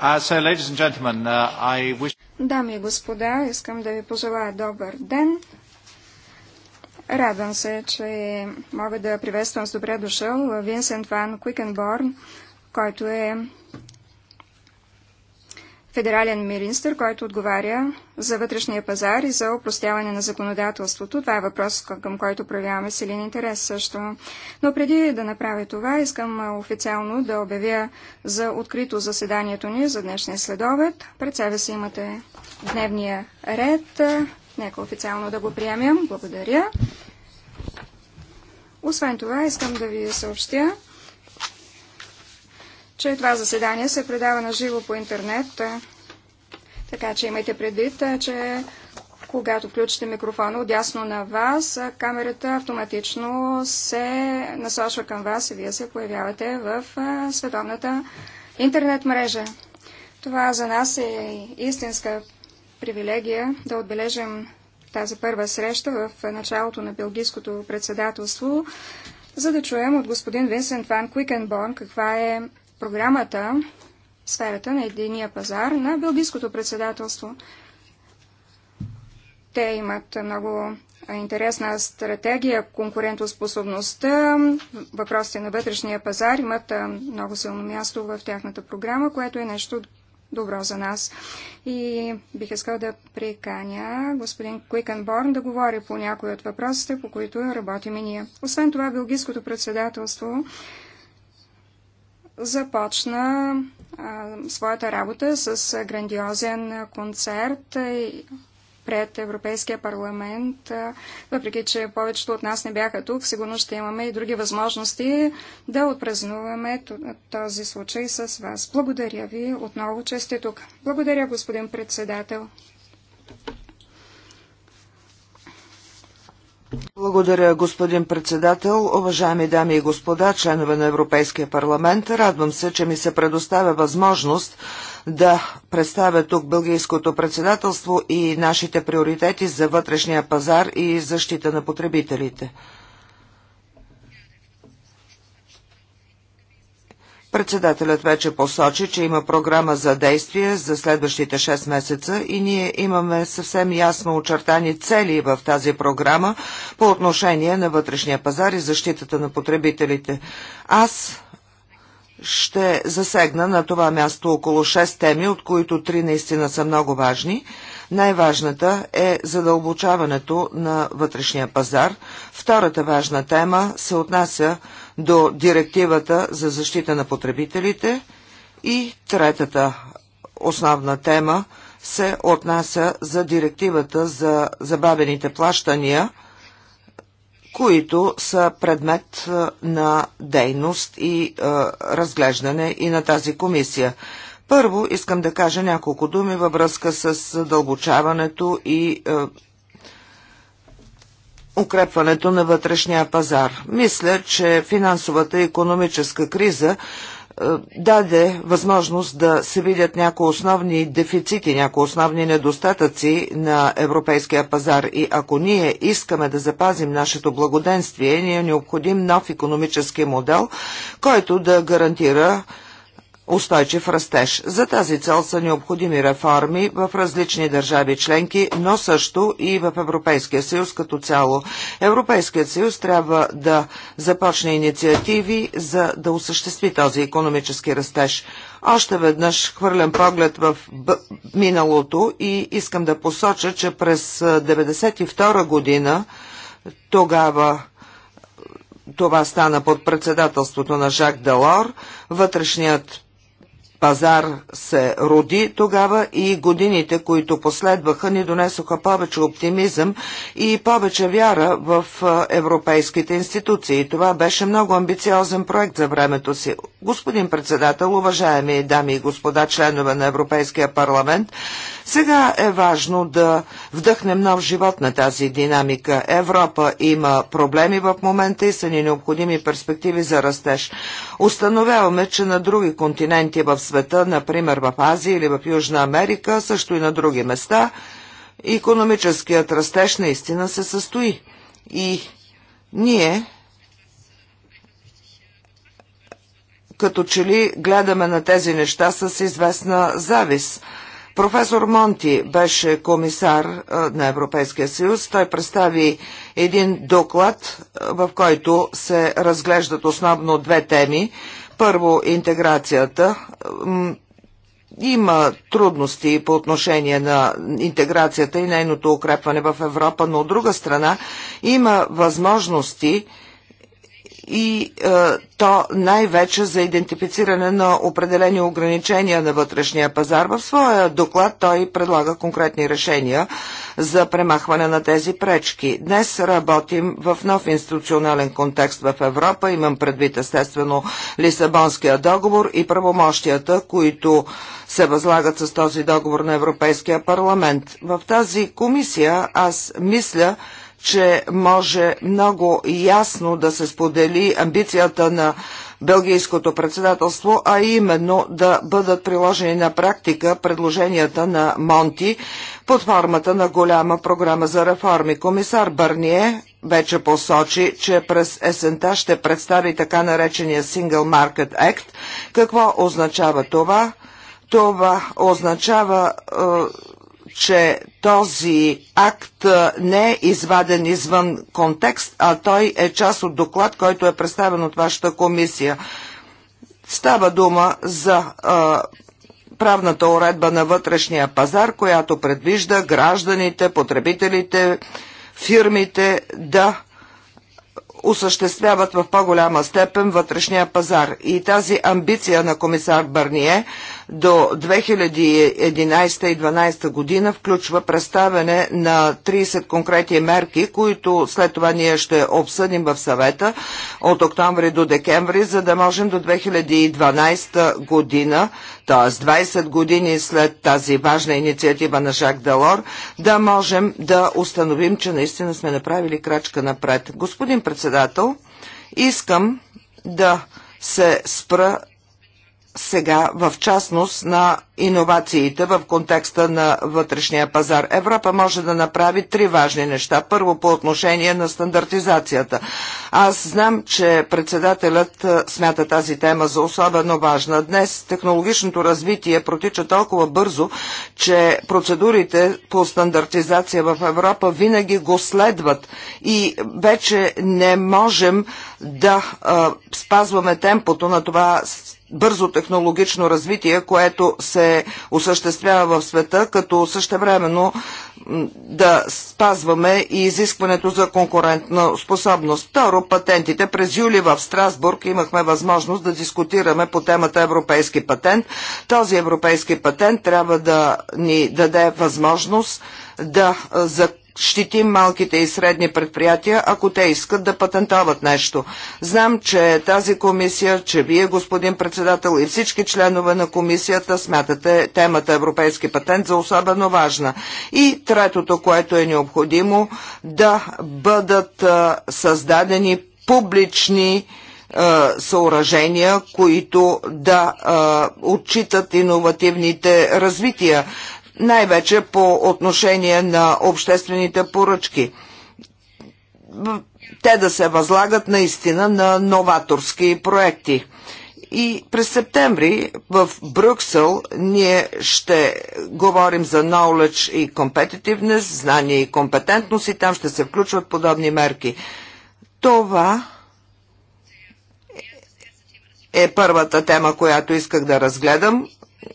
Uh, uh, Дами и господа, искам да ви пожелая добър ден. Радвам се, че мога да приветствам с добре дошъл Винсент Ван Куикенборн, който е федерален министр, който отговаря за вътрешния пазар и за упростяване на законодателството. Това е въпрос, към който проявяваме силен интерес също. Но преди да направя това, искам официално да обявя за открито заседанието ни за днешния следовет. Пред себе си имате дневния ред. Нека официално да го приемем. Благодаря. Освен това, искам да ви съобщя, че това заседание се предава на живо по интернет. Така че имайте предвид, че когато включите микрофона отясно на вас, камерата автоматично се насочва към вас и вие се появявате в световната интернет мрежа. Това за нас е истинска привилегия да отбележим тази първа среща в началото на Белгийското председателство, за да чуем от господин Винсент Ван Куикенбон каква е програмата в сферата на единия пазар на Белгийското председателство. Те имат много интересна стратегия, конкурентоспособността, въпросите на вътрешния пазар имат много силно място в тяхната програма, което е нещо добро за нас. И бих искал да приканя господин Куикенборн да говори по някои от въпросите, по които работим и ние. Освен това, Белгийското председателство започна своята работа с грандиозен концерт пред Европейския парламент. Въпреки, че повечето от нас не бяха тук, сигурно ще имаме и други възможности да отпразнуваме този случай с вас. Благодаря ви отново, че сте тук. Благодаря, господин председател. Благодаря, господин председател. Уважаеми дами и господа, членове на Европейския парламент, радвам се, че ми се предоставя възможност да представя тук Бългийското председателство и нашите приоритети за вътрешния пазар и защита на потребителите. Председателят вече посочи, че има програма за действие за следващите 6 месеца и ние имаме съвсем ясно очертани цели в тази програма по отношение на вътрешния пазар и защитата на потребителите. Аз ще засегна на това място около 6 теми, от които 3 наистина са много важни. Най-важната е задълбочаването на вътрешния пазар. Втората важна тема се отнася до до директивата за защита на потребителите. И третата основна тема се отнася за директивата за забавените плащания, които са предмет на дейност и е, разглеждане и на тази комисия. Първо искам да кажа няколко думи във връзка с дълбочаването и е, укрепването на вътрешния пазар. Мисля, че финансовата и економическа криза е, даде възможност да се видят някои основни дефицити, някои основни недостатъци на европейския пазар. И ако ние искаме да запазим нашето благоденствие, ние е необходим нов економически модел, който да гарантира устойчив растеж. За тази цел са необходими реформи в различни държави членки, но също и в Европейския съюз като цяло. Европейският съюз трябва да започне инициативи за да осъществи този економически растеж. Още веднъж хвърлям поглед в миналото и искам да посоча, че през 1992 година тогава това стана под председателството на Жак Делор, вътрешният пазар се роди тогава и годините, които последваха, ни донесоха повече оптимизъм и повече вяра в европейските институции. Това беше много амбициозен проект за времето си. Господин председател, уважаеми дами и господа, членове на Европейския парламент, сега е важно да вдъхнем нов живот на тази динамика. Европа има проблеми в момента и са ни необходими перспективи за растеж. Установяваме, че на други континенти в света, например в Азия или в Южна Америка, също и на други места, економическият растеж наистина се състои. И ние като че ли гледаме на тези неща с известна завис. Професор Монти беше комисар на Европейския съюз. Той представи един доклад, в който се разглеждат основно две теми първо, интеграцията има трудности по отношение на интеграцията и нейното укрепване в Европа, но от друга страна има възможности и е, то най-вече за идентифициране на определени ограничения на вътрешния пазар. В своя доклад той предлага конкретни решения за премахване на тези пречки. Днес работим в нов институционален контекст в Европа. Имам предвид естествено Лисабонския договор и правомощията, които се възлагат с този договор на Европейския парламент. В тази комисия аз мисля, че може много ясно да се сподели амбицията на Белгийското председателство, а именно да бъдат приложени на практика предложенията на Монти под формата на голяма програма за реформи. Комисар Бърние вече посочи, че през есента ще представи така наречения Single Market Act. Какво означава това? Това означава е, че този акт не е изваден извън контекст, а той е част от доклад, който е представен от вашата комисия. Става дума за а, правната уредба на вътрешния пазар, която предвижда гражданите, потребителите, фирмите да осъществяват в по-голяма степен вътрешния пазар. И тази амбиция на комисар Барние до 2011 и 2012 година включва представяне на 30 конкретни мерки, които след това ние ще обсъдим в съвета от октомври до декември, за да можем до 2012 година, т.е. 20 години след тази важна инициатива на Жак Делор, да можем да установим, че наистина сме направили крачка напред. Господин председател, искам да се спра сега в частност на иновациите в контекста на вътрешния пазар. Европа може да направи три важни неща. Първо по отношение на стандартизацията. Аз знам, че председателят смята тази тема за особено важна. Днес технологичното развитие протича толкова бързо, че процедурите по стандартизация в Европа винаги го следват и вече не можем да а, спазваме темпото на това бързо технологично развитие, което се осъществява в света, като същевременно да спазваме и изискването за конкурентна способност. Второ, патентите. През юли в Страсбург имахме възможност да дискутираме по темата европейски патент. Този европейски патент трябва да ни даде възможност да закупим Щитим малките и средни предприятия, ако те искат да патентоват нещо. Знам, че тази комисия, че вие, господин председател и всички членове на комисията смятате темата европейски патент за особено важна. И третото, което е необходимо, да бъдат създадени публични съоръжения, които да а, отчитат иновативните развития най-вече по отношение на обществените поръчки. Те да се възлагат наистина на новаторски проекти. И през септември в Брюксел ние ще говорим за knowledge и competitiveness, знание и компетентност и там ще се включват подобни мерки. Това е първата тема, която исках да разгледам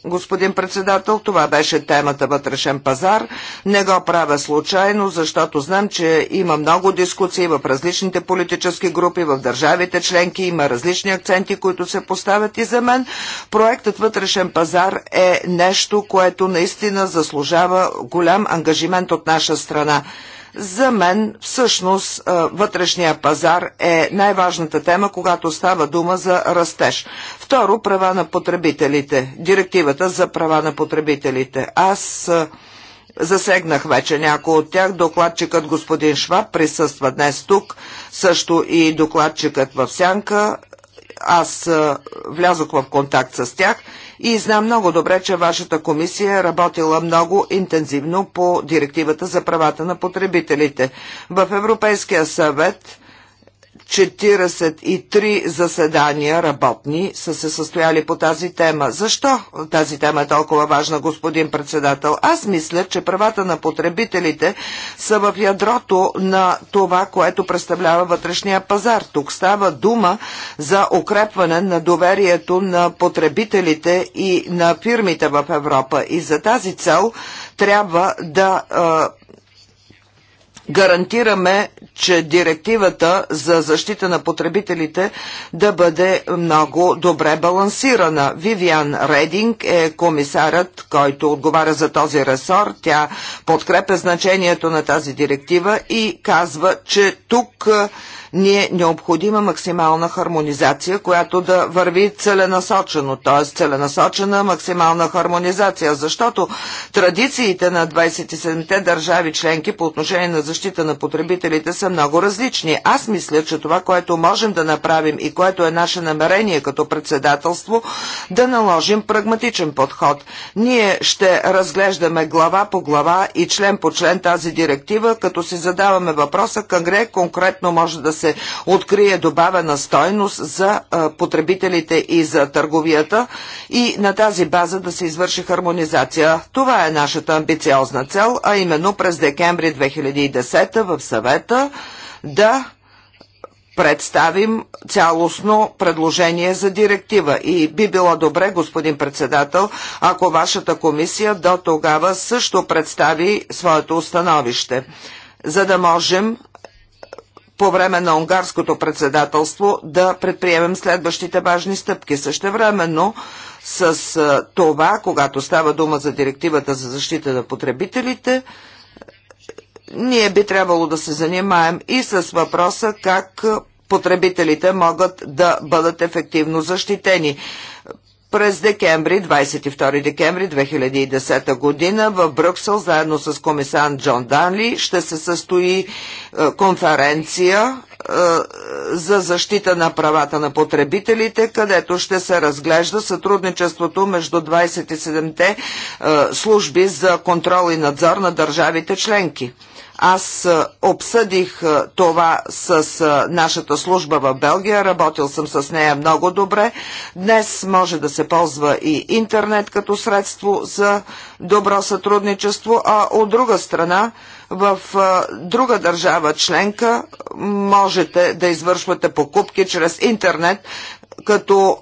господин председател. Това беше темата вътрешен пазар. Не го правя случайно, защото знам, че има много дискусии в различните политически групи, в държавите членки, има различни акценти, които се поставят и за мен. Проектът вътрешен пазар е нещо, което наистина заслужава голям ангажимент от наша страна. За мен всъщност вътрешния пазар е най-важната тема, когато става дума за растеж. Второ, права на потребителите. Директивата за права на потребителите. Аз Засегнах вече някои от тях. Докладчикът господин Шваб присъства днес тук, също и докладчикът в Сянка аз влязох в контакт с тях и знам много добре, че вашата комисия е работила много интензивно по директивата за правата на потребителите. В Европейския съвет 43 заседания работни са се състояли по тази тема. Защо тази тема е толкова важна, господин председател? Аз мисля, че правата на потребителите са в ядрото на това, което представлява вътрешния пазар. Тук става дума за укрепване на доверието на потребителите и на фирмите в Европа. И за тази цел трябва да гарантираме, че директивата за защита на потребителите да бъде много добре балансирана. Вивиан Рединг е комисарът, който отговаря за този ресор. Тя подкрепя значението на тази директива и казва, че тук ни е необходима максимална хармонизация, която да върви целенасочено, т.е. целенасочена максимална хармонизация, защото традициите на 27-те държави членки по отношение на защита на потребителите са много различни. Аз мисля, че това, което можем да направим и което е наше намерение като председателство, да наложим прагматичен подход. Ние ще разглеждаме глава по глава и член по член тази директива, като си задаваме въпроса къде конкретно може да се открие добавена стойност за потребителите и за търговията и на тази база да се извърши хармонизация. Това е нашата амбициозна цел, а именно през декември 2010 в съвета да представим цялостно предложение за директива. И би било добре, господин председател, ако вашата комисия до тогава също представи своето установище, за да можем по време на унгарското председателство да предприемем следващите важни стъпки. Същевременно с това, когато става дума за директивата за защита на потребителите, ние би трябвало да се занимаем и с въпроса как потребителите могат да бъдат ефективно защитени през декември, 22 декември 2010 година в Брюксел, заедно с комисан Джон Данли, ще се състои е, конференция е, за защита на правата на потребителите, където ще се разглежда сътрудничеството между 27-те е, служби за контрол и надзор на държавите членки. Аз обсъдих това с нашата служба в Белгия, работил съм с нея много добре. Днес може да се ползва и интернет като средство за добро сътрудничество, а от друга страна в друга държава членка можете да извършвате покупки чрез интернет, като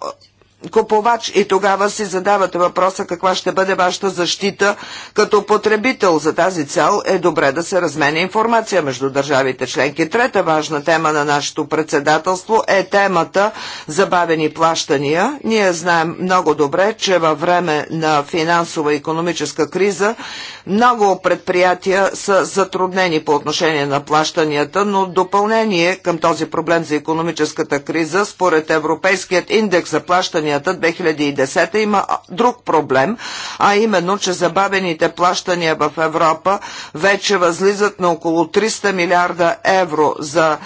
купувач и тогава си задавате въпроса каква ще бъде вашата защита като потребител. За тази цел е добре да се разменя информация между държавите членки. Трета важна тема на нашето председателство е темата забавени плащания. Ние знаем много добре, че във време на финансова и економическа криза много предприятия са затруднени по отношение на плащанията, но допълнение към този проблем за економическата криза, според Европейският индекс за плащания плащанията 2010 има друг проблем, а именно, че забавените плащания в Европа вече възлизат на около 300 милиарда евро за е,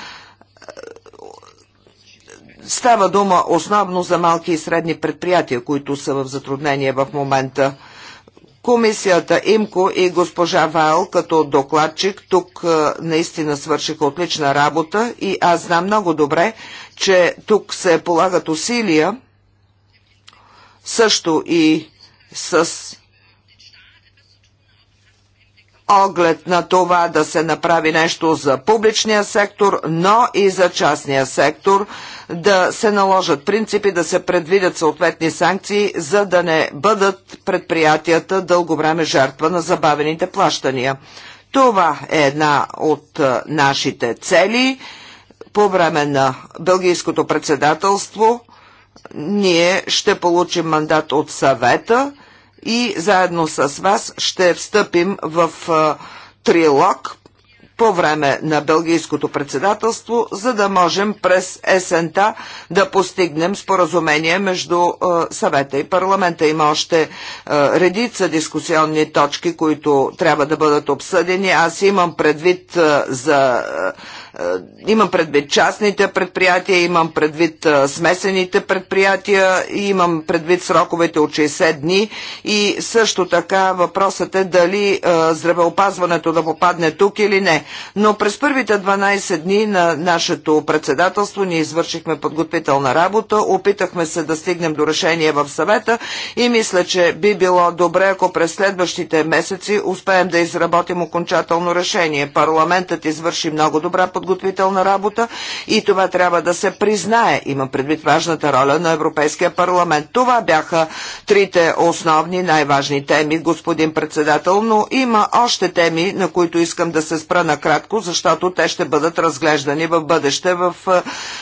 Става дума основно за малки и средни предприятия, които са в затруднение в момента. Комисията Имко и госпожа Вайл като докладчик тук е, наистина свършиха отлична работа и аз знам много добре, че тук се полагат усилия също и с оглед на това да се направи нещо за публичния сектор, но и за частния сектор, да се наложат принципи, да се предвидят съответни санкции, за да не бъдат предприятията дълго време жертва на забавените плащания. Това е една от нашите цели по време на Белгийското председателство ние ще получим мандат от съвета и заедно с вас ще встъпим в трилог по време на Белгийското председателство, за да можем през есента да постигнем споразумение между съвета и парламента. Има още редица дискусионни точки, които трябва да бъдат обсъдени. Аз имам предвид за е, имам предвид частните предприятия, имам предвид е, смесените предприятия, имам предвид сроковете от 60 дни и също така въпросът е дали е, здравеопазването да попадне тук или не. Но през първите 12 дни на нашето председателство ние извършихме подготвителна работа, опитахме се да стигнем до решение в съвета и мисля, че би било добре, ако през следващите месеци успеем да изработим окончателно решение. Парламентът извърши много добра подготовка подготвителна работа и това трябва да се признае. Има предвид важната роля на Европейския парламент. Това бяха трите основни, най-важни теми, господин председател, но има още теми, на които искам да се спра накратко, защото те ще бъдат разглеждани в бъдеще в е,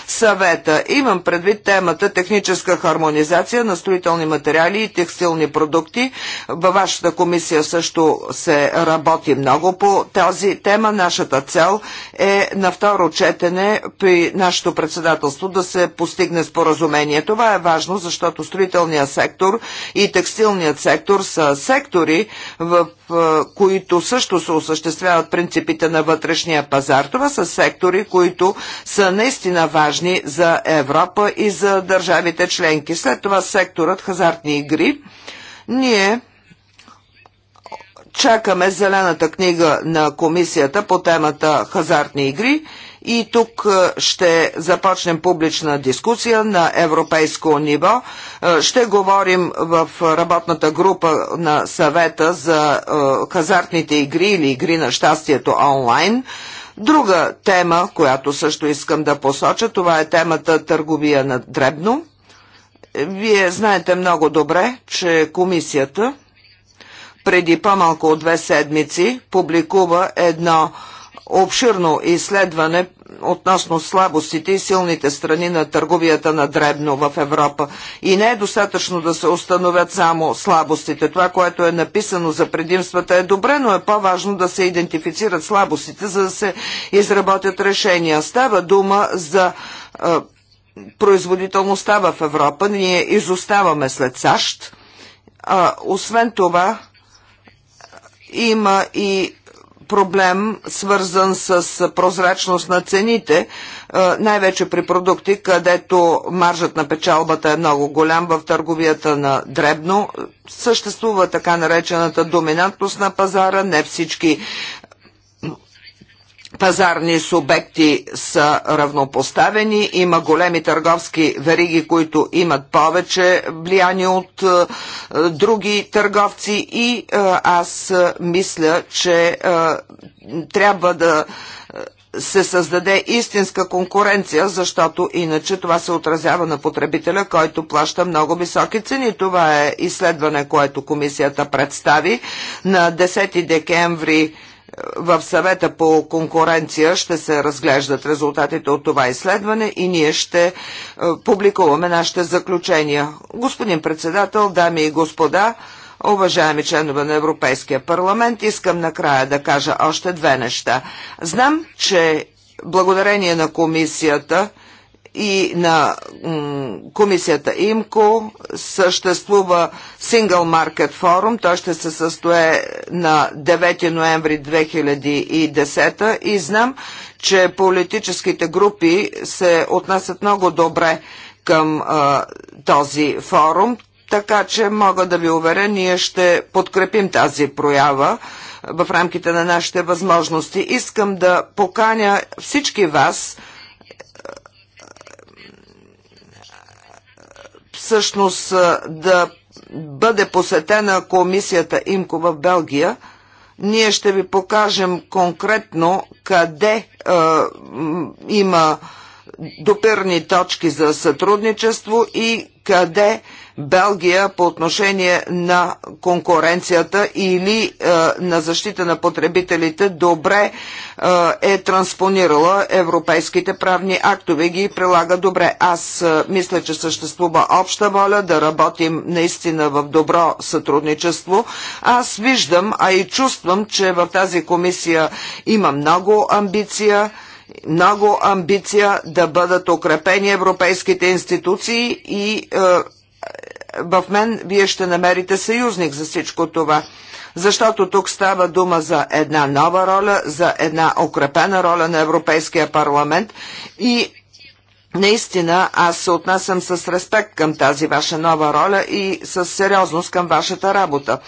съвета. Имам предвид темата техническа хармонизация на строителни материали и текстилни продукти. Във вашата комисия също се работи много по тази тема. Нашата цел е на второ четене при нашето председателство да се постигне споразумение. Това е важно, защото строителният сектор и текстилният сектор са сектори, в е, които също се осъществяват принципите на вътрешния пазар. Това са сектори, които са наистина важни за Европа и за държавите членки. След това секторът хазартни игри. Ние Чакаме зелената книга на комисията по темата хазартни игри и тук е, ще започнем публична дискусия на европейско ниво. Е, ще говорим в работната група на съвета за е, хазартните игри или игри на щастието онлайн. Друга тема, която също искам да посоча, това е темата търговия на дребно. Вие знаете много добре, че комисията преди по-малко от две седмици публикува едно обширно изследване относно слабостите и силните страни на търговията на дребно в Европа. И не е достатъчно да се установят само слабостите. Това, което е написано за предимствата е добре, но е по-важно да се идентифицират слабостите, за да се изработят решения. Става дума за е, производителността в Европа. Ние изоставаме след САЩ. А, освен това, има и проблем, свързан с прозрачност на цените, е, най-вече при продукти, където маржът на печалбата е много голям в търговията на дребно. Съществува така наречената доминантност на пазара, не всички пазарни субекти са равнопоставени, има големи търговски вериги, които имат повече влияние от е, други търговци и е, аз е, мисля, че е, трябва да е, се създаде истинска конкуренция, защото иначе това се отразява на потребителя, който плаща много високи цени. Това е изследване, което комисията представи на 10 декември в съвета по конкуренция ще се разглеждат резултатите от това изследване и ние ще е, публикуваме нашите заключения. Господин председател, дами и господа, уважаеми членове на Европейския парламент, искам накрая да кажа още две неща. Знам, че благодарение на комисията и на комисията ИМКО съществува Single Market Forum. Той ще се състое на 9 ноември 2010 и знам, че политическите групи се отнасят много добре към а, този форум, така че мога да ви уверя, ние ще подкрепим тази проява в рамките на нашите възможности. Искам да поканя всички вас – всъщност да бъде посетена комисията ИМКО в Белгия, ние ще ви покажем конкретно къде е, има допирни точки за сътрудничество и къде Белгия по отношение на конкуренцията или е, на защита на потребителите добре е, е транспонирала европейските правни актове и ги прилага добре. Аз е, мисля, че съществува обща воля да работим наистина в добро сътрудничество. Аз виждам, а и чувствам, че в тази комисия има много амбиция много амбиция да бъдат укрепени европейските институции и е, в мен вие ще намерите съюзник за всичко това. Защото тук става дума за една нова роля, за една укрепена роля на Европейския парламент и Наистина, аз се отнасям с респект към тази ваша нова роля и с сериозност към вашата работа.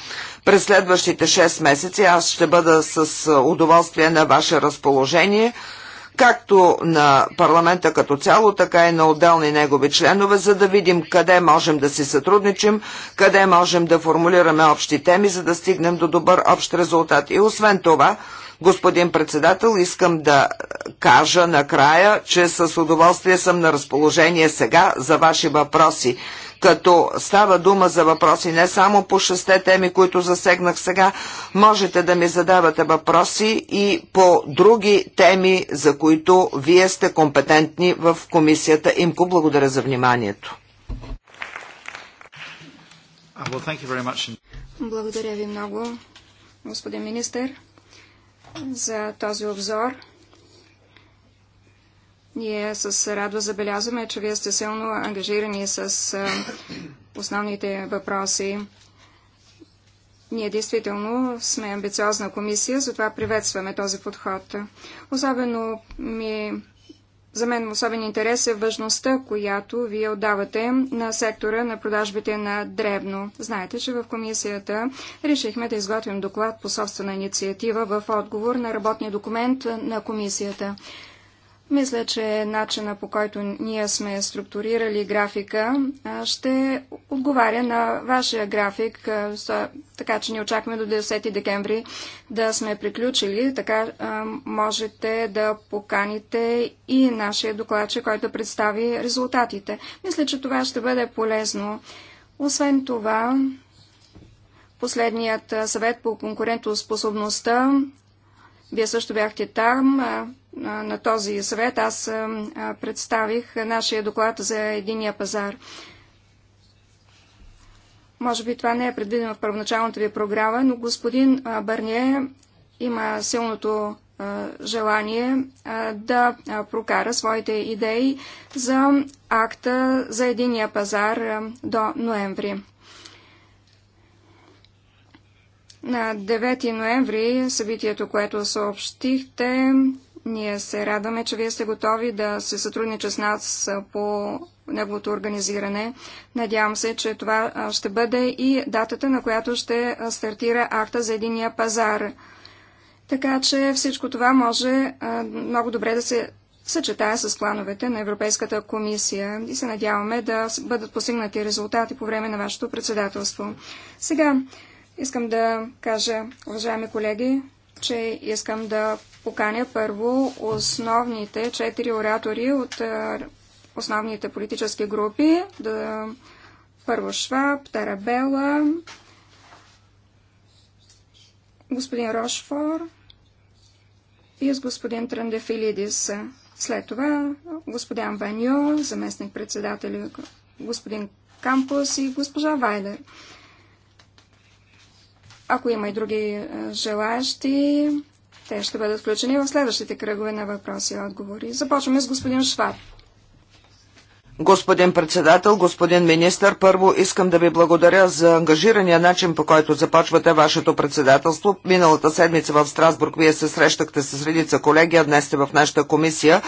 През следващите 6 месеци аз ще бъда с е, удоволствие на ваше разположение – както на парламента като цяло, така и на отделни негови членове, за да видим къде можем да си сътрудничим, къде можем да формулираме общи теми, за да стигнем до добър общ резултат. И освен това, господин председател, искам да кажа накрая, че с удоволствие съм на разположение сега за ваши въпроси като става дума за въпроси не само по шесте теми, които засегнах сега, можете да ми задавате въпроси и по други теми, за които вие сте компетентни в комисията ИМКО. Благодаря за вниманието. Uh, благодаря ви много, господин министър, за този обзор. Ние с радва забелязваме, че вие сте силно ангажирани с основните въпроси. Ние действително сме амбициозна комисия, затова приветстваме този подход. Особено ми, за мен особен интерес е важността, която вие отдавате на сектора на продажбите на дребно. Знаете, че в комисията решихме да изготвим доклад по собствена инициатива в отговор на работния документ на комисията. Мисля, че начина по който ние сме структурирали графика ще отговаря на вашия график, така че ни очакваме до 10 декември да сме приключили. Така можете да поканите и нашия докладче, който представи резултатите. Мисля, че това ще бъде полезно. Освен това, последният съвет по конкурентоспособността вие също бяхте там на този съвет аз представих нашия доклад за единия пазар. Може би това не е предвидено в първоначалната ви програма, но господин Барние има силното желание да прокара своите идеи за акта за единия пазар до ноември. На 9 ноември събитието, което съобщихте, ние се радваме, че вие сте готови да се сътрудничи с нас по неговото организиране. Надявам се, че това ще бъде и датата, на която ще стартира акта за единия пазар. Така че всичко това може много добре да се съчетая с плановете на Европейската комисия и се надяваме да бъдат постигнати резултати по време на вашето председателство. Сега искам да кажа, уважаеми колеги, че искам да поканя първо основните четири оратори от е, основните политически групи. Да, първо Шваб, Тарабела, господин Рошфор и с господин Трандефилидис. След това господин Ваньо, заместник председател, господин Кампус и госпожа Вайдер. Ако има и други е, желаящи, те ще бъдат включени в следващите кръгове на въпроси и отговори. Започваме с господин Шваб. Господин председател, господин министър, първо искам да ви благодаря за ангажирания начин, по който започвате вашето председателство. Миналата седмица в Страсбург вие се срещахте с редица колеги, а днес сте в нашата комисия.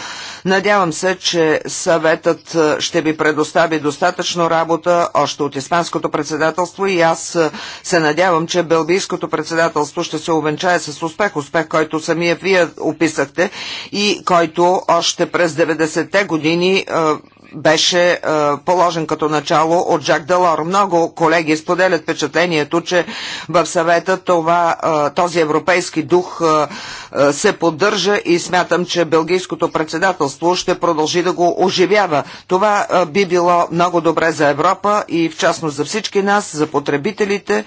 Надявам се, че съветът е, ще ви предостави достатъчно работа още от Испанското председателство и аз е, се надявам, че Белгийското председателство ще се увенчае с успех, успех, който самия вие описахте и който още през 90-те години е, беше е, положен като начало от Жак Делор. Много колеги споделят впечатлението, че в съвета това, е, този европейски дух е, се поддържа и смятам, че Белгийското председателство ще продължи да го оживява. Това би било много добре за Европа и в частност за всички нас, за потребителите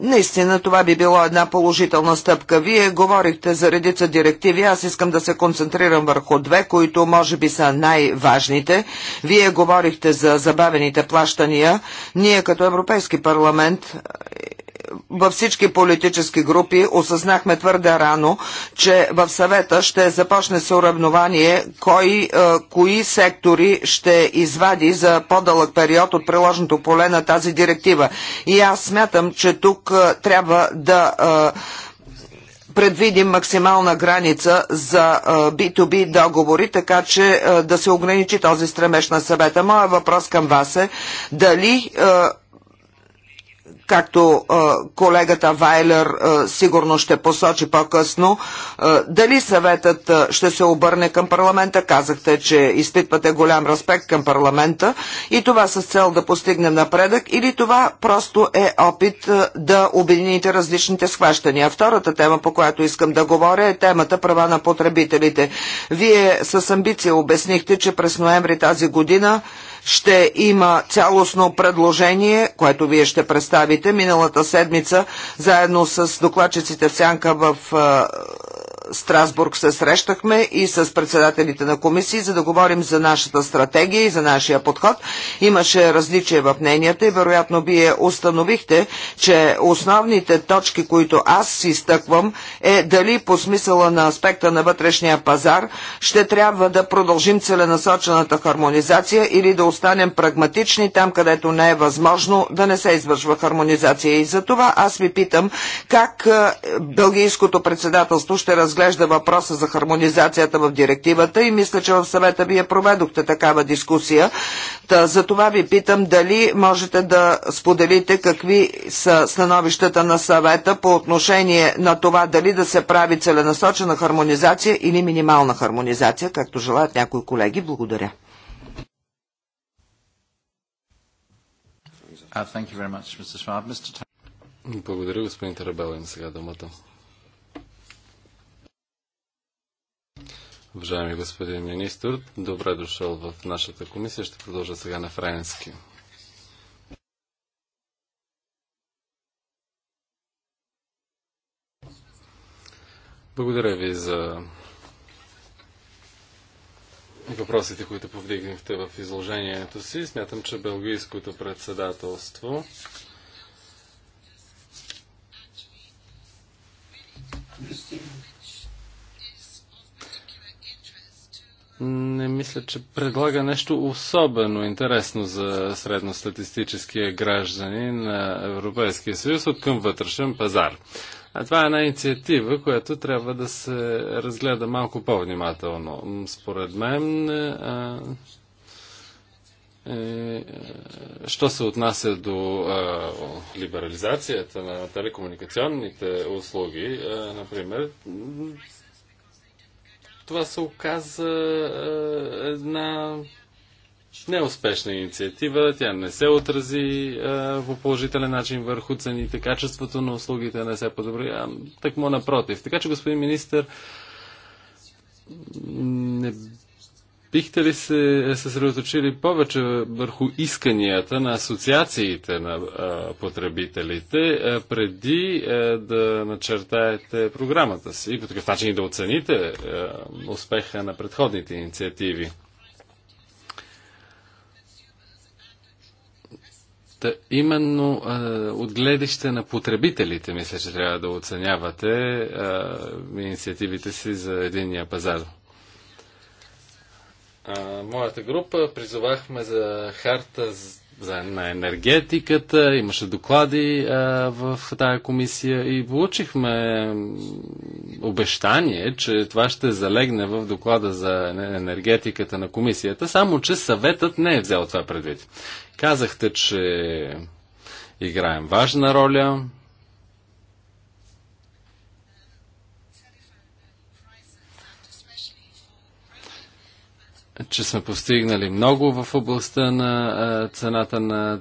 Наистина това би било една положителна стъпка. Вие говорихте за редица директиви, аз искам да се концентрирам върху две, които може би са най-важните. Вие говорихте за забавените плащания. Ние като Европейски парламент във всички политически групи осъзнахме твърде рано, че в съвета ще започне съуравнование кой, е, кои сектори ще извади за по-дълъг период от приложното поле на тази директива. И аз смятам, че тук е, трябва да е, предвидим максимална граница за B2B договори, така че да се ограничи този стремеж на съвета. Моя въпрос към вас е дали както колегата Вайлер сигурно ще посочи по-късно, дали съветът ще се обърне към парламента. Казахте, че изпитвате голям респект към парламента и това с цел да постигне напредък или това просто е опит да обедините различните схващания. Втората тема, по която искам да говоря, е темата права на потребителите. Вие с амбиция обяснихте, че през ноември тази година ще има цялостно предложение, което вие ще представите миналата седмица, заедно с докладчиците в Сянка в Страсбург се срещахме и с председателите на комисии, за да говорим за нашата стратегия и за нашия подход. Имаше различие в мненията и вероятно вие установихте, че основните точки, които аз си стъквам, е дали по смисъла на аспекта на вътрешния пазар ще трябва да продължим целенасочената хармонизация или да останем прагматични там, където не е възможно да не се извършва хармонизация. И за това аз ви питам как е, Белгийското председателство ще разглежда разглежда въпроса за хармонизацията в директивата и мисля, че в съвета вие проведохте такава дискусия. Та, за това ви питам дали можете да споделите какви са становищата на съвета по отношение на това дали да се прави целенасочена хармонизация или минимална хармонизация, както желаят някои колеги. Благодаря. Uh, Благодаря, господин Тарабел. сега думата. Уважаеми господин министр, добре дошъл в нашата комисия. Ще продължа сега на френски. Благодаря ви за въпросите, които повдигнахте в изложението си. Смятам, че Белгийското председателство Thank you. не мисля, че предлага нещо особено интересно за средностатистическия граждани на Европейския съюз от към вътрешен пазар. А това е една инициатива, която трябва да се разгледа малко по-внимателно. Според мен, а, е, е що се отнася до а, либерализацията на телекомуникационните услуги, а, например, това се оказа е, една неуспешна инициатива. Тя не се отрази е, по положителен начин върху цените, качеството на услугите не се подобри, а такмо напротив. Така че, господин министр, не Бихте ли се е, съсредоточили повече върху исканията на асоциациите на а, е, потребителите а, е, преди а, да начертаете програмата си и по такъв начин и да оцените а, успеха на предходните инициативи? Та, именно а, от гледище на потребителите, мисля, че трябва да оценявате а, инициативите си за единния пазар а, моята група призовахме за харта за, на енергетиката, имаше доклади а, в тази комисия и получихме обещание, че това ще залегне в доклада за енергетиката на комисията, само че съветът не е взел това предвид. Казахте, че играем важна роля, че сме постигнали много в областта на цената на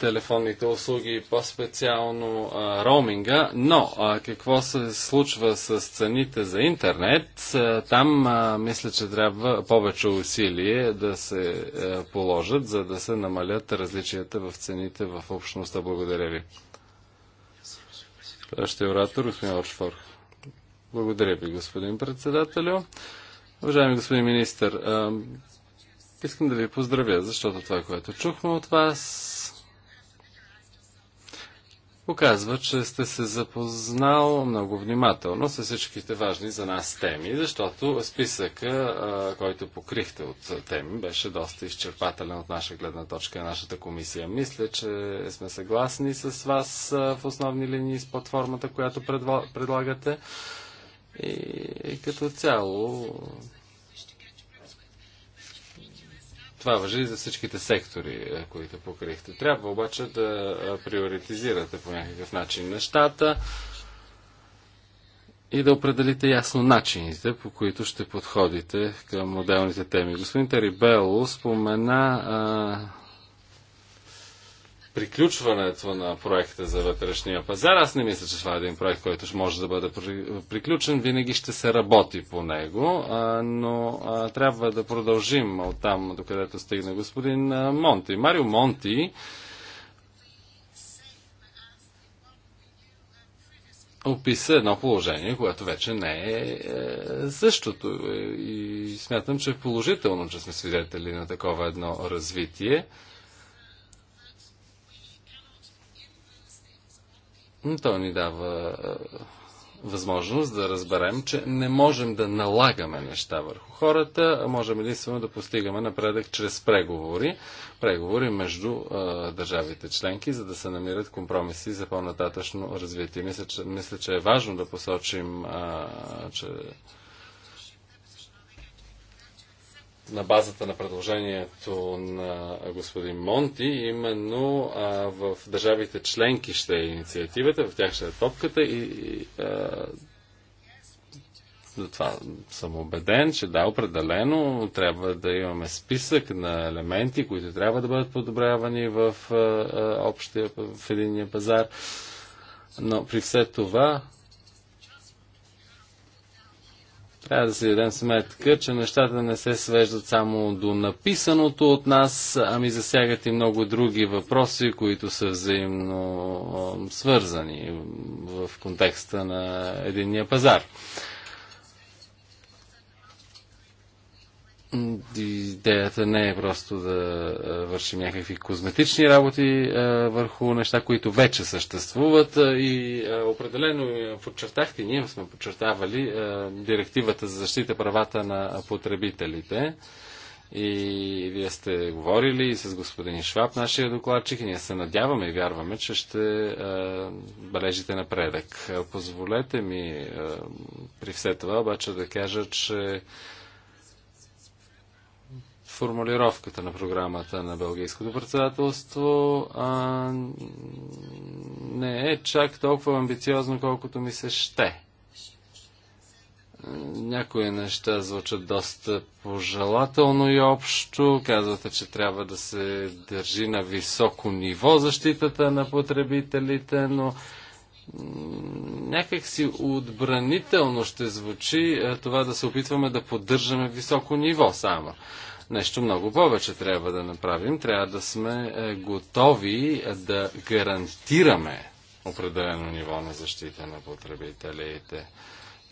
телефонните услуги, по-специално роуминга, но а, какво се случва с цените за интернет, а, там а, мисля, че трябва повече усилие да се положат, за да се намалят различията в цените в общността. Благодаря ви. Следващия оратор, господин Орчфор. Благодаря ви, господин председателю. Уважаеми господин министр, искам да ви поздравя, защото това, което чухме от вас, показва, че сте се запознал много внимателно с всичките важни за нас теми, защото списъка, който покрихте от теми, беше доста изчерпателен от наша гледна точка и нашата комисия. Мисля, че сме съгласни с вас в основни линии с платформата, която предлагате. И е, е като цяло това въжи и за всичките сектори, е, които покрихте. Трябва обаче да приоритизирате по някакъв начин нещата и да определите ясно начините, по които ще подходите към отделните теми. Господин Тарибело спомена приключването на проекта за вътрешния пазар. Аз не мисля, че това е един проект, който ще може да бъде приключен. Винаги ще се работи по него, но трябва да продължим от там, докъдето стигна господин Монти. Марио Монти описа едно положение, което вече не е, е същото. И смятам, че е положително, че сме свидетели на такова едно развитие. то ни дава възможност да разберем, че не можем да налагаме неща върху хората, а можем единствено да постигаме напредък чрез преговори, преговори между а, държавите членки, за да се намират компромиси за по-нататъчно развитие. Мисля че, мисля, че е важно да посочим, а, че на базата на предложението на господин Монти, именно а, в държавите членки ще е инициативата, в тях ще е топката и а, за това съм убеден, че да, определено трябва да имаме списък на елементи, които трябва да бъдат подобрявани в а, общия, в единния пазар. Но при все това Трябва да си дадем сметка, че нещата не се свеждат само до написаното от нас, ами засягат и много други въпроси, които са взаимно свързани в контекста на единния пазар. Идеята не е просто да вършим някакви козметични работи върху неща, които вече съществуват и определено подчертахте, ние сме подчертавали директивата за защита правата на потребителите и вие сте говорили и с господин Шваб, нашия докладчик, и ние се надяваме и вярваме, че ще е, бележите напредък. Позволете ми е, при все това обаче да кажа, че формулировката на програмата на Белгийското председателство а, не е чак толкова амбициозно, колкото ми се ще. Някои неща звучат доста пожелателно и общо. Казвате, че трябва да се държи на високо ниво защитата на потребителите, но някак си отбранително ще звучи това да се опитваме да поддържаме високо ниво само. Нещо много повече трябва да направим. Трябва да сме е, готови да гарантираме определено ниво на защита на потребителите.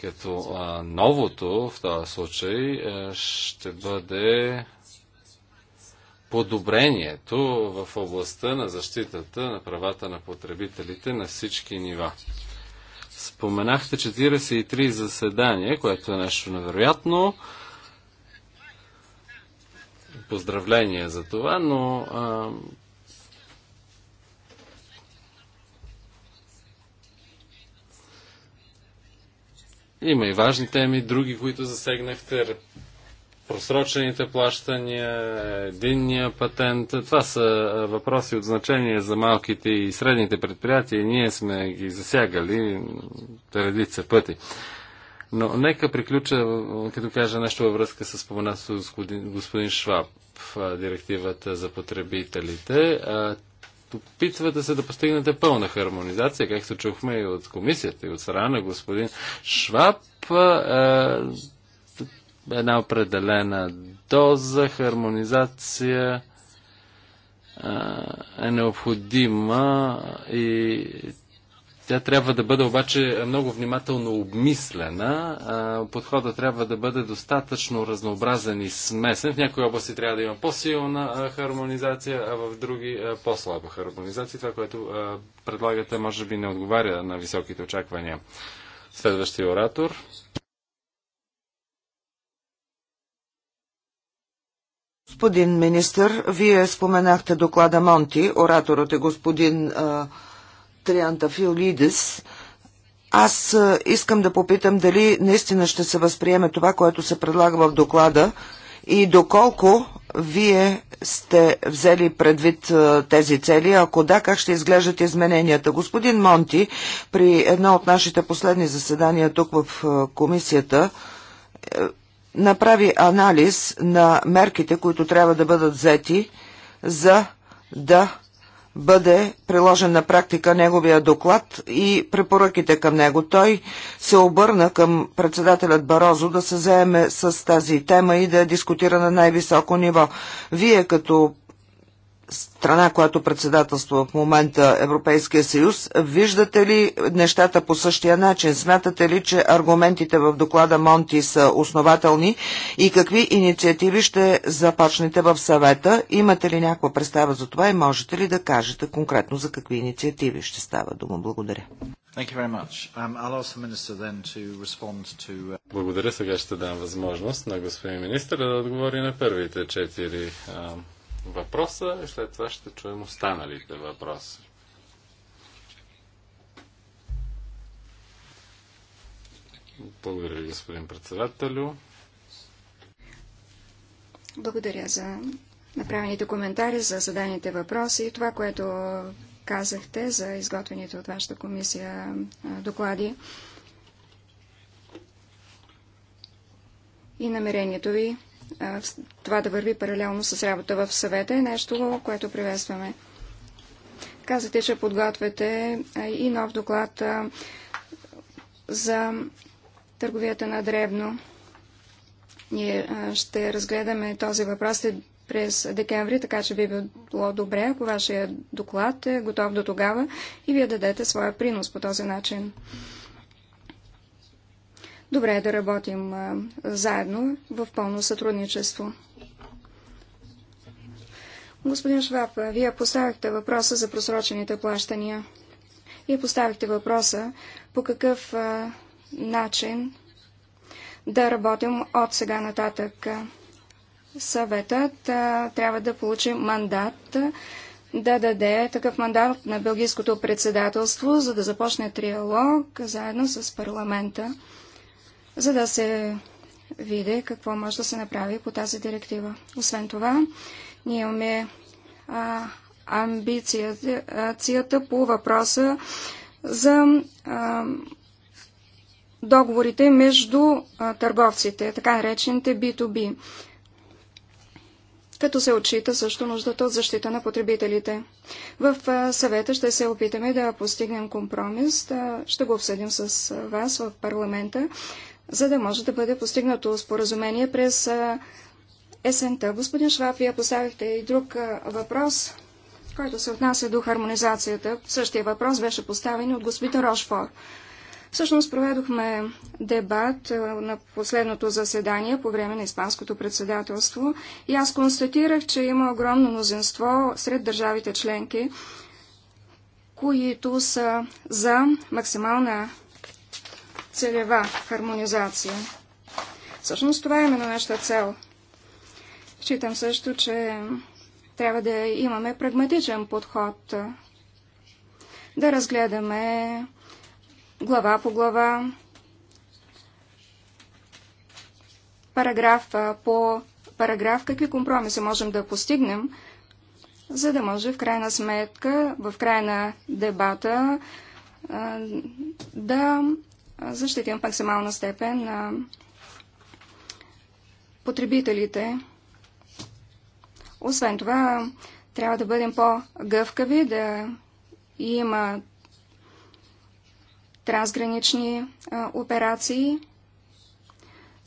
Като а, новото в този случай е, ще бъде подобрението в областта на защитата на правата на потребителите на всички нива. Споменахте 43 заседания, което е нещо невероятно поздравления за това, но а, Има и важни теми, други, които засегнахте. Просрочените плащания, единния патент. Това са въпроси от значение за малките и средните предприятия. Ние сме ги засягали редица пъти. Но нека приключа, като кажа нещо във връзка с споменато с господин Шваб директивата за потребителите, опитвате се да постигнете пълна хармонизация, както чухме и от комисията, и от страна на господин Шваб. Една определена доза хармонизация е необходима и тя трябва да бъде обаче много внимателно обмислена. Подхода трябва да бъде достатъчно разнообразен и смесен. В някои области трябва да има по-силна хармонизация, а в други по-слаба хармонизация. Това, което предлагате, може би не отговаря на високите очаквания. Следващия оратор. Господин министр, вие споменахте доклада Монти. Ораторът е господин а, Трианта Фиолидис. Аз искам да попитам дали наистина ще се възприеме това, което се предлага в доклада и доколко вие сте взели предвид тези цели? Ако да, как ще изглеждат измененията? Господин Монти, при едно от нашите последни заседания тук в комисията, е, направи анализ на мерките, които трябва да бъдат взети, за да бъде приложен на практика неговия доклад и препоръките към него. Той се обърна към председателят Барозо да се заеме с тази тема и да я дискутира на най-високо ниво. Вие като страна, която председателства в момента Европейския съюз, виждате ли нещата по същия начин? Смятате ли, че аргументите в доклада Монти са основателни и какви инициативи ще започнете в съвета? Имате ли някаква представа за това и можете ли да кажете конкретно за какви инициативи ще става дума? Благодаря. Um, uh, Благодаря. Сега ще дам възможност на господин министър да отговори на първите четири въпроса и след това ще чуем останалите въпроси. Благодаря ви, господин председателю. Благодаря за направените коментари, за заданите въпроси и това, което казахте за изготвените от вашата комисия доклади и намерението ви това да върви паралелно с работа в съвета е нещо, което приветстваме. Казвате, че подготвяте и нов доклад за търговията на дребно. Ние ще разгледаме този въпрос през декември, така че би било добре, ако вашия доклад е готов до тогава и вие дадете своя принос по този начин. Добре е да работим заедно в пълно сътрудничество. Господин Шваб, вие поставихте въпроса за просрочените плащания. Вие поставихте въпроса по какъв начин да работим от сега нататък. Съветът трябва да получи мандат да даде такъв мандат на Белгийското председателство, за да започне триалог заедно с парламента за да се види какво може да се направи по тази директива. Освен това, ние имаме а, амбицията по въпроса за а, договорите между а, търговците, така наречените B2B, като се отчита също нуждата от защита на потребителите. В а, съвета ще се опитаме да постигнем компромис, да, ще го обсъдим с вас в парламента, за да може да бъде постигнато споразумение през есента. Господин Шваб, вие поставихте и друг въпрос, който се отнася до хармонизацията. Същия въпрос беше поставен от господин Рошфор. Всъщност проведохме дебат на последното заседание по време на Испанското председателство и аз констатирах, че има огромно мнозинство сред държавите членки, които са за максимална целева хармонизация. Всъщност това е именно нашата цел. Считам също, че трябва да имаме прагматичен подход, да разгледаме глава по глава, параграф по параграф, какви компромиси можем да постигнем, за да може в крайна сметка, в края на дебата да защитим в максимална степен на потребителите. Освен това, трябва да бъдем по-гъвкави, да има трансгранични операции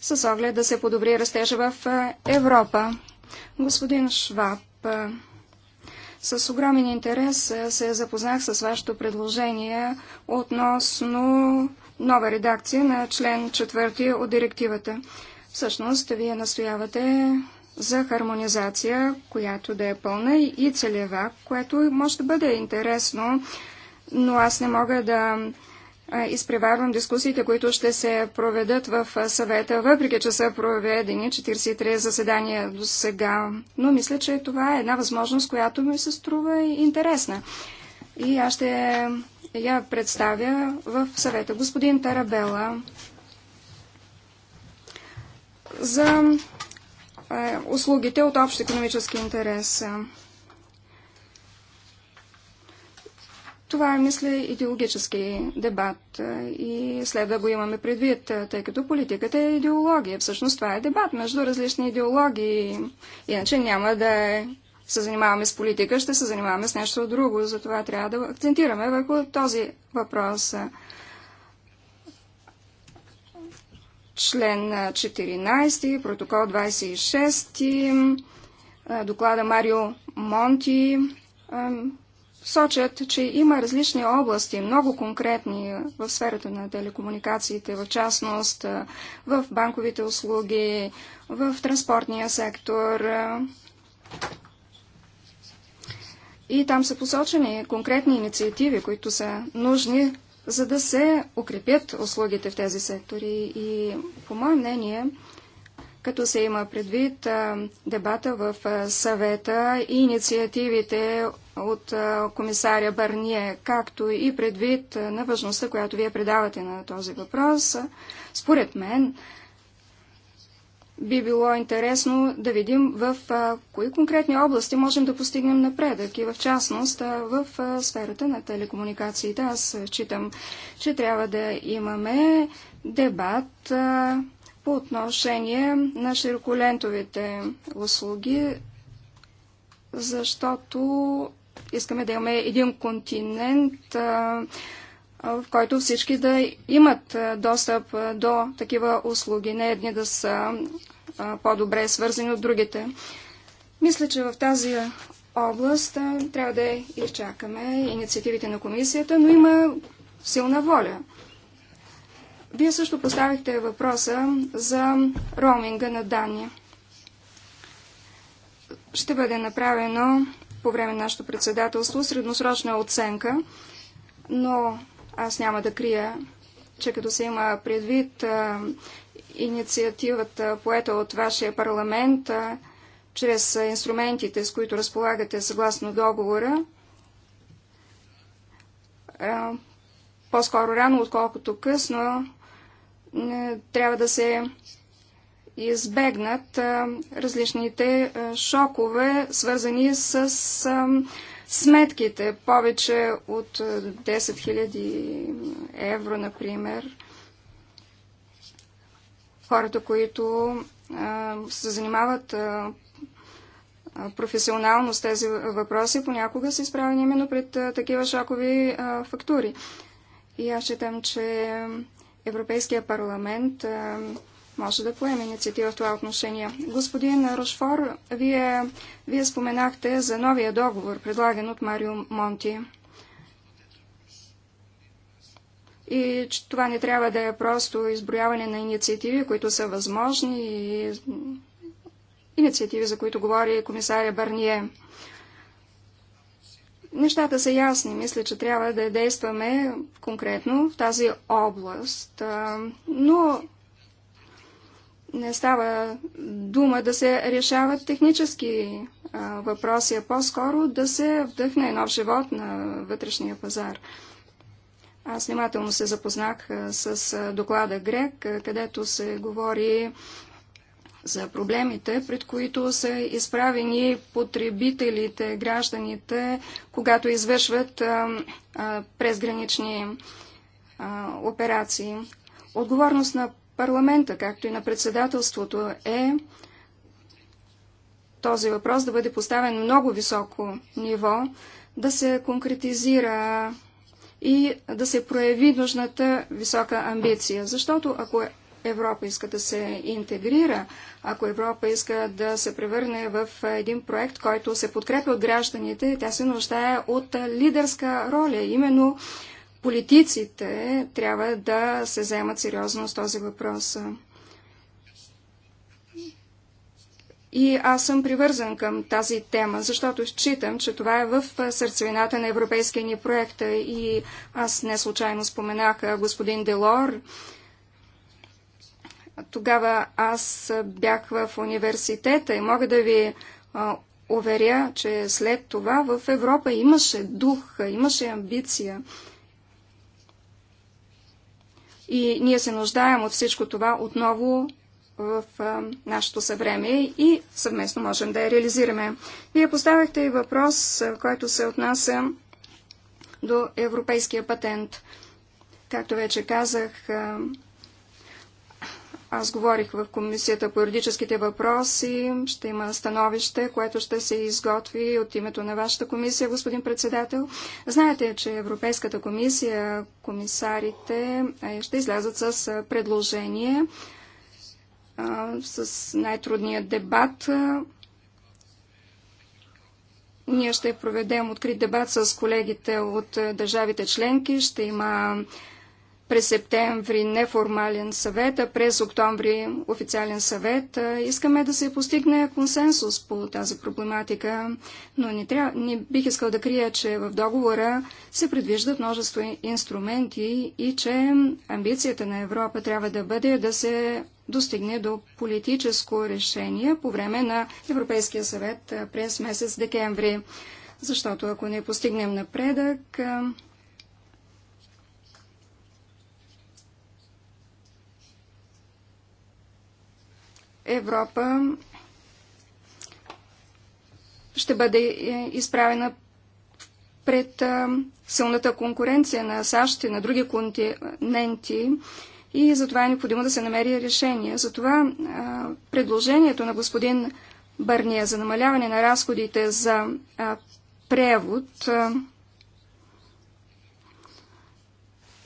с оглед да се подобри растежа в Европа. Господин Шваб, с огромен интерес се запознах с вашето предложение относно нова редакция на член 4 от директивата. Всъщност, вие настоявате за хармонизация, която да е пълна и целева, което може да бъде интересно, но аз не мога да изпреварвам дискусиите, които ще се проведат в съвета, въпреки че са проведени 43 заседания до сега. Но мисля, че това е една възможност, която ми се струва интересна. И аз ще я представя в съвета. Господин Тарабела за е, услугите от общ економически интерес. Това е, мисля, идеологически дебат и след да го имаме предвид, тъй като политиката е идеология. Всъщност това е дебат между различни идеологии, иначе няма да е се занимаваме с политика, ще се занимаваме с нещо друго. Затова трябва да акцентираме върху този въпрос. Член 14, протокол 26, доклада Марио Монти сочат, че има различни области, много конкретни в сферата на телекомуникациите, в частност в банковите услуги, в транспортния сектор, и там са посочени конкретни инициативи, които са нужни, за да се укрепят услугите в тези сектори. И по мое мнение, като се има предвид дебата в съвета и инициативите от комисаря Барние, както и предвид на важността, която вие предавате на този въпрос, според мен би било интересно да видим в а, кои конкретни области можем да постигнем напредък и в частност а, в а, сферата на телекомуникациите. Аз читам, че трябва да имаме дебат а, по отношение на широколентовите услуги, защото искаме да имаме един континент. А, в който всички да имат достъп до такива услуги, не едни да са по-добре свързани от другите. Мисля, че в тази област трябва да изчакаме инициативите на комисията, но има силна воля. Вие също поставихте въпроса за роуминга на данни. Ще бъде направено по време на нашето председателство средносрочна оценка, но аз няма да крия, че като се има предвид а, инициативата, поета от вашия парламент, а, чрез инструментите, с които разполагате съгласно договора, по-скоро рано, отколкото късно, не, трябва да се избегнат а, различните а, шокове, свързани с а, сметките, повече от 10 е, 000 евро, например. Хората, които а, е, се занимават а, е, професионално с тези въпроси, понякога са изправени именно пред а, такива шокови а, фактури. И аз считам, че Европейския парламент а, може да поеме инициатива в това отношение. Господин Рошфор, вие, вие споменахте за новия договор, предлаган от Марио Монти. И че това не трябва да е просто изброяване на инициативи, които са възможни и инициативи, за които говори комисаря Барние. Нещата са ясни. Мисля, че трябва да действаме конкретно в тази област. Но не става дума да се решават технически въпроси, а по-скоро да се вдъхне нов живот на вътрешния пазар. Аз внимателно се запознах с доклада Грек, където се говори за проблемите, пред които са изправени потребителите, гражданите, когато извършват презгранични операции. Отговорност на парламента, както и на председателството, е този въпрос да бъде поставен много високо ниво, да се конкретизира и да се прояви нужната висока амбиция. Защото ако Европа иска да се интегрира, ако Европа иска да се превърне в един проект, който се подкрепя от гражданите, тя се нуждае от лидерска роля. Именно Политиците трябва да се вземат сериозно с този въпрос. И аз съм привързан към тази тема, защото считам, че това е в сърцевината на европейския ни проект. И аз не случайно споменах господин Делор. Тогава аз бях в университета и мога да ви уверя, че след това в Европа имаше дух, имаше амбиция. И ние се нуждаем от всичко това отново в а, нашето съвреме, и съвместно можем да я реализираме. Вие поставяхте и въпрос, който се отнася до европейския патент. Както вече казах, а, аз говорих в Комисията по юридическите въпроси. Ще има становище, което ще се изготви от името на вашата комисия, господин председател. Знаете, че Европейската комисия, комисарите е, ще излязат с е, предложение е, с най-трудния дебат. Ние ще проведем открит дебат с колегите от държавите членки. Ще има през септември неформален съвет, а през октомври официален съвет. Искаме да се постигне консенсус по тази проблематика, но не, тря... не бих искал да крия, че в договора се предвиждат множество инструменти и че амбицията на Европа трябва да бъде да се достигне до политическо решение по време на Европейския съвет през месец декември. Защото ако не постигнем напредък, Европа ще бъде е, изправена пред е, силната конкуренция на САЩ и на други континенти и затова е необходимо да се намери решение. Затова е, предложението на господин Бърния за намаляване на разходите за превод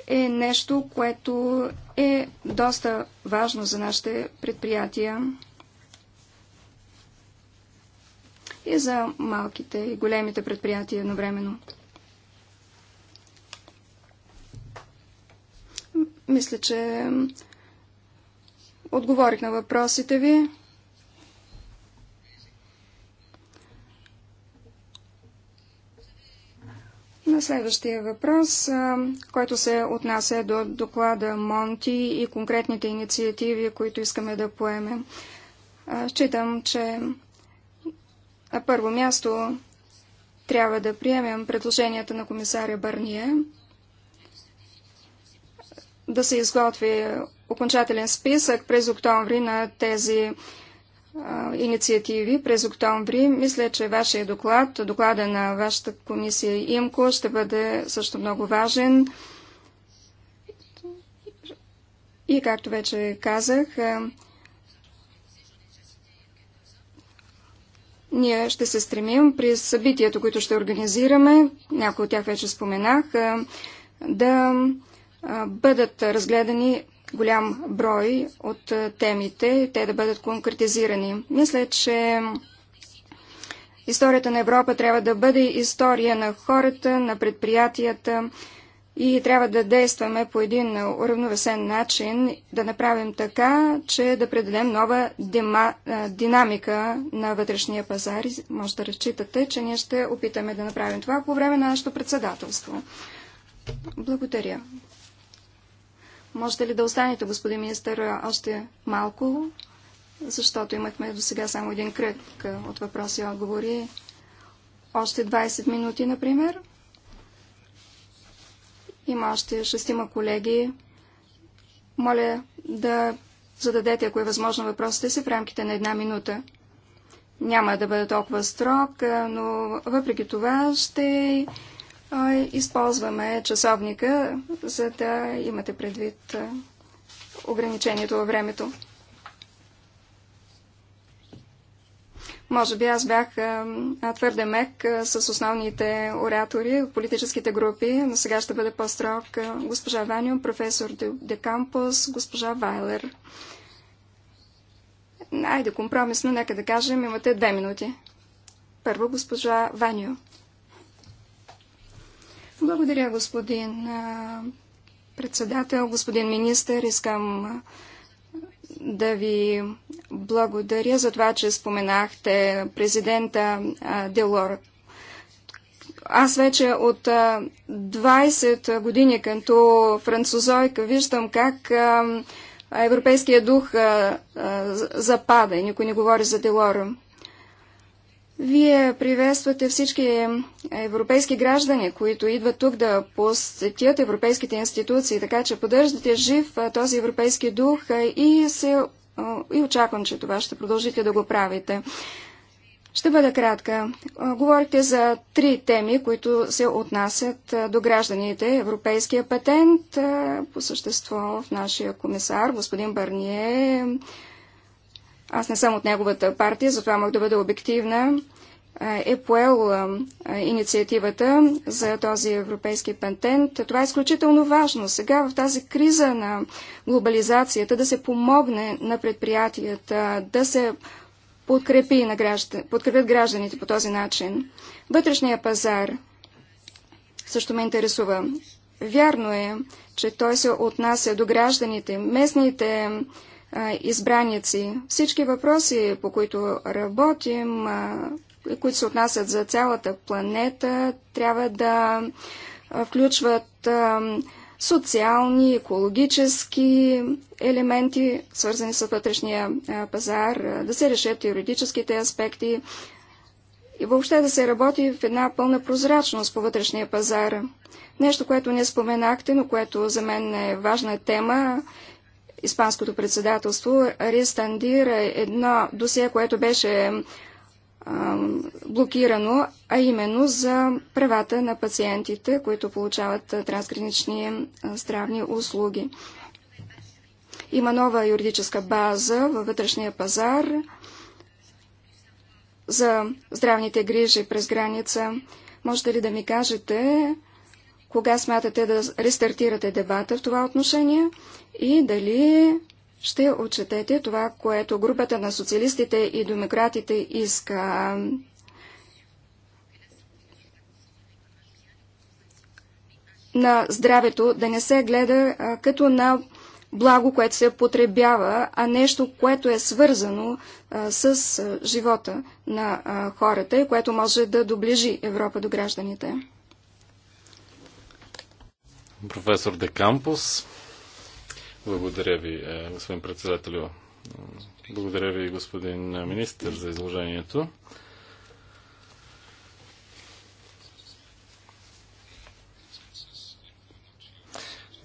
е нещо, което е доста важно за нашите предприятия и за малките и големите предприятия едновременно. Мисля, че отговорих на въпросите ви. На следващия въпрос, който се отнася до доклада Монти и конкретните инициативи, които искаме да поемем. Считам, че на първо място трябва да приемем предложенията на комисаря Бърния, да се изготви окончателен списък през октомври на тези инициативи през октомври. Мисля, че вашия доклад, доклада на вашата комисия ИМКО ще бъде също много важен. И както вече казах, ние ще се стремим при събитията, които ще организираме, някои от тях вече споменах, да бъдат разгледани голям брой от е, темите, те да бъдат конкретизирани. Мисля, че историята на Европа трябва да бъде история на хората, на предприятията и трябва да действаме по един уравновесен начин, да направим така, че да предадем нова дима, е, динамика на вътрешния пазар. Може да разчитате, че ние ще опитаме да направим това по време на нашето председателство. Благодаря. Можете ли да останете, господин министър, още малко, защото имахме до сега само един кръг от въпроси и отговори. Още 20 минути, например. Има още шестима колеги. Моля да зададете, ако е възможно, въпросите си в рамките на една минута. Няма да бъде толкова строг, но въпреки това ще използваме часовника, за да имате предвид ограничението във времето. Може би аз бях твърде мек с основните оратори от политическите групи, но сега ще бъде по-строг госпожа Ванио, професор Де Кампус, госпожа Вайлер. Айде, компромисно, нека да кажем, имате две минути. Първо госпожа Ванио. Благодаря, господин председател, господин министър. Искам да ви благодаря за това, че споменахте президента Делор. Аз вече от 20 години като французойка виждам как европейския дух запада и никой не говори за Делора. Вие приветствате всички европейски граждани, които идват тук да посетят европейските институции, така че поддържате жив този европейски дух и, се, и очаквам, че това ще продължите да го правите. Ще бъда кратка. Говорите за три теми, които се отнасят до гражданите. Европейския патент, по същество в нашия комисар, господин Барние, аз не съм от неговата партия, затова мога да бъда обективна, е, е поел инициативата за този европейски патент. Това е изключително важно. Сега в тази криза на глобализацията да се помогне на предприятията, да се подкрепи на граждан, подкрепят гражданите по този начин. Вътрешния пазар също ме интересува. Вярно е, че той се отнася до гражданите, местните избраници. Всички въпроси, по които работим, които се отнасят за цялата планета, трябва да включват социални, екологически елементи, свързани с вътрешния пазар, да се решат юридическите аспекти и въобще да се работи в една пълна прозрачност по вътрешния пазар. Нещо, което не споменахте, но което за мен е важна тема, Испанското председателство рестандира едно досие, което беше блокирано, а именно за правата на пациентите, които получават трансгранични здравни услуги. Има нова юридическа база във вътрешния пазар за здравните грижи през граница. Можете ли да ми кажете кога смятате да рестартирате дебата в това отношение и дали ще отчетете това, което групата на социалистите и демократите иска на здравето, да не се гледа а, като на благо, което се потребява, а нещо, което е свързано а, с живота на хората и което може да доближи Европа до гражданите професор Декампус. Благодаря ви, е, господин председателю. Благодаря ви, господин министр, за изложението.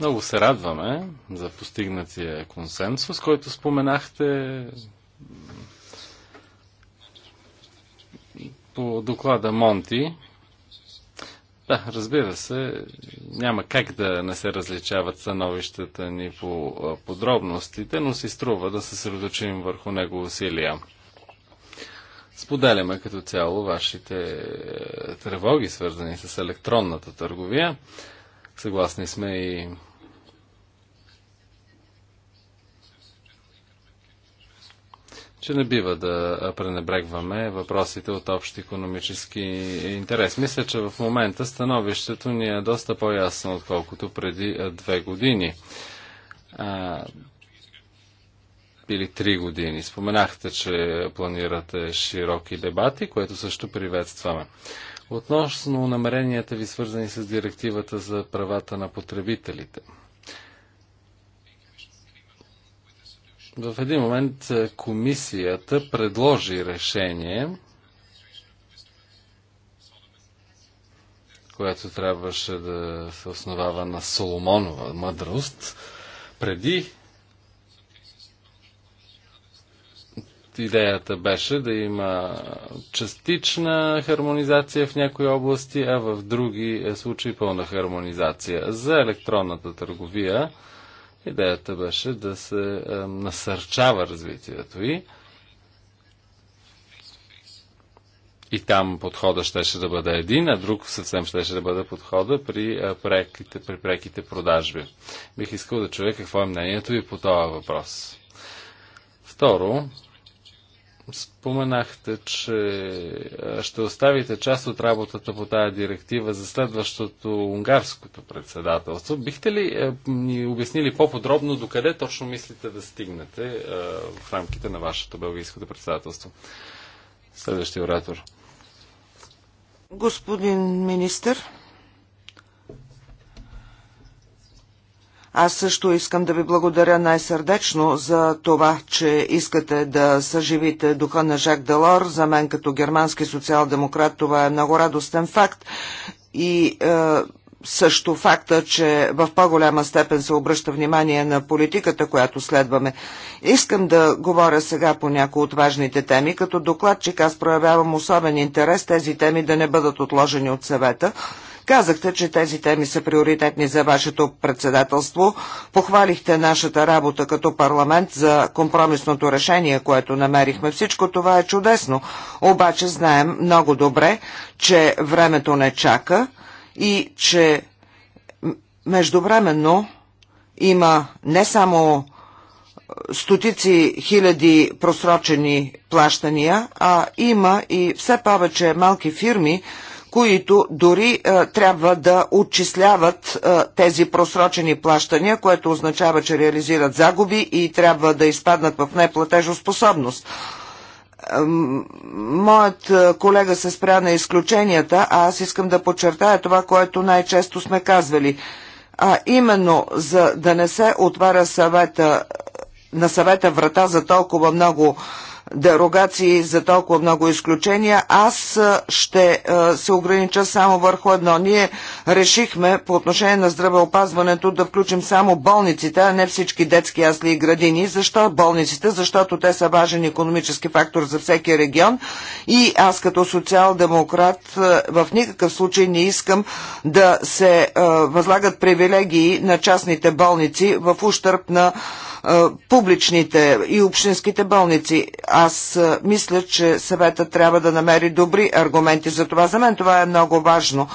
Много се радваме за постигнатия консенсус, който споменахте по доклада Монти. Да, разбира се, няма как да не се различават становищата ни по подробностите, но си струва да се средочим върху него усилия. Споделяме като цяло вашите е, тревоги, свързани с електронната търговия. Съгласни сме и че не бива да пренебрегваме въпросите от общ економически интерес. Мисля, че в момента становището ни е доста по-ясно, отколкото преди две години. А, или три години. Споменахте, че планирате широки дебати, което също приветстваме. Относно намеренията ви свързани с директивата за правата на потребителите – в един момент е, комисията предложи решение, което трябваше да се основава на Соломонова мъдрост, преди идеята беше да има частична хармонизация в някои области, а в други е случаи пълна хармонизация. За електронната търговия Идеята беше да се е, насърчава развитието и и там подхода щеше да бъде един, а друг съвсем щеше да бъде подхода при е, преките, при преките продажби. Бих искал да чуя какво е мнението ви по този въпрос. Второ, Споменахте, че ще оставите част от работата по тази директива за следващото унгарското председателство. Бихте ли е, ни обяснили по-подробно докъде точно мислите да стигнете в рамките на вашето бългийското председателство? Следващия оратор. Господин министър, Аз също искам да ви благодаря най-сърдечно за това, че искате да съживите духа на Жак Делор. За мен като германски социал-демократ това е много радостен факт. И е, също факта, че в по-голяма степен се обръща внимание на политиката, която следваме. Искам да говоря сега по някои от важните теми. Като докладчик аз проявявам особен интерес тези теми да не бъдат отложени от съвета Казахте, че тези теми са приоритетни за вашето председателство. Похвалихте нашата работа като парламент за компромисното решение, което намерихме. Всичко това е чудесно. Обаче знаем много добре, че времето не чака и че междувременно има не само стотици хиляди просрочени плащания, а има и все повече малки фирми, които дори а, е, трябва да отчисляват а, е, тези просрочени плащания, което означава, че реализират загуби и трябва да изпаднат в неплатежоспособност. Моят е, колега се спря на изключенията, а аз искам да подчертая това, което най-често сме казвали. А именно, за да не се отваря съвета, на съвета врата за толкова много дерогации за толкова много изключения. Аз ще се огранича само върху едно. Ние решихме по отношение на здравеопазването да включим само болниците, а не всички детски ясли и градини. Защо болниците? Защото те са важен економически фактор за всеки регион и аз като социал-демократ в никакъв случай не искам да се възлагат привилегии на частните болници в ущърп на публичните и общинските болници. Аз мисля, че съвета трябва да намери добри аргументи за това. За мен това е много важно.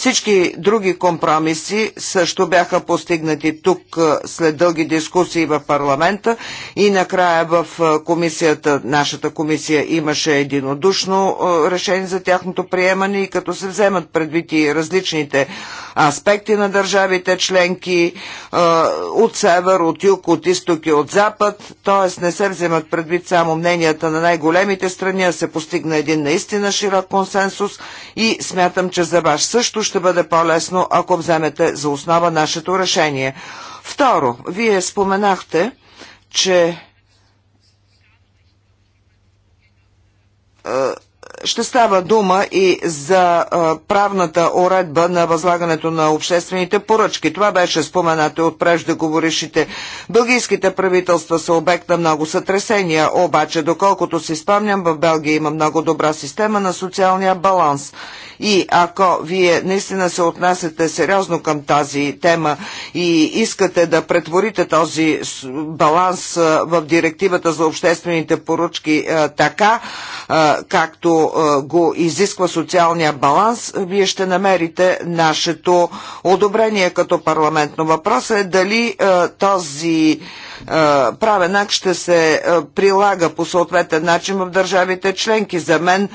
Всички други компромиси също бяха постигнати тук след дълги дискусии в парламента и накрая в комисията, нашата комисия имаше единодушно решение за тяхното приемане и като се вземат предвид и различните аспекти на държавите членки от север, от юг, от изток и от запад, т.е. не се вземат предвид само мненията на най-големите страни, а се постигна един наистина широк консенсус и смятам, че за ваш също ще бъде по-лесно, ако вземете за основа нашето решение. Второ, вие споменахте, че е, ще става дума и за правната уредба на възлагането на обществените поръчки. Това беше споменато от преждеговорившите. Бългийските правителства са обект на много сътресения, обаче доколкото си спомням, в Белгия има много добра система на социалния баланс. И ако вие наистина се отнасяте сериозно към тази тема и искате да претворите този баланс в директивата за обществените поръчки така, както го изисква социалния баланс, вие ще намерите нашето одобрение като парламент. Но въпросът е дали този правен акт ще се прилага по съответен начин в държавите членки. За мен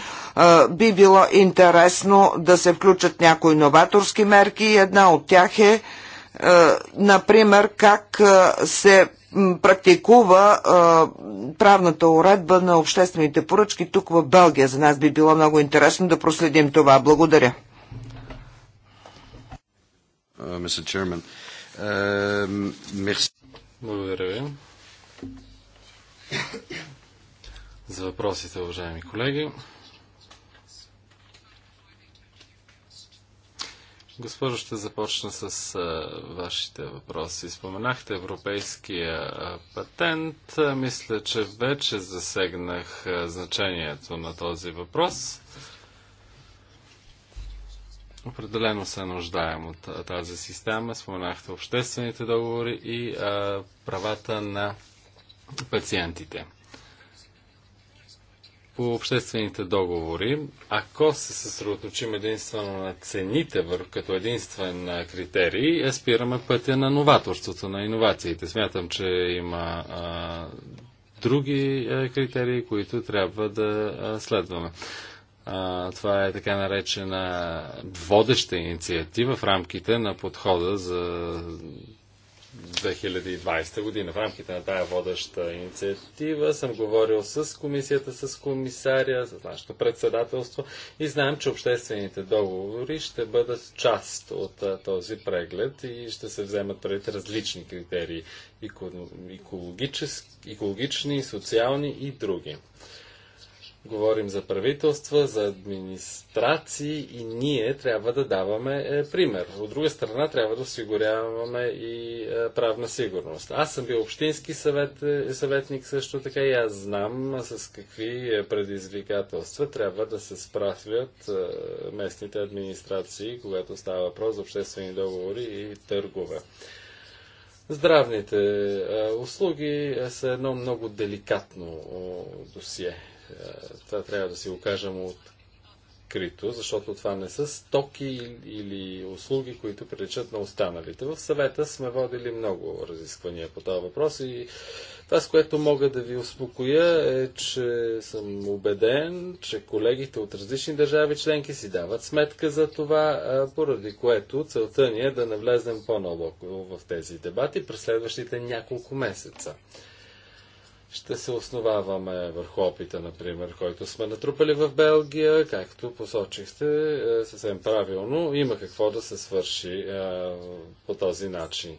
би било интересно да се включат някои новаторски мерки. Една от тях е например, как се практикува правната уредба на обществените поръчки тук в Белгия. За нас би било много интересно да проследим това. Благодаря. Uh, uh, Благодаря ви. За въпросите, уважаеми колеги. Госпожо, ще започна с а, вашите въпроси. Споменахте европейския патент. Мисля, че вече засегнах а, значението на този въпрос. Определено се нуждаем от а, тази система. Споменахте обществените договори и а, правата на пациентите по обществените договори, ако се съсредоточим единствено на цените върху като единствен критерий, е спираме пътя на новаторството, на иновациите. Смятам, че има а, други а, критерии, които трябва да а, следваме. А, това е така наречена водеща инициатива в рамките на подхода за 2020 година. В рамките на тая водеща инициатива съм говорил с комисията, с комисаря, с нашето председателство и знаем, че обществените договори ще бъдат част от а, този преглед и ще се вземат пред различни критерии екологични, социални и други. Говорим за правителства, за администрации и ние трябва да даваме е, пример. От друга страна трябва да осигуряваме и е, правна сигурност. Аз съм бил общински съвет, е, съветник също така и аз знам с какви предизвикателства трябва да се справят местните администрации, когато става въпрос за обществени договори и търгове. Здравните услуги са едно много деликатно досие е, това трябва да си го кажем открито, защото това не са стоки или услуги, които приличат на останалите. В съвета сме водили много разисквания по този въпрос и това, с което мога да ви успокоя е, че съм убеден, че колегите от различни държави членки си дават сметка за това, поради което целта ни е да навлезем по-налоко в тези дебати през следващите няколко месеца ще се основаваме върху опита, например, който сме натрупали в Белгия, както посочихте е, съвсем правилно. Има какво да се свърши а, е, по този начин.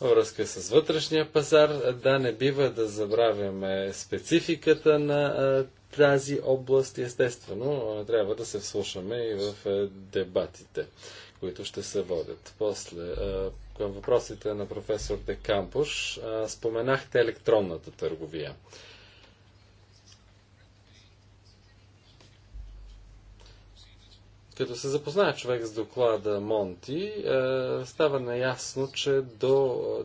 Връзка с вътрешния пазар, да, не бива да забравяме спецификата на а, е, тази област. Естествено, а, трябва да се вслушаме и в дебатите, които ще се водят. После към въпросите на професор Декампуш. Споменахте електронната търговия. Като се запознае човек с доклада Монти, е, става наясно, че до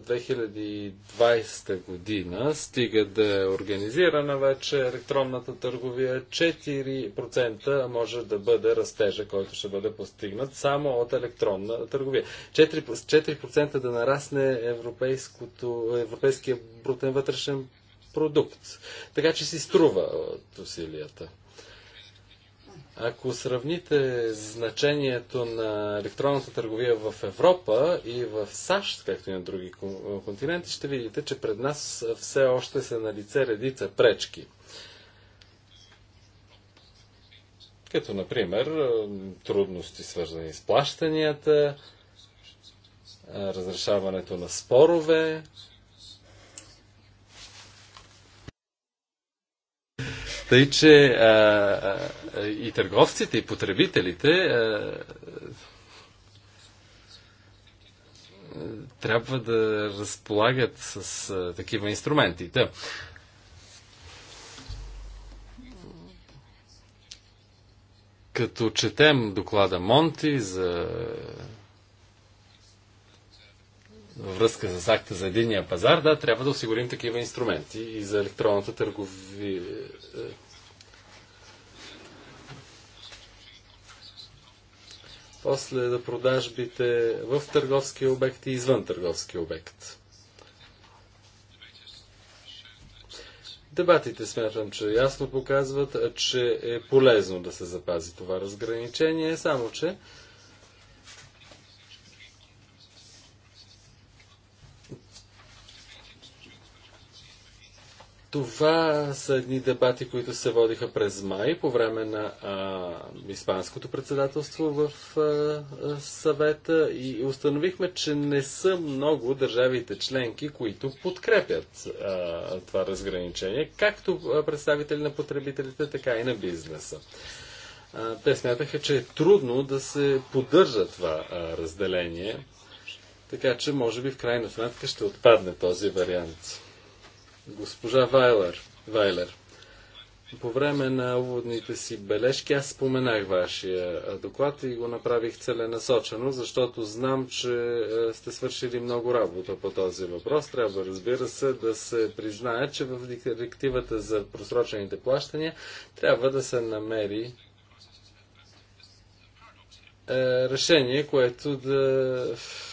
2020 година стига да е организирана вече електронната търговия. 4% може да бъде растежа, който ще бъде постигнат само от електронна търговия. 4%, 4% да нарасне европейския брутен вътрешен продукт. Така че си струва от усилията. Ако сравните значението на електронната търговия в Европа и в САЩ, както и на други континенти, ще видите, че пред нас все още са на лице редица пречки. Като, например, трудности свързани с плащанията, разрешаването на спорове, Тъй, че а, а, и търговците, и потребителите а, трябва да разполагат с а, такива инструменти. Да. Като четем доклада Монти за във връзка с акта за единния пазар, да, трябва да осигурим такива инструменти и за електронната търговия. После да продажбите в търговски обект и извън търговски обект. Дебатите смятам, че ясно показват, че е полезно да се запази това разграничение, само че Това са едни дебати, които се водиха през май по време на а, Испанското председателство в а, съвета и установихме, че не са много държавите членки, които подкрепят а, това разграничение, както представители на потребителите, така и на бизнеса. А, те смятаха, че е трудно да се поддържа това а, разделение, така че може би в крайна сметка ще отпадне този вариант госпожа Вайлер. Вайлер. По време на уводните си бележки аз споменах вашия доклад и го направих целенасочено, защото знам, че сте свършили много работа по този въпрос. Трябва, разбира се, да се признае, че в директивата за просрочените плащания трябва да се намери е, решение, което да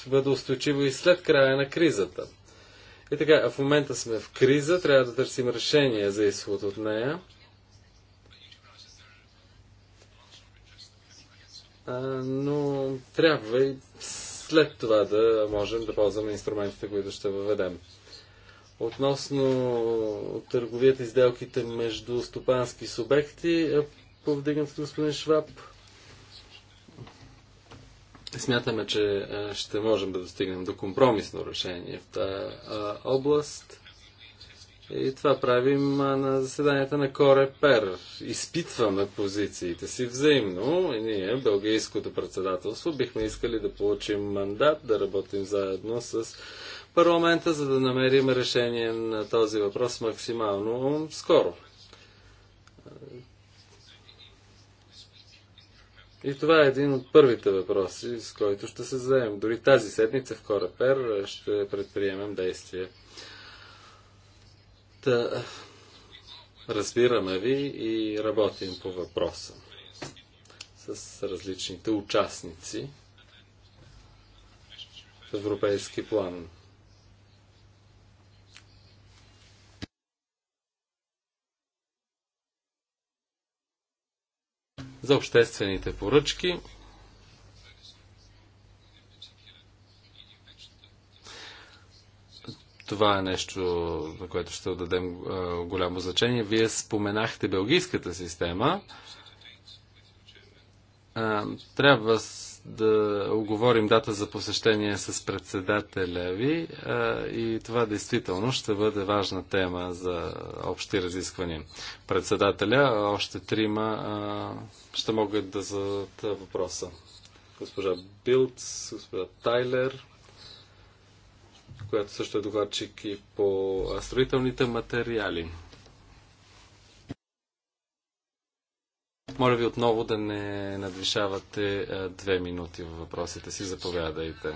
бъде устойчиво и след края на кризата. И така, в момента сме в криза, трябва да търсим решение за изход от нея. но трябва и след това да можем да ползваме инструментите, които ще въведем. Относно търговията и сделките между стопански субекти, е повдигнат господин Шваб. Смятаме, че ще можем да достигнем до компромисно решение в тази област. И това правим на заседанията на Корепер. Изпитваме позициите си взаимно. И ние, Белгийското председателство, бихме искали да получим мандат, да работим заедно с парламента, за да намерим решение на този въпрос максимално скоро. И това е един от първите въпроси, с който ще се заем. Дори тази седмица в Корапер ще предприемем действие. Та, разбираме ви и работим по въпроса с различните участници в европейски план. за обществените поръчки. Това е нещо, на което ще отдадем голямо значение. Вие споменахте белгийската система. трябва да оговорим дата за посещение с председателя ви а, и това действително ще бъде важна тема за общи разисквания. Председателя, още трима а, ще могат да зададат въпроса. Госпожа Билц, госпожа Тайлер, която също е докладчик и по строителните материали. Моля ви отново да не надвишавате две минути във въпросите си. Заповядайте.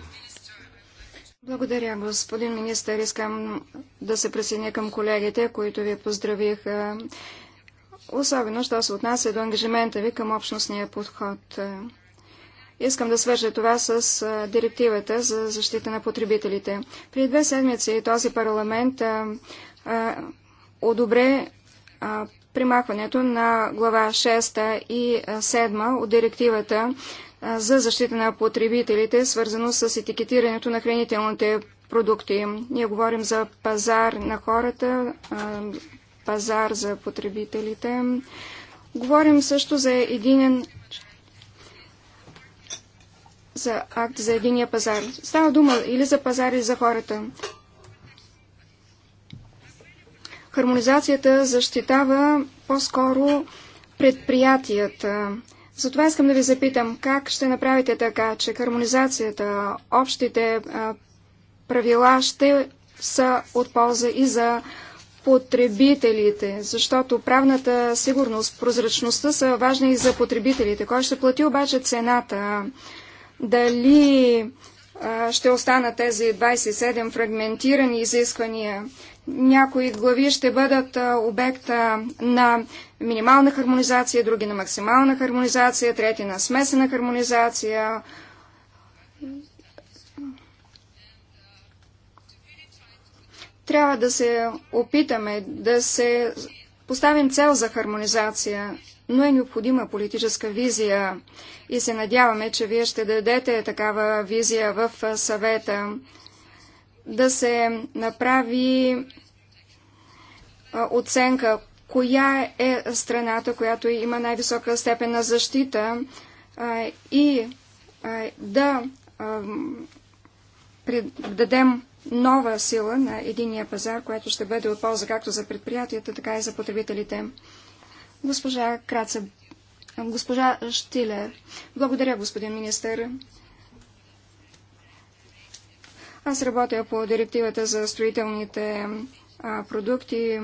Благодаря, господин министър. Искам да се присъединя към колегите, които ви поздравих, Особено, що се отнася до ангажимента ви към общностния подход. Искам да свържа това с директивата за защита на потребителите. При две седмици този парламент одобре примахването на глава 6 и 7 от директивата за защита на потребителите, свързано с етикетирането на хранителните продукти. Ние говорим за пазар на хората, пазар за потребителите. Говорим също за единен за акт за единия пазар. Става дума или за пазар, или за хората. Хармонизацията защитава по-скоро предприятията. Затова искам да ви запитам, как ще направите така, че хармонизацията, общите правила ще са от полза и за потребителите, защото правната сигурност, прозрачността са важни и за потребителите. Кой ще плати обаче цената? Дали ще останат тези 27 фрагментирани изисквания? някои глави ще бъдат обекта на минимална хармонизация, други на максимална хармонизация, трети на смесена хармонизация. Трябва да се опитаме да се поставим цел за хармонизация, но е необходима политическа визия и се надяваме, че вие ще дадете такава визия в съвета да се направи оценка коя е страната, която има най-висока степен на защита и да дадем нова сила на единия пазар, която ще бъде от полза както за предприятията, така и за потребителите. Госпожа Краца, госпожа Штиле, благодаря, господин министър. Аз работя по директивата за строителните а, продукти.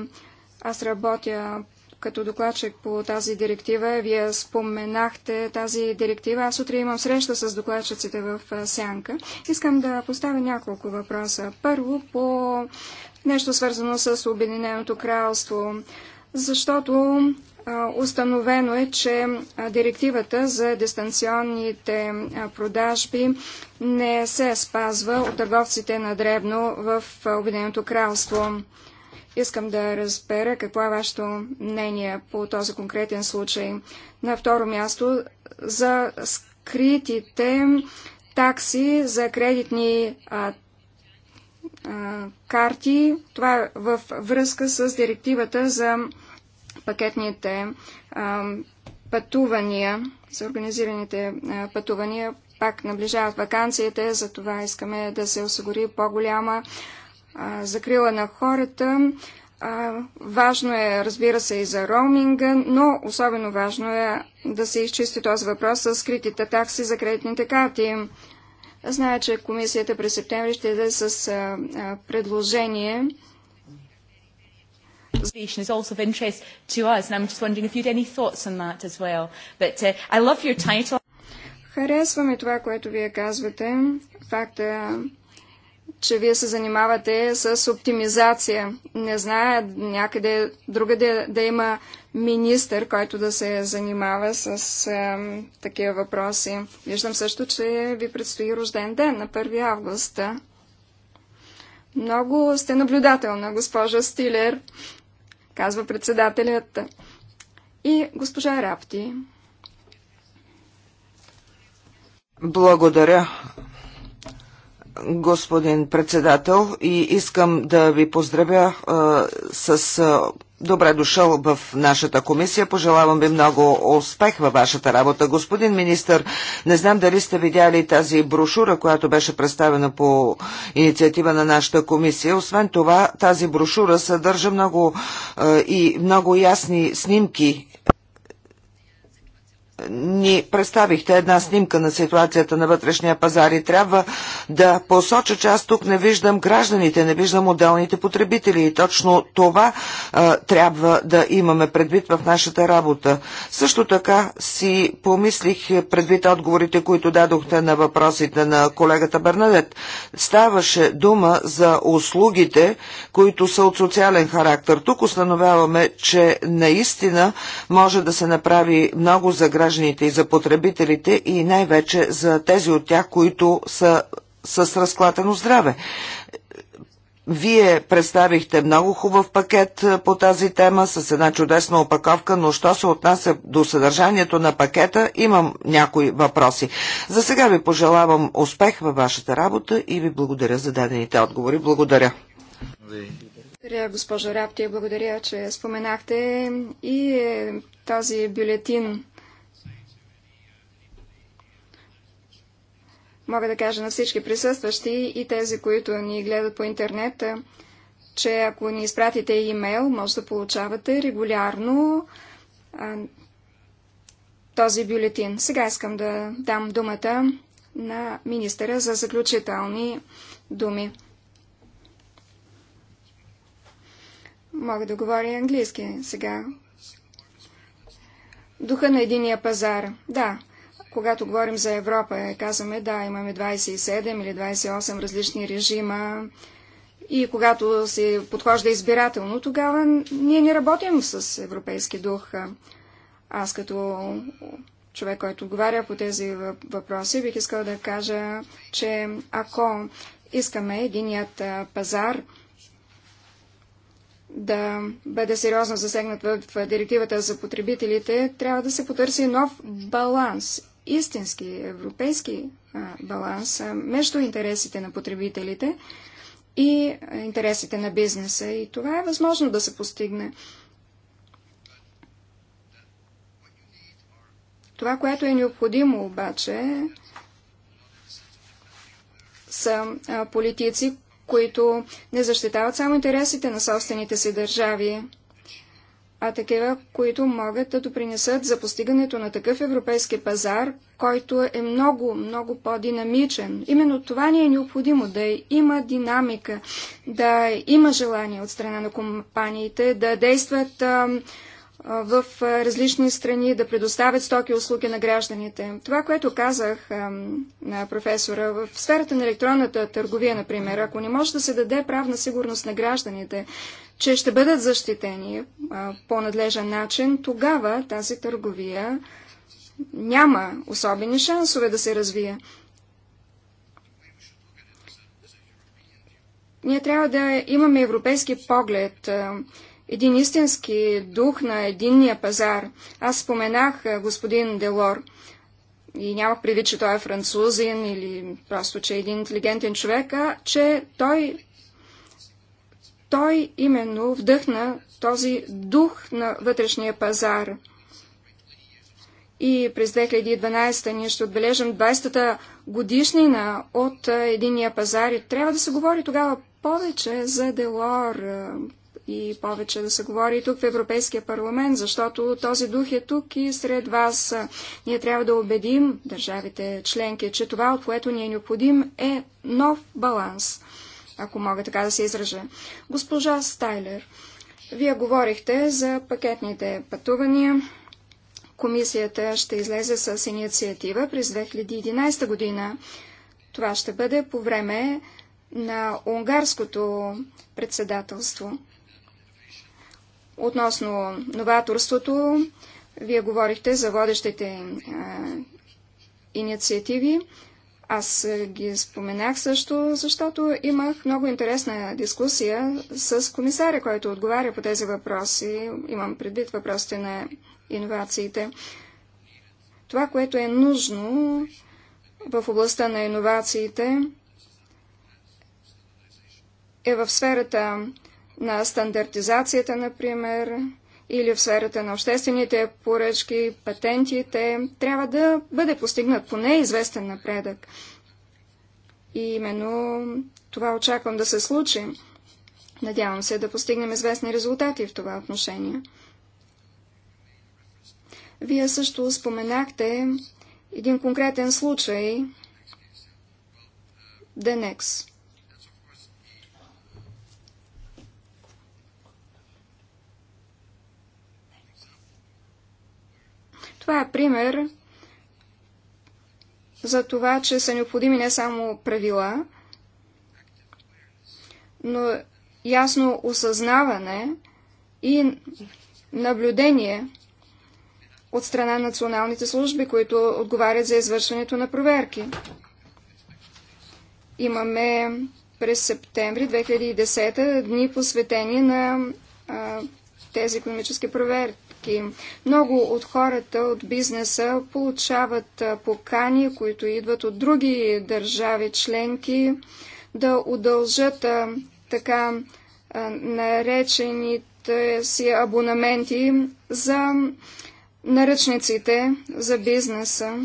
Аз работя като докладчик по тази директива. Вие споменахте тази директива. Аз утре имам среща с докладчиците в Сянка. Искам да поставя няколко въпроса. Първо по нещо свързано с Обединеното кралство, защото Установено е, че директивата за дистанционните продажби не се спазва от търговците на Дребно в Обединеното кралство. Искам да разбера какво е вашето мнение по този конкретен случай. На второ място за скритите такси за кредитни а, а, карти. Това е в връзка с директивата за пакетните пътувания, за организираните пътувания, пак наближават вакансиите, затова искаме да се осигури по-голяма закрила на хората. Важно е, разбира се, и за роуминга, но особено важно е да се изчисти този въпрос с скритите такси за кредитните карти. Зная, че комисията през септември ще даде с предложение Conservation is also of interest to us, and I'm just wondering if you had any thoughts on that as well. But uh, I love your title. Харесваме това, което вие казвате. Факта, че вие се занимавате с оптимизация. Не зная някъде другаде да има министър, който да се занимава с е, такива въпроси. Виждам също, че ви предстои рожден ден на 1 август. Много сте наблюдателна, госпожа Стилер казва председателят. И госпожа Рапти. Благодаря, господин председател, и искам да ви поздравя а, с а, добре дошъл в нашата комисия. Пожелавам ви много успех във вашата работа. Господин министр, не знам дали сте видяли тази брошура, която беше представена по инициатива на нашата комисия. Освен това, тази брошура съдържа много а, и много ясни снимки ни представихте една снимка на ситуацията на вътрешния пазар и трябва да посоча, че аз тук не виждам гражданите, не виждам отделните потребители и точно това а, трябва да имаме предвид в нашата работа. Също така си помислих предвид отговорите, които дадохте на въпросите на колегата Бернадет. Ставаше дума за услугите, които са от социален характер. Тук установяваме, че наистина може да се направи много за гражданите гражданите и за потребителите и най-вече за тези от тях, които са с разклатено здраве. Вие представихте много хубав пакет по тази тема с една чудесна опаковка, но що се отнася до съдържанието на пакета, имам някои въпроси. За сега ви пожелавам успех във вашата работа и ви благодаря за дадените отговори. Благодаря. Благодаря, госпожо Раптия, Благодаря, че споменахте и е, този бюлетин Мога да кажа на всички присъстващи и тези, които ни гледат по интернет, че ако ни изпратите имейл, може да получавате регулярно а, този бюлетин. Сега искам да дам думата на министъра за заключителни думи. Мога да говоря английски сега. Духа на единия пазар. Да, когато говорим за Европа, е, казваме, да, имаме 27 или 28 различни режима. И когато се подхожда избирателно, тогава ние не работим с европейски дух. Аз като човек, който отговаря по тези въпроси, бих искал да кажа, че ако искаме единият пазар да бъде сериозно засегнат в директивата за потребителите, трябва да се потърси нов баланс истински европейски баланс между интересите на потребителите и интересите на бизнеса. И това е възможно да се постигне. Това, което е необходимо обаче, са политици, които не защитават само интересите на собствените си държави, а такива, които могат да допринесат за постигането на такъв европейски пазар, който е много, много по-динамичен. Именно това ни е необходимо, да има динамика, да има желание от страна на компаниите да действат в различни страни, да предоставят стоки и услуги на гражданите. Това, което казах на професора, в сферата на електронната търговия, например, ако не може да се даде правна сигурност на гражданите, че ще бъдат защитени по надлежен начин, тогава тази търговия няма особени шансове да се развие. Ние трябва да имаме европейски поглед един истински дух на единния пазар. Аз споменах господин Делор и нямах преди, че той е французин или просто, че е един интелигентен човек, а че той, той именно вдъхна този дух на вътрешния пазар. И през 2012 ние ще отбележим 20-та годишнина от единия пазар и трябва да се говори тогава повече за Делор, и повече да се говори и тук в Европейския парламент, защото този дух е тук и сред вас. Ние трябва да убедим държавите членки, че това, от което ни е необходим, е нов баланс, ако мога така да се изража. Госпожа Стайлер, вие говорихте за пакетните пътувания. Комисията ще излезе с инициатива през 2011 година. Това ще бъде по време на унгарското председателство. Относно новаторството, вие говорихте за водещите а, е, инициативи. Аз ги споменах също, защото имах много интересна дискусия с комисаря, който отговаря по тези въпроси. Имам предвид въпросите на иновациите. Това, което е нужно в областта на иновациите, е в сферата на стандартизацията, например, или в сферата на обществените поръчки, патентите, трябва да бъде постигнат поне известен напредък. И именно това очаквам да се случи. Надявам се да постигнем известни резултати в това отношение. Вие също споменахте един конкретен случай Денекс. Това е пример за това, че са необходими не само правила, но ясно осъзнаване и наблюдение от страна на националните служби, които отговарят за извършването на проверки. Имаме през септември 2010 дни посветени на а, тези економически проверки членки. Много от хората от бизнеса получават покани, които идват от други държави членки, да удължат така наречените си абонаменти за наръчниците за бизнеса.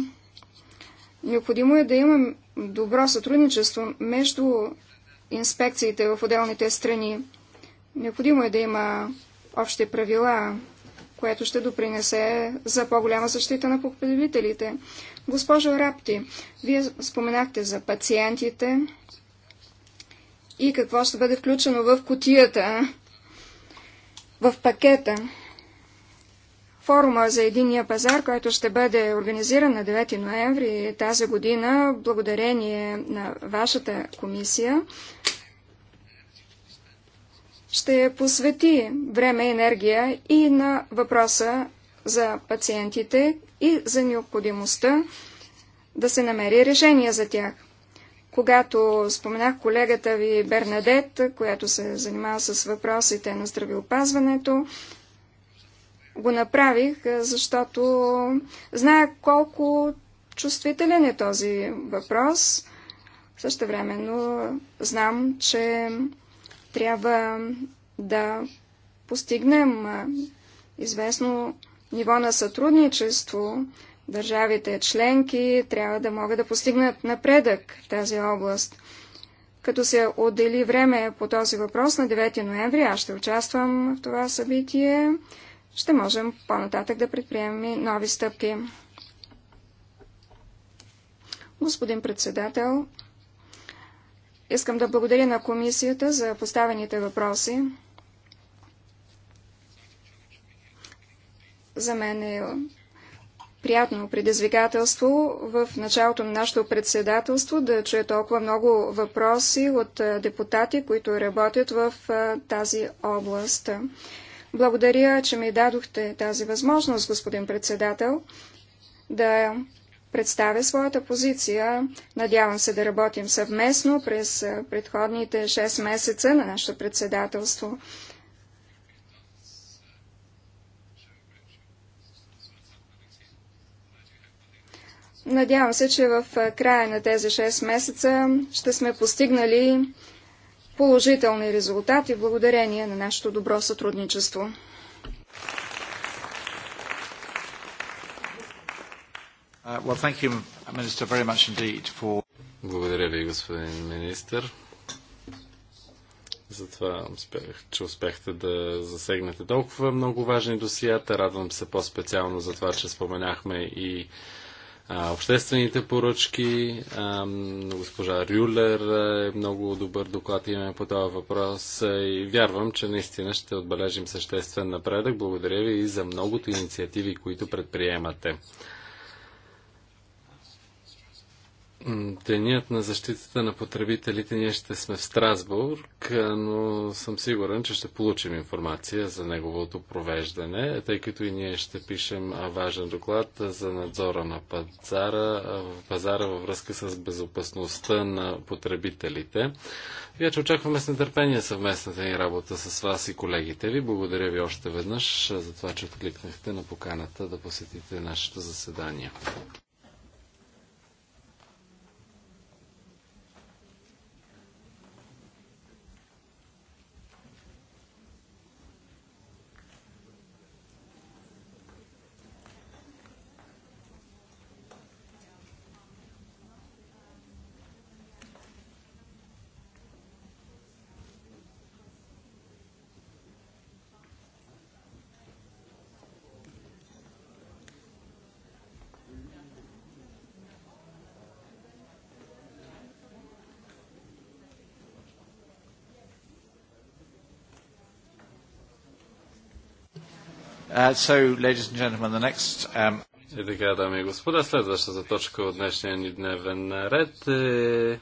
Необходимо е да имам добро сътрудничество между инспекциите в отделните страни. Необходимо е да има общи правила което ще допринесе за по-голяма защита на потребителите. Госпожо Рапти, вие споменахте за пациентите и какво ще бъде включено в котията, в пакета. Форума за единия пазар, който ще бъде организиран на 9 ноември тази година, благодарение на вашата комисия, ще посвети време и енергия и на въпроса за пациентите и за необходимостта да се намери решение за тях. Когато споменах колегата ви Бернадет, която се занимава с въпросите на здравеопазването, го направих, защото зная колко чувствителен е този въпрос. Също времено знам, че трябва да постигнем известно ниво на сътрудничество. Държавите членки трябва да могат да постигнат напредък в тази област. Като се отдели време по този въпрос на 9 ноември, аз ще участвам в това събитие, ще можем по-нататък да предприемем нови стъпки. Господин председател, Искам да благодаря на комисията за поставените въпроси. За мен е приятно предизвикателство в началото на нашето председателство да чуя толкова много въпроси от депутати, които работят в тази област. Благодаря, че ми дадохте тази възможност, господин председател, да представя своята позиция. Надявам се да работим съвместно през предходните 6 месеца на нашето председателство. Надявам се, че в края на тези 6 месеца ще сме постигнали положителни резултати благодарение на нашето добро сътрудничество. Uh, Благодаря ви, господин министр. Затова успех, че успяхте да засегнете толкова много важни досията. Радвам се по-специално за това, че споменахме и а, обществените поръчки. А, госпожа Рюлер е много добър доклад имаме по този въпрос и вярвам, че наистина ще отбележим съществен напредък. Благодаря ви и за многото инициативи, които предприемате денят на защитата на потребителите ние ще сме в Страсбург, но съм сигурен, че ще получим информация за неговото провеждане, тъй като и ние ще пишем важен доклад за надзора на пазара, пазара във връзка с безопасността на потребителите. Вече очакваме с нетърпение съвместната ни работа с вас и колегите ви. Благодаря ви още веднъж за това, че откликнахте на поканата да посетите нашето заседание. Uh, so, ladies and gentlemen, the next... Um... И така, дами и господа, следващата точка от днешния ни дневен ред е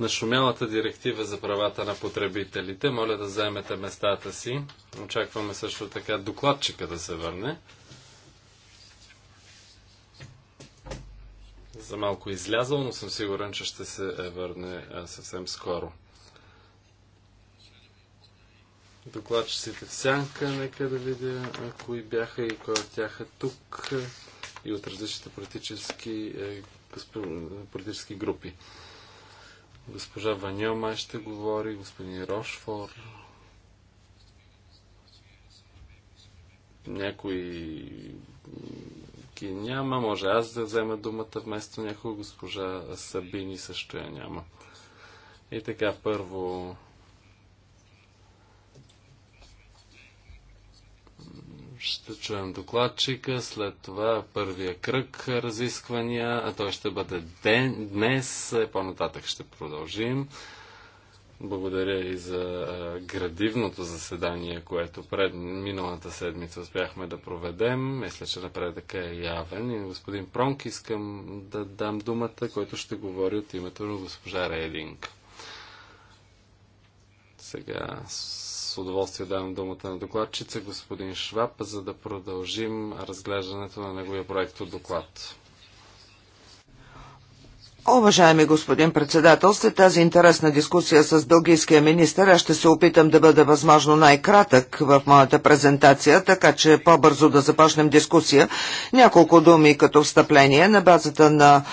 нашумялата директива за правата на потребителите. Моля да вземете местата си. Очакваме също така докладчика да се върне. За малко излязъл, но съм сигурен, че ще се е върне съвсем скоро докладчиците в сянка, нека да видя кои бяха и кой от тях е тук и от различните политически, е, политически групи. Госпожа Ваньо май ще говори, господин Рошфор, някои ги няма, може аз да взема думата вместо някой, госпожа Сабини също я няма. И така, първо Ще чуем докладчика, след това първия кръг разисквания, а той ще бъде ден, днес, е, по-нататък ще продължим. Благодаря и за градивното заседание, което пред миналата седмица успяхме да проведем. Мисля, че напредъка е явен. И господин Пронк искам да дам думата, който ще говори от името на госпожа Рейдинг. Сега с удоволствие давам думата на докладчица господин Шваб, за да продължим разглеждането на неговия проект от доклад. Уважаеми господин председател, след тази интересна дискусия с бългийския министр, аз ще се опитам да бъда възможно най-кратък в моята презентация, така че по-бързо да започнем дискусия. Няколко думи като встъпление на базата на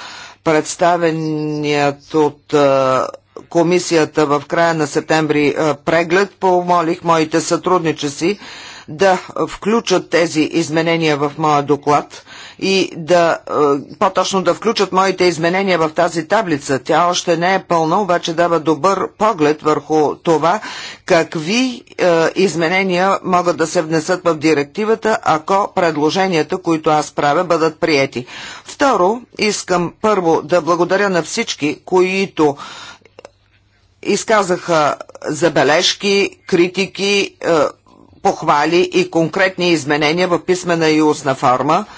представеният от е, комисията в края на септември е, преглед, помолих моите сътрудници да включат тези изменения в моя доклад и да, е, по-точно да включат моите изменения в тази таблица. Тя още не е пълна, обаче дава добър поглед върху това какви е, изменения могат да се внесат в директивата, ако предложенията, които аз правя, бъдат приети. Второ, искам първо да благодаря на всички, които изказаха забележки, критики, е, похвали и конкретни изменения в писмена и устна форма –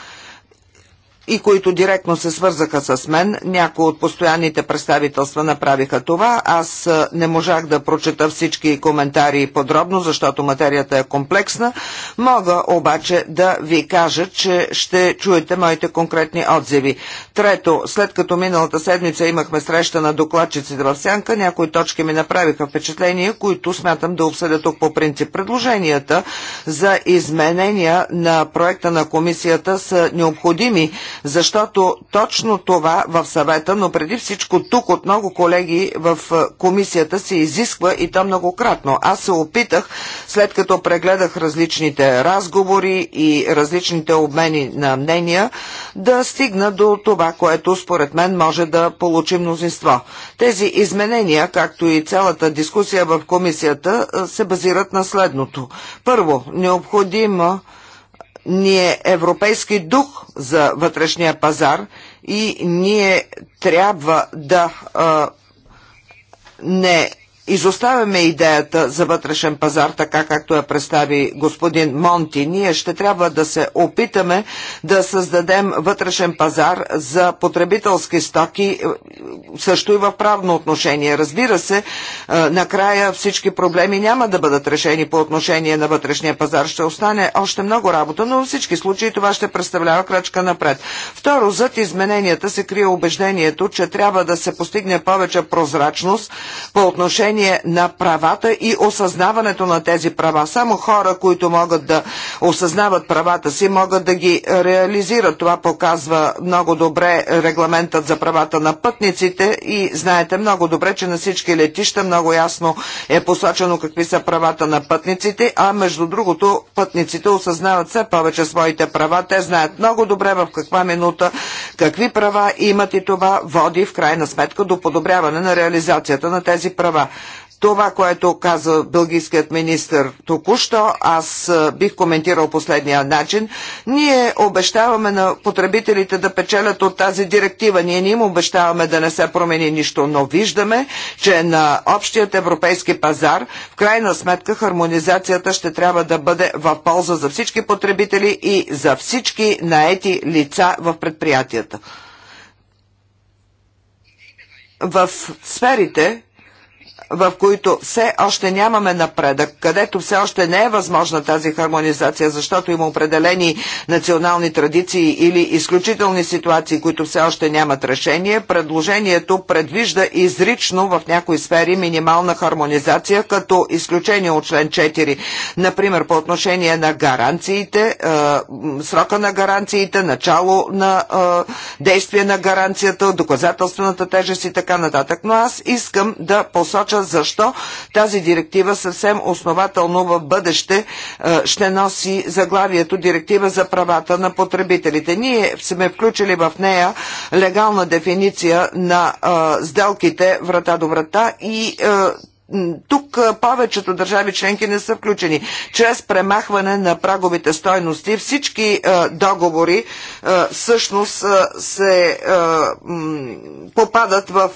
и които директно се свързаха с мен. Някои от постоянните представителства направиха това. Аз не можах да прочета всички коментари подробно, защото материята е комплексна. Мога обаче да ви кажа, че ще чуете моите конкретни отзиви. Трето, след като миналата седмица имахме среща на докладчиците в Сянка, някои точки ми направиха впечатление, които смятам да обсъдя тук по принцип. Предложенията за изменения на проекта на комисията са необходими, защото точно това в съвета, но преди всичко тук от много колеги в е, комисията се изисква и то многократно. Аз се опитах, след като прегледах различните разговори и различните обмени на мнения, да стигна до това, което според мен може да получи мнозинство. Тези изменения, както и цялата дискусия в комисията, е, се базират на следното. Първо, необходимо ние европейски дух за вътрешния пазар и ние трябва да а, не изоставяме идеята за вътрешен пазар, така както я представи господин Монти. Ние ще трябва да се опитаме да създадем вътрешен пазар за потребителски стоки, е, също и в правно отношение. Разбира се, е, накрая всички проблеми няма да бъдат решени по отношение на вътрешния пазар. Ще остане още много работа, но във всички случаи това ще представлява крачка напред. Второ, зад измененията се крие убеждението, че трябва да се постигне повече прозрачност по отношение отношение на правата и осъзнаването на тези права. Само хора, които могат да осъзнават правата си, могат да ги реализират. Това показва много добре регламентът за правата на пътниците и знаете много добре, че на всички летища много ясно е посочено какви са правата на пътниците, а между другото пътниците осъзнават все повече своите права. Те знаят много добре в каква минута, какви права имат и това води в крайна сметка до подобряване на реализацията на тези права това, което каза бългийският министр току-що, аз бих коментирал последния начин. Ние обещаваме на потребителите да печелят от тази директива. Ние не им обещаваме да не се промени нищо, но виждаме, че на общият европейски пазар, в крайна сметка, хармонизацията ще трябва да бъде в полза за всички потребители и за всички наети лица в предприятията. В сферите, в които все още нямаме напредък, където все още не е възможна тази хармонизация, защото има определени национални традиции или изключителни ситуации, които все още нямат решение, предложението предвижда изрично в някои сфери минимална хармонизация, като изключение от член 4. Например, по отношение на гаранциите, е, срока на гаранциите, начало на е, действие на гаранцията, доказателствената тежест и така нататък. Но аз искам да посоча посоча защо тази директива съвсем основателно в бъдеще е, ще носи заглавието Директива за правата на потребителите. Ние сме включили в нея легална дефиниция на е, сделките врата до врата и е, тук повечето държави членки не са включени. Чрез премахване на праговите стойности всички е, договори е, всъщност е, се попадат в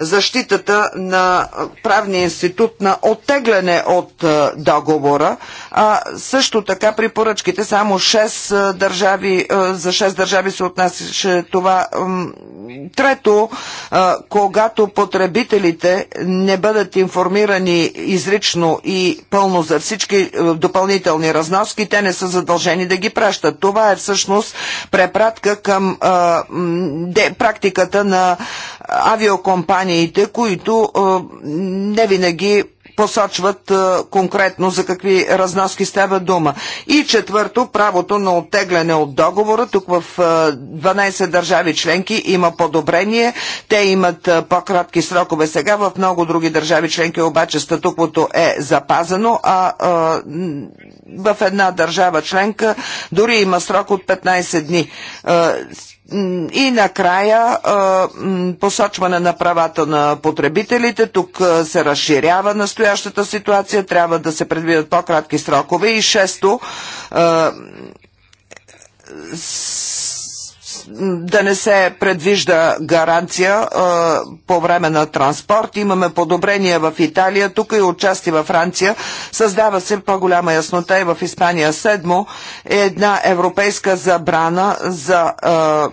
защитата на правния институт на оттегляне от е, договора. А, също така при поръчките само 6 е, държави, е, за 6 държави се отнасяше това. Трето, когато потребителите не бъдат информирани изрично и пълно за всички допълнителни разноски, те не са задължени да ги пращат. Това е всъщност препратка към а, де, практиката на авиокомпаниите, които не винаги посочват конкретно за какви разноски става дума. И четвърто, правото на оттегляне от договора. Тук в 12 държави членки има подобрение. Те имат по-кратки срокове сега. В много други държави членки обаче статуквото е запазено, а, а в една държава членка дори има срок от 15 дни. И накрая посочване на правата на потребителите. Тук се разширява настоящата ситуация. Трябва да се предвидят по-кратки срокове. И шесто, да не се предвижда гаранция а, по време на транспорт. Имаме подобрения в Италия, тук и е отчасти във Франция. Създава се по-голяма яснота и в Испания. Седмо е една европейска забрана за а,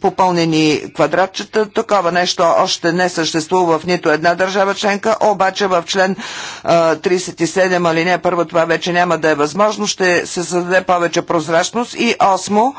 попълнени квадратчета. Такова нещо още не съществува в нито една държава членка, обаче в член 37 алинея първо това вече няма да е възможно. Ще се създаде повече прозрачност. И осмо,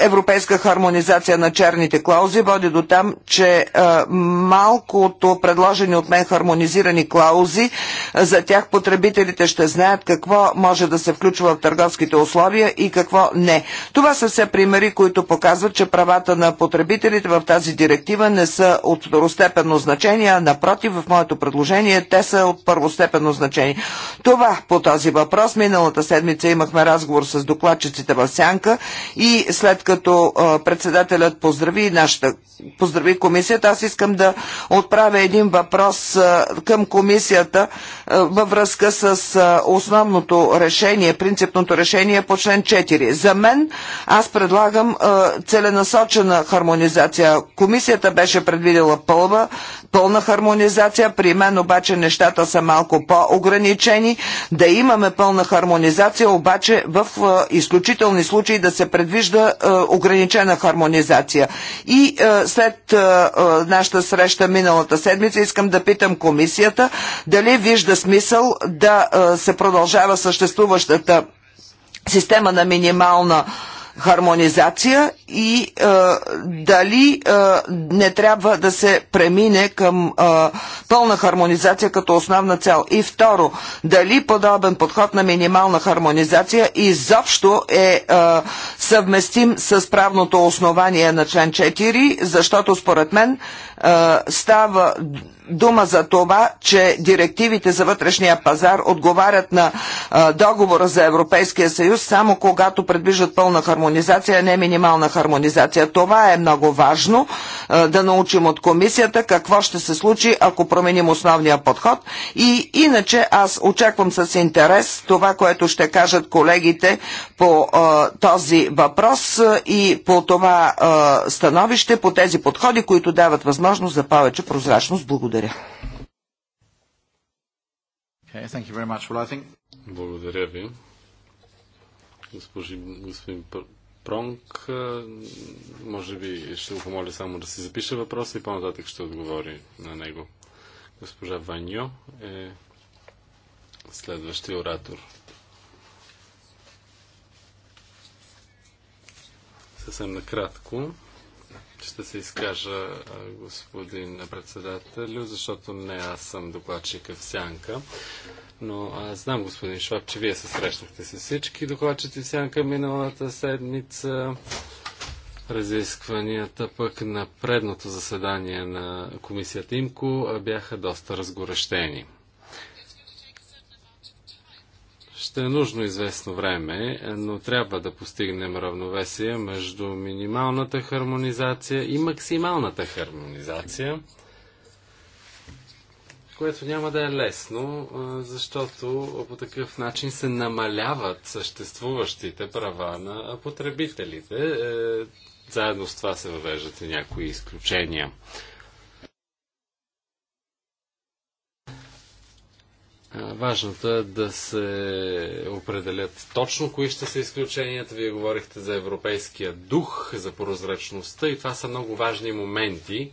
европейска хармонизация на черните клаузи води до там, че малкото предложени от мен хармонизирани клаузи, за тях потребителите ще знаят какво може да се включва в търговските условия и какво не. Това са все примери, които показват, че правата на потребителите в тази директива не са от второстепенно значение, а напротив, в моето предложение те са от първостепенно значение. Това по този въпрос. Миналата седмица имахме разговор с докладчиците в Сянка – и след като председателят поздрави нашата поздрави комисията, аз искам да отправя един въпрос към комисията във връзка с основното решение, принципното решение по член 4. За мен аз предлагам целенасочена хармонизация. Комисията беше предвидела пълва пълна хармонизация. При мен обаче нещата са малко по-ограничени. Да имаме пълна хармонизация, обаче в е, изключителни случаи да се предвижда е, ограничена хармонизация. И е, след нашата среща миналата седмица искам да питам комисията дали вижда смисъл да се продължава съществуващата система на минимална хармонизация и е, дали е, не трябва да се премине към е, пълна хармонизация като основна цел. И второ, дали подобен подход на минимална хармонизация изобщо е, е съвместим с правното основание на член 4, защото според мен е, става дума за това, че директивите за вътрешния пазар отговарят на договора за Европейския съюз само когато предвиждат пълна хармонизация, а не минимална хармонизация. Това е много важно да научим от комисията какво ще се случи, ако променим основния подход. И иначе аз очаквам с интерес това, което ще кажат колегите по а, този въпрос и по това становище, по тези подходи, които дават възможност за повече прозрачност. Благодаря. Благодаря. Okay, thank you very much. Well, I think... Благодаря ви. Госпожи, господин Пронг, може би ще го помоля само да си запише въпроса и по-нататък ще отговори на него. Госпожа Ваньо е следващия оратор. Съвсем накратко. Ще се изкажа, господин председател, защото не аз съм докладчика в Сянка. Но аз знам, господин Шваб, че вие се срещнахте с всички докладчици в Сянка миналата седмица. Разискванията пък на предното заседание на комисията ИМКО бяха доста разгорещени. ще е нужно известно време, но трябва да постигнем равновесие между минималната хармонизация и максималната хармонизация, което няма да е лесно, защото по такъв начин се намаляват съществуващите права на потребителите. Е, заедно с това се въвеждат и някои изключения Важното е да се определят точно кои ще са изключенията. Вие говорихте за европейския дух, за прозрачността и това са много важни моменти.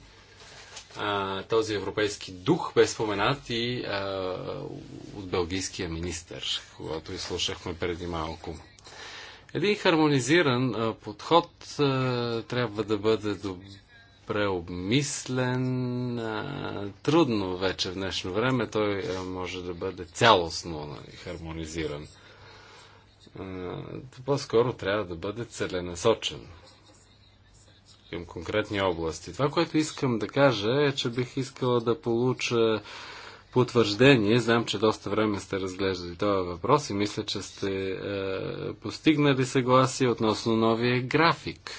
А, този европейски дух бе споменат и а, от белгийския министр, когато изслушахме преди малко. Един хармонизиран подход а, трябва да бъде добър преобмислен. Трудно вече в днешно време той може да бъде цялостно хармонизиран. По-скоро трябва да бъде целенасочен към конкретни области. Това, което искам да кажа е, че бих искала да получа потвърждение. Знам, че доста време сте разглеждали този въпрос и мисля, че сте е, постигнали съгласие относно новия график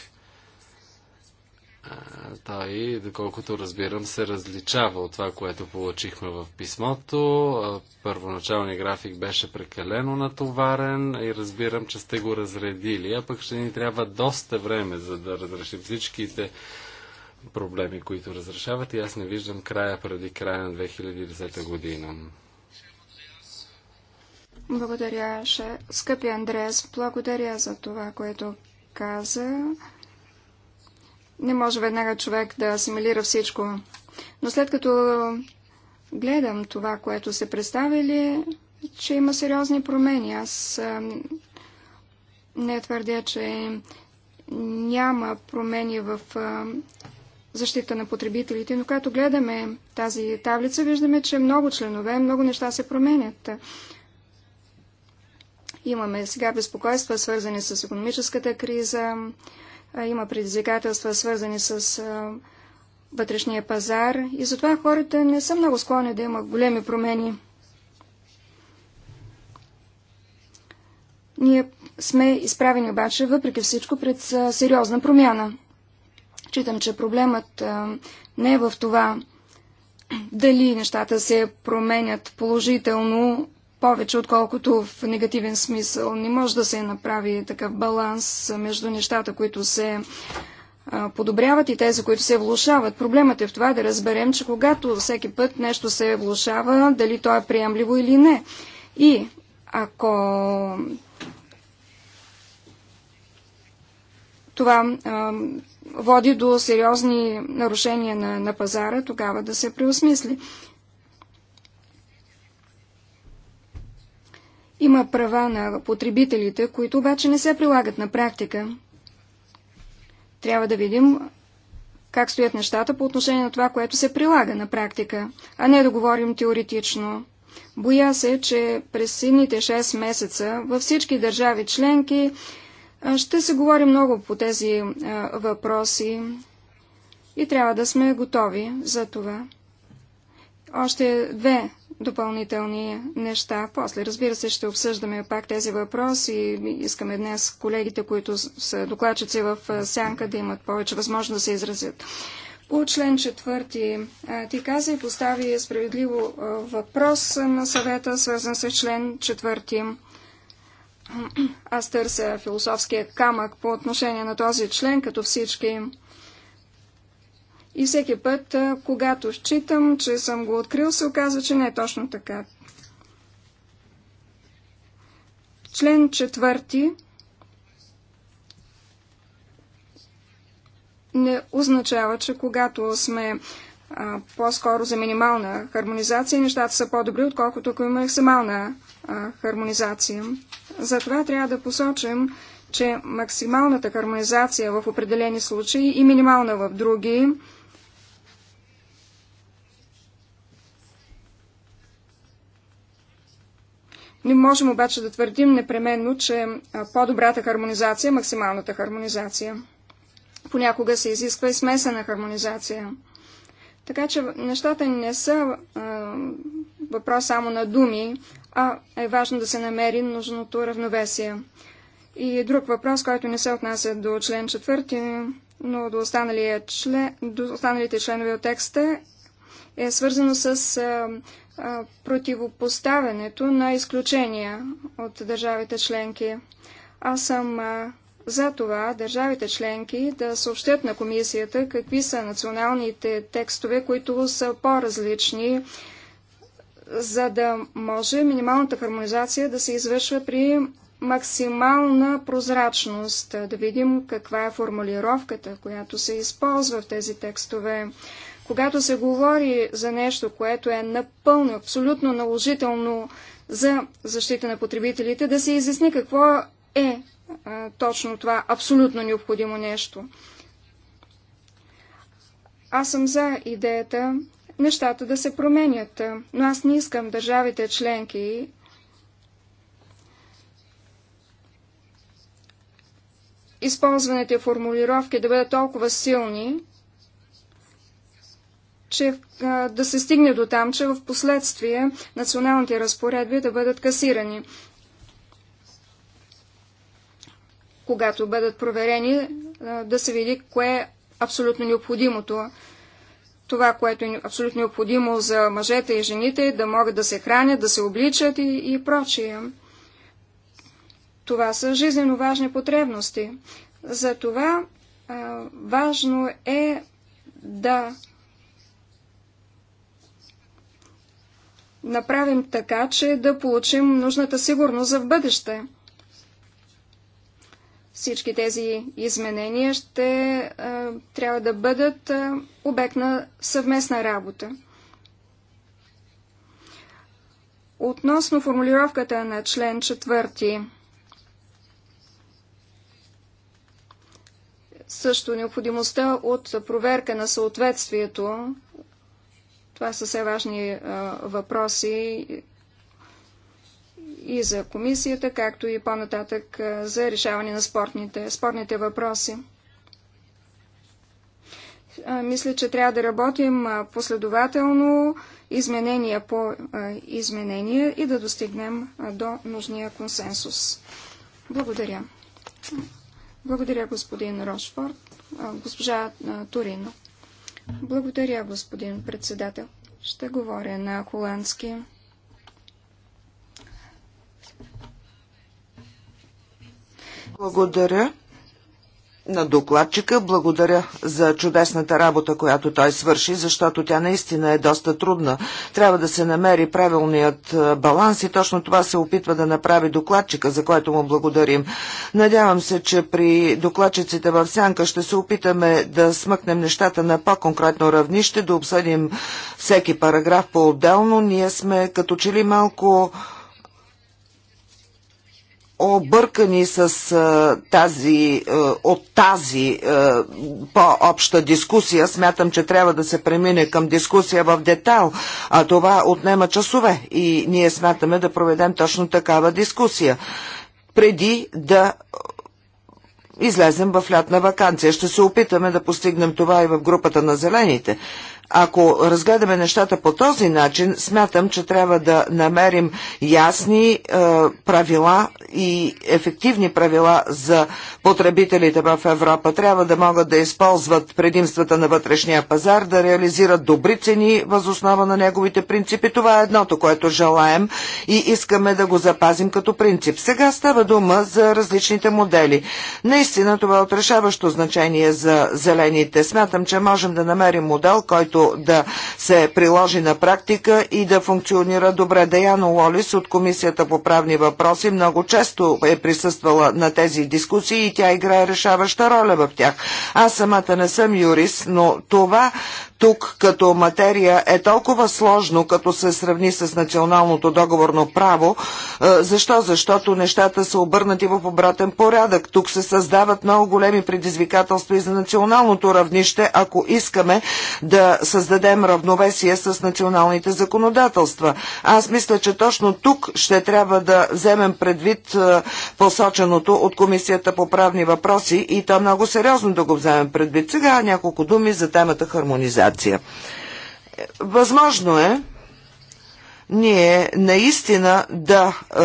той, доколкото разбирам, се различава от това, което получихме в писмото. Първоначалният график беше прекалено натоварен и разбирам, че сте го разредили, а пък ще ни трябва доста време, за да разрешим всичките проблеми, които разрешават и аз не виждам края преди края на 2010 година. Благодаря, ше. скъпи Андреас. Благодаря за това, което каза не може веднага човек да асимилира всичко. Но след като гледам това, което се представили, че има сериозни промени. Аз не твърдя, че няма промени в защита на потребителите, но като гледаме тази таблица, виждаме, че много членове, много неща се променят. Имаме сега безпокойства, свързани с економическата криза, има предизвикателства, свързани с вътрешния пазар и затова хората не са много склонни да има големи промени. Ние сме изправени обаче, въпреки всичко, пред сериозна промяна. Читам, че проблемът не е в това дали нещата се променят положително повече, отколкото в негативен смисъл. Не може да се направи такъв баланс между нещата, които се подобряват и тези, които се влушават. Проблемът е в това да разберем, че когато всеки път нещо се влушава, дали то е приемливо или не. И ако това води до сериозни нарушения на, на пазара, тогава да се преосмисли. Има права на потребителите, които обаче не се прилагат на практика. Трябва да видим как стоят нещата по отношение на това, което се прилага на практика, а не да говорим теоретично. Боя се, че през сините 6 месеца във всички държави членки ще се говори много по тези въпроси и трябва да сме готови за това. Още две допълнителни неща. После, разбира се, ще обсъждаме пак тези въпроси. Искаме днес колегите, които са докладчици в сянка, да имат повече възможност да се изразят. По член четвърти ти каза и постави справедливо въпрос на съвета, свързан с член четвърти. Аз търся философския камък по отношение на този член, като всички и всеки път, когато считам, че съм го открил, се оказва, че не е точно така. Член четвърти не означава, че когато сме по-скоро за минимална хармонизация, нещата са по-добри, отколкото ако има максимална а, хармонизация. Затова трябва да посочим, че максималната хармонизация в определени случаи и минимална в други Не можем обаче да твърдим непременно, че по-добрата хармонизация е максималната хармонизация. Понякога се изисква и смесена хармонизация. Така че нещата не са а, въпрос само на думи, а е важно да се намери нужното равновесие. И друг въпрос, който не се отнася до член 4, но до, член, до останалите членове от текста, е свързано с а, противопоставянето на изключения от държавите членки. Аз съм за това държавите членки да съобщат на комисията какви са националните текстове, които са по-различни, за да може минималната хармонизация да се извършва при максимална прозрачност, да видим каква е формулировката, която се използва в тези текстове. Когато се говори за нещо, което е напълно, абсолютно наложително за защита на потребителите, да се изясни какво е а, точно това абсолютно необходимо нещо. Аз съм за идеята нещата да се променят, но аз не искам държавите членки използваните формулировки да бъдат толкова силни, че да се стигне до там, че в последствие националните разпоредби да бъдат касирани. Когато бъдат проверени, да се види кое е абсолютно необходимото. Това, което е абсолютно необходимо за мъжете и жените, е да могат да се хранят, да се обличат и, и прочие. Това са жизненно важни потребности. Затова важно е да направим така, че да получим нужната сигурност за в бъдеще. Всички тези изменения ще а, трябва да бъдат а, обект на съвместна работа. Относно формулировката на член 4, също необходимостта от проверка на съответствието това са все важни а, въпроси и за комисията, както и по-нататък за решаване на спортните, спортните въпроси. А, мисля, че трябва да работим последователно, изменения по а, изменения и да достигнем до нужния консенсус. Благодаря. Благодаря, господин Рошфорд. Госпожа Турино. Благодаря, господин председател. Ще говоря на холандски. Благодаря на докладчика. Благодаря за чудесната работа, която той свърши, защото тя наистина е доста трудна. Трябва да се намери правилният е, баланс и точно това се опитва да направи докладчика, за което му благодарим. Надявам се, че при докладчиците в Сянка ще се опитаме да смъкнем нещата на по-конкретно равнище, да обсъдим всеки параграф по-отделно. Ние сме като че ли малко объркани с а, тази, а, от тази а, по-обща дискусия. Смятам, че трябва да се премине към дискусия в детайл, а това отнема часове и ние смятаме да проведем точно такава дискусия. Преди да излезем в лятна вакансия. Ще се опитаме да постигнем това и в групата на зелените. Ако разгледаме нещата по този начин, смятам, че трябва да намерим ясни е, правила и ефективни правила за потребителите в Европа. Трябва да могат да използват предимствата на вътрешния пазар, да реализират добри цени възоснова на неговите принципи. Това е едното, което желаем и искаме да го запазим като принцип. Сега става дума за различните модели. Наистина това е отрешаващо значение за зелените. Смятам, че можем да намерим модел, който който да се приложи на практика и да функционира добре. Даяно Лолис от Комисията по правни въпроси много често е присъствала на тези дискусии и тя играе решаваща роля в тях. Аз самата не съм юрист, но това тук като материя е толкова сложно, като се сравни с националното договорно право. Е, защо? Защото нещата са обърнати в обратен порядък. Тук се създават много големи предизвикателства и за националното равнище, ако искаме да създадем равновесие с националните законодателства. Аз мисля, че точно тук ще трябва да вземем предвид е, посоченото от Комисията по правни въпроси и то много сериозно да го вземем предвид. Сега няколко думи за темата хармонизация. Възможно е ние наистина да е,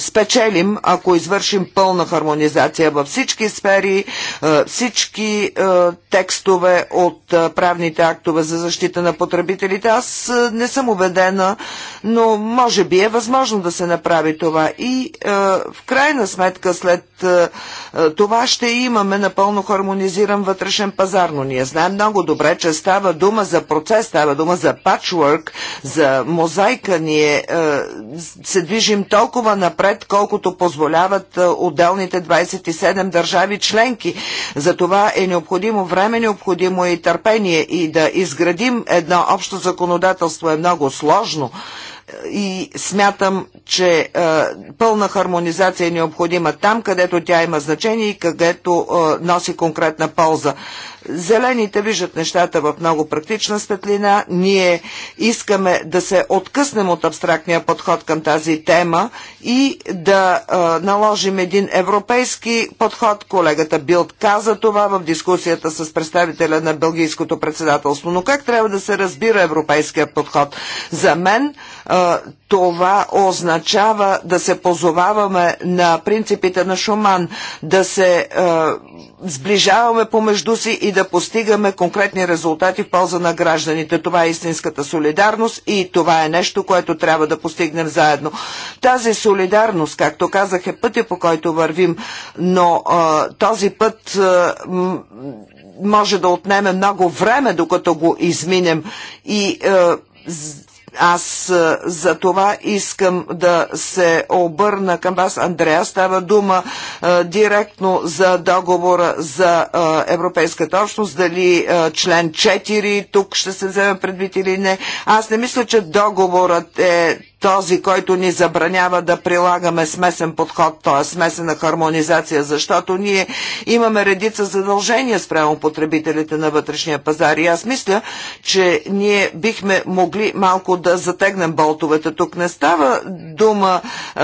спечелим, ако извършим пълна хармонизация във всички сфери, е, всички е, текстове от е, правните актове за защита на потребителите. Аз не съм убедена, но може би е възможно да се направи това. И в крайна сметка след това ще имаме напълно хармонизиран вътрешен пазар. Но ние знаем много добре, че става дума за процес, става дума за патчворк, за мозайка. Ние се движим толкова напред, напред, колкото позволяват отделните 27 държави членки. За това е необходимо време, необходимо е и търпение и да изградим едно общо законодателство е много сложно и смятам, че е, пълна хармонизация е необходима там, където тя има значение и където е, носи конкретна полза. Зелените виждат нещата в много практична светлина. Ние искаме да се откъснем от абстрактния подход към тази тема и да а, наложим един европейски подход. Колегата Билт каза това в дискусията с представителя на Белгийското председателство. Но как трябва да се разбира европейския подход? За мен а, това означава да се позоваваме на принципите на Шуман, да се а, сближаваме помежду си и да да постигаме конкретни резултати в полза на гражданите. Това е истинската солидарност и това е нещо, което трябва да постигнем заедно. Тази солидарност, както казах, е пътя по който вървим, но а, този път а, може да отнеме много време, докато го изминем и а, аз за това искам да се обърна към вас, Андрея. Става дума директно за договора за Европейската общност, дали член 4 тук ще се вземе предвид или не. Аз не мисля, че договорът е този, който ни забранява да прилагаме смесен подход, т.е. смесена хармонизация, защото ние имаме редица задължения спрямо потребителите на вътрешния пазар. И аз мисля, че ние бихме могли малко да затегнем болтовете. Тук не става дума е,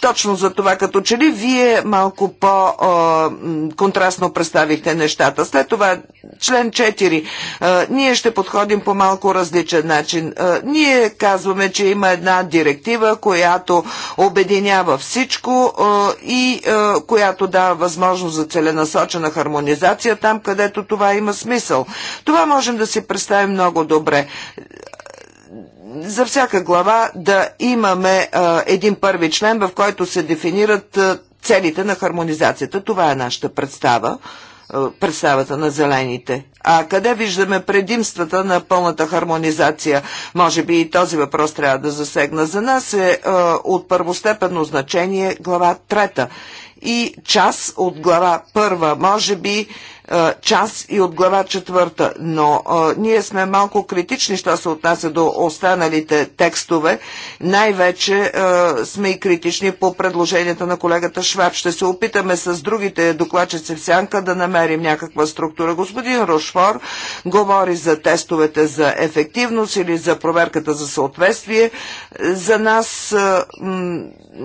точно за това, като че ли вие малко по-контрастно е, представихте нещата. След това, член 4, е, ние ще подходим по малко различен начин. Е, ние казваме, че има има една директива, която обединява всичко и която дава възможност за целенасочена хармонизация там, където това има смисъл. Това можем да си представим много добре за всяка глава да имаме един първи член, в който се дефинират целите на хармонизацията. Това е нашата представа представата на зелените. А къде виждаме предимствата на пълната хармонизация? Може би и този въпрос трябва да засегна. За нас е от първостепенно значение глава трета и част от глава първа. Може би е, част и от глава четвърта, но а, е, ние сме малко критични, що се отнася до останалите текстове. Най-вече е, сме и критични по предложенията на колегата Шваб. Ще се опитаме с другите докладчици в сянка да намерим някаква структура. Господин Рошфор говори за тестовете за ефективност или за проверката за съответствие. За нас а,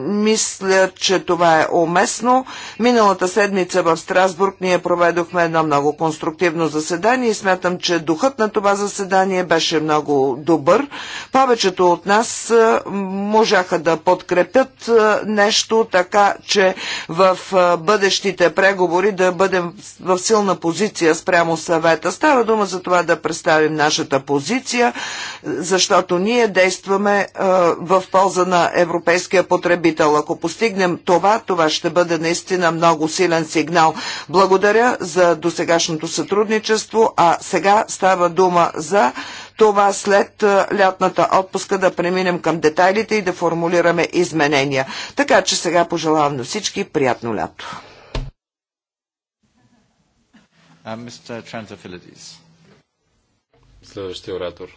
мисля, че това е уместно. Миналата седмица в Страсбург ние проведохме едно много конструктивно заседание и смятам, че духът на това заседание беше много добър. Повечето от нас е, можаха да подкрепят е, нещо така, че в е, бъдещите преговори да бъдем в силна позиция спрямо съвета. Става дума за това да представим нашата позиция, защото ние действаме в полза на европейския потребител. Ако постигнем това, това ще бъде наистина много силен сигнал. Благодаря за до сегашното сътрудничество, а сега става дума за това след е, лятната отпуска да преминем към детайлите и да формулираме изменения. Така че сега пожелавам на всички приятно лято. Следващия оратор.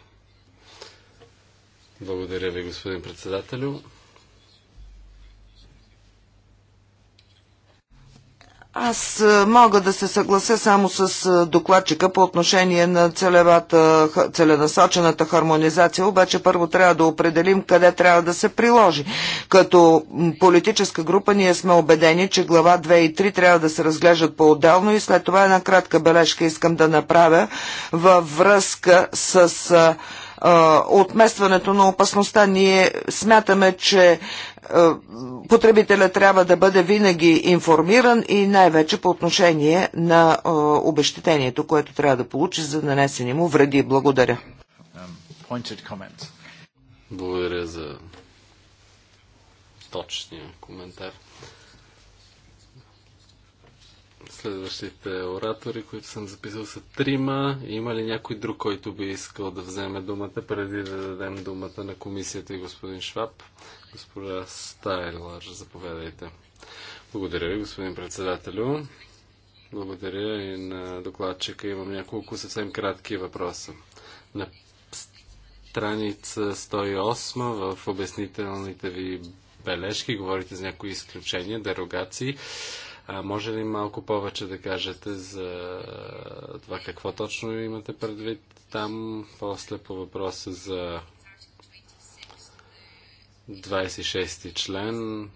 Благодаря ви, господин председателю. Аз е, мога да се съглася само с е, докладчика по отношение на целевата, целенасочената хармонизация, обаче първо трябва да определим къде трябва да се приложи. Като политическа група ние сме убедени, че глава 2 и 3 трябва да се разглеждат по-отделно и след това една кратка бележка искам да направя във връзка с е, отместването на опасността. Ние смятаме, че е, потребителя трябва да бъде винаги информиран и най-вече по отношение на е, обещетението, което трябва да получи за нанесени му вреди. Благодаря. Um, Благодаря за точния коментар. Следващите оратори, които съм записал са трима. Има ли някой друг, който би искал да вземе думата преди да дадем думата на комисията и господин Шваб? Госпожа Стайлар, заповядайте. Благодаря ви, господин председателю. Благодаря и на докладчика. Имам няколко съвсем кратки въпроса. На страница 108 в обяснителните ви бележки говорите за някои изключения, дерогации. А може ли малко повече да кажете за това какво точно имате предвид там? После по въпроса за 26 член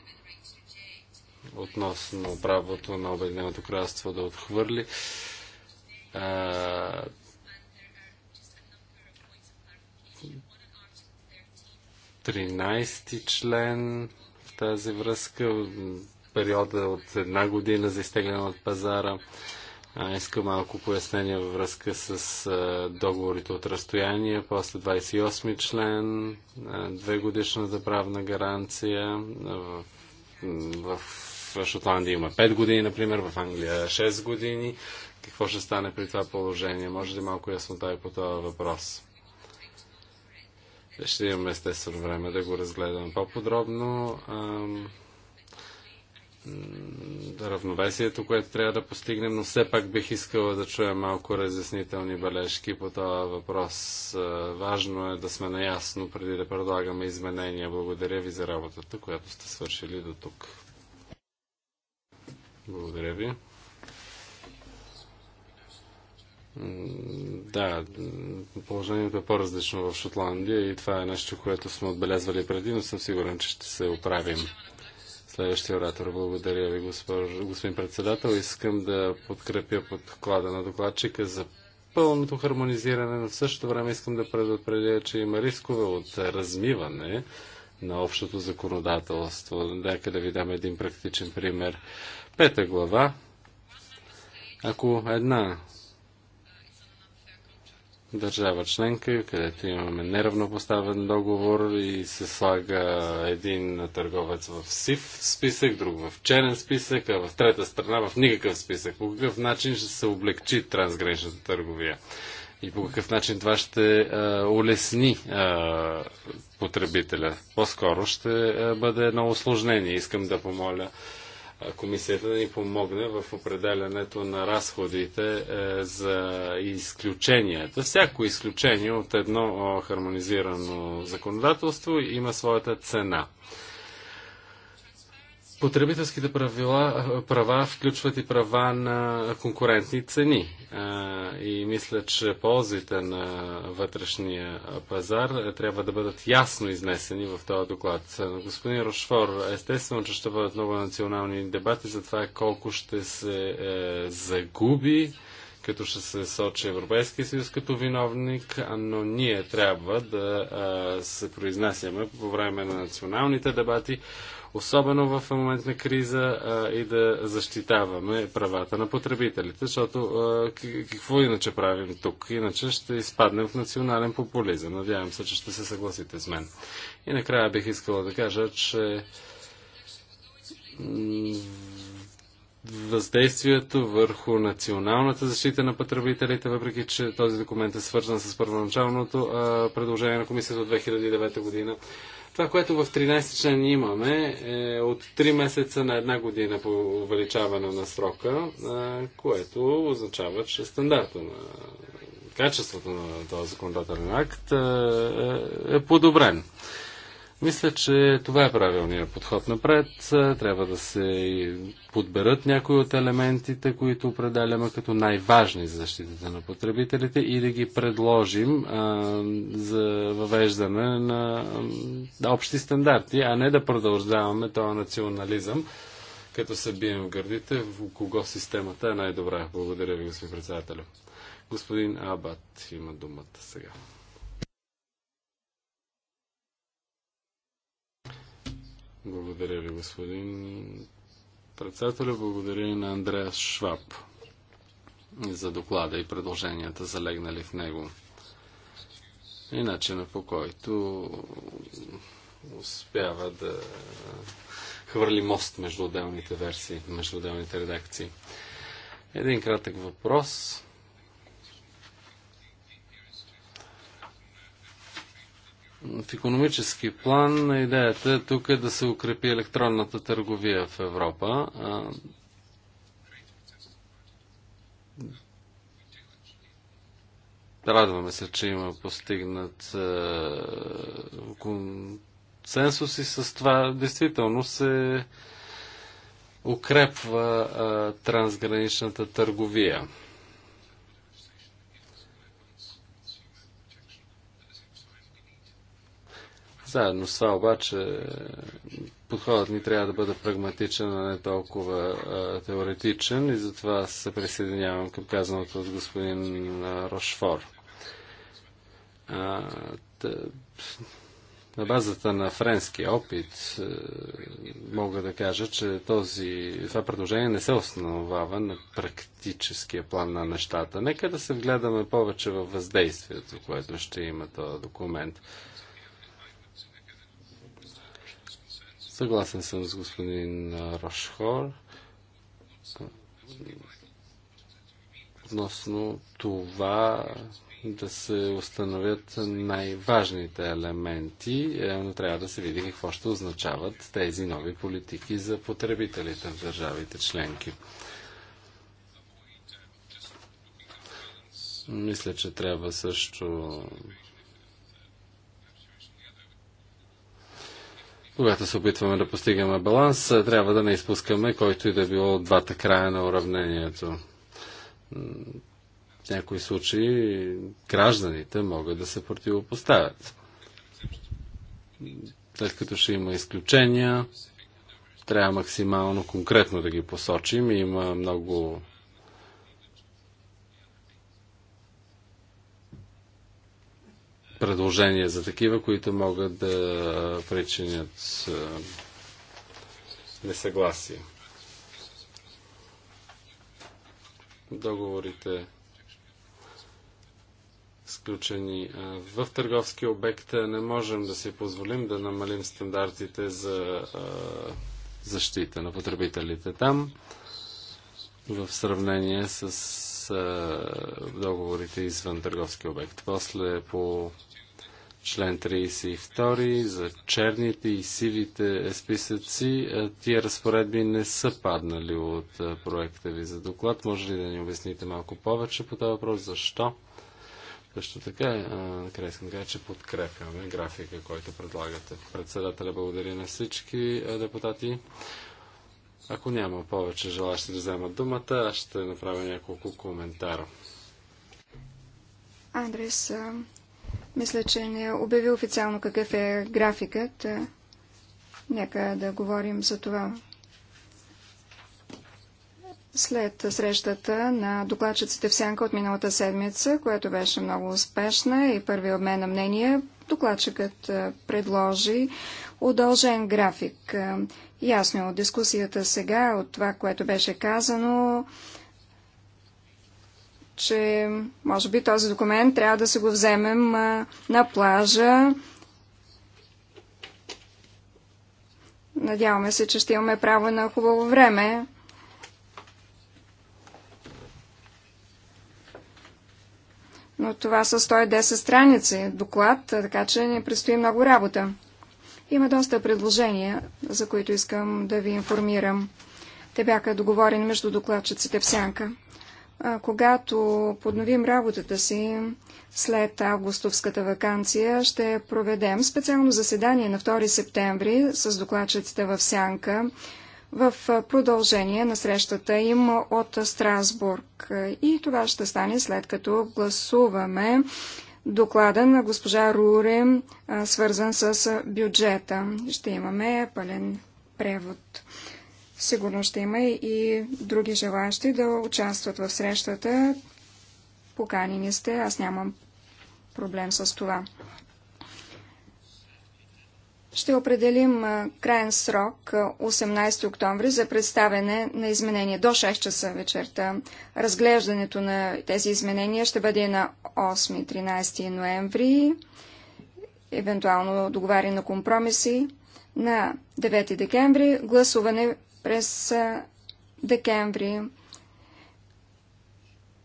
относно правото на Обединеното кралство да отхвърли. А, Тринайсти член в тази връзка, периода от една година за изтегляне от пазара. А, иска малко пояснение във връзка с договорите от разстояние, после 28 член, две годишна забравна гаранция. В, в, в Шотландия има 5 години, например, в Англия 6 години. Какво ще стане при това положение? Може ли малко яснота и по този въпрос? Ще имаме естествено време да го разгледаме по-подробно равновесието, което трябва да постигнем, но все пак бих искала да чуя малко разяснителни бележки по това въпрос. Е, важно е да сме наясно преди да предлагаме изменения. Благодаря ви за работата, която сте свършили до тук. Благодаря ви. Да, положението е по-различно в Шотландия и това е нещо, което сме отбелязвали преди, но съм сигурен, че ще се оправим. Следващия оратор. Благодаря ви, господин председател. Искам да подкрепя подклада на докладчика за пълното хармонизиране, но в същото време искам да предупредя, че има рискове от размиване на общото законодателство. Нека да ви дам един практичен пример. Пета глава. Ако една държава членка, където имаме неравнопоставен договор и се слага един търговец в сив списък, друг в черен списък, а в трета страна в никакъв списък. По какъв начин ще се облегчи трансграничната търговия? И по какъв начин това ще а, улесни а, потребителя? По-скоро ще а, бъде едно осложнение. Искам да помоля комисията да ни помогне в определянето на разходите е, за изключенията. Всяко изключение от едно хармонизирано законодателство има своята цена. Потребителските правила, права включват и права на конкурентни цени. И мисля, че ползите на вътрешния пазар трябва да бъдат ясно изнесени в този доклад. Господин Рошфор, естествено, че ще бъдат много национални дебати за това колко ще се е, загуби като ще се сочи Европейския съюз като виновник, но ние трябва да а, се произнасяме по време на националните дебати особено в момент на криза, и да защитаваме правата на потребителите, защото какво иначе правим тук? Иначе ще изпаднем в национален популизъм. Надявам се, че ще се съгласите с мен. И накрая бих искала да кажа, че въздействието върху националната защита на потребителите, въпреки че този документ е свързан с първоначалното а, предложение на комисията от 2009 година. Това, което в 13 член имаме, е от 3 месеца на една година по увеличаване на срока, което означава, че стандарта на качеството на този законодателен акт е, е подобрен. Мисля, че това е правилният подход напред. Трябва да се подберат някои от елементите, които определяме като най-важни за защитата на потребителите и да ги предложим а, за въвеждане на а, общи стандарти, а не да продължаваме този национализъм, като се бием в гърдите, в кого системата е най-добра. Благодаря ви, господин председател. Господин Абат има думата сега. Благодаря ви, господин председателя. Благодаря и на Андреас Шваб за доклада и предложенията, залегнали в него. И начина по който успява да хвърли мост между отделните версии, между отделните редакции. Един кратък въпрос В економически план идеята е тук е да се укрепи електронната търговия в Европа. Радваме се, че има постигнат консенсус и с това действително се укрепва трансграничната търговия. Заедно с това обаче подходът ни трябва да бъде прагматичен, а не толкова а, теоретичен и затова се присъединявам към казаното от господин а, Рошфор. А, тъ... На базата на френски опит мога да кажа, че този, това предложение не се основава на практическия план на нещата. Нека да се вгледаме повече във въздействието, което ще има този документ. Съгласен съм с господин Рошхор относно това да се установят най-важните елементи, е, но трябва да се види какво ще означават тези нови политики за потребителите в държавите членки. Мисля, че трябва също Когато се опитваме да постигаме баланс, трябва да не изпускаме който и да е било от двата края на уравнението. В някои случаи гражданите могат да се противопоставят. След като ще има изключения, трябва максимално конкретно да ги посочим. Има много предложения за такива, които могат да причинят несъгласие. Договорите сключени в търговски обект не можем да си позволим да намалим стандартите за защита на потребителите там в сравнение с договорите извън търговски обект. После по член 32 за черните и сивите списъци. Е, тия разпоредби не са паднали от е, проекта ви за доклад. Може ли да ни обясните малко повече по този въпрос? Защо? Също така, е, накрая искам да кажа, че подкрепяме графика, който предлагате. Председателя благодаря на всички депутати. Ако няма повече желащи да вземат думата, аз ще направя няколко коментара. Андрес мисля, че не е обяви официално какъв е графикът. Е, нека да говорим за това. След срещата на докладчиците в Сянка от миналата седмица, която беше много успешна и първи обмен на мнение, докладчикът е, предложи удължен график. Ясно от дискусията сега, от това, което беше казано, че може би този документ трябва да се го вземем на плажа. Надяваме се, че ще имаме право на хубаво време. Но това са 110 страници доклад, така че ни предстои много работа. Има доста предложения, за които искам да ви информирам. Те бяха договорени между докладчиците в сянка когато подновим работата си след августовската вакансия, ще проведем специално заседание на 2 септември с докладчиците в Сянка в продължение на срещата им от Страсбург. И това ще стане след като гласуваме доклада на госпожа Руре, свързан с бюджета. Ще имаме пълен превод. Сигурно ще има и други желащи да участват в срещата. Поканени сте, аз нямам проблем с това. Ще определим крайен срок 18 октомври за представяне на изменения до 6 часа вечерта. Разглеждането на тези изменения ще бъде на 8-13 ноември, евентуално договаряне на компромиси на 9 декември, гласуване през декември.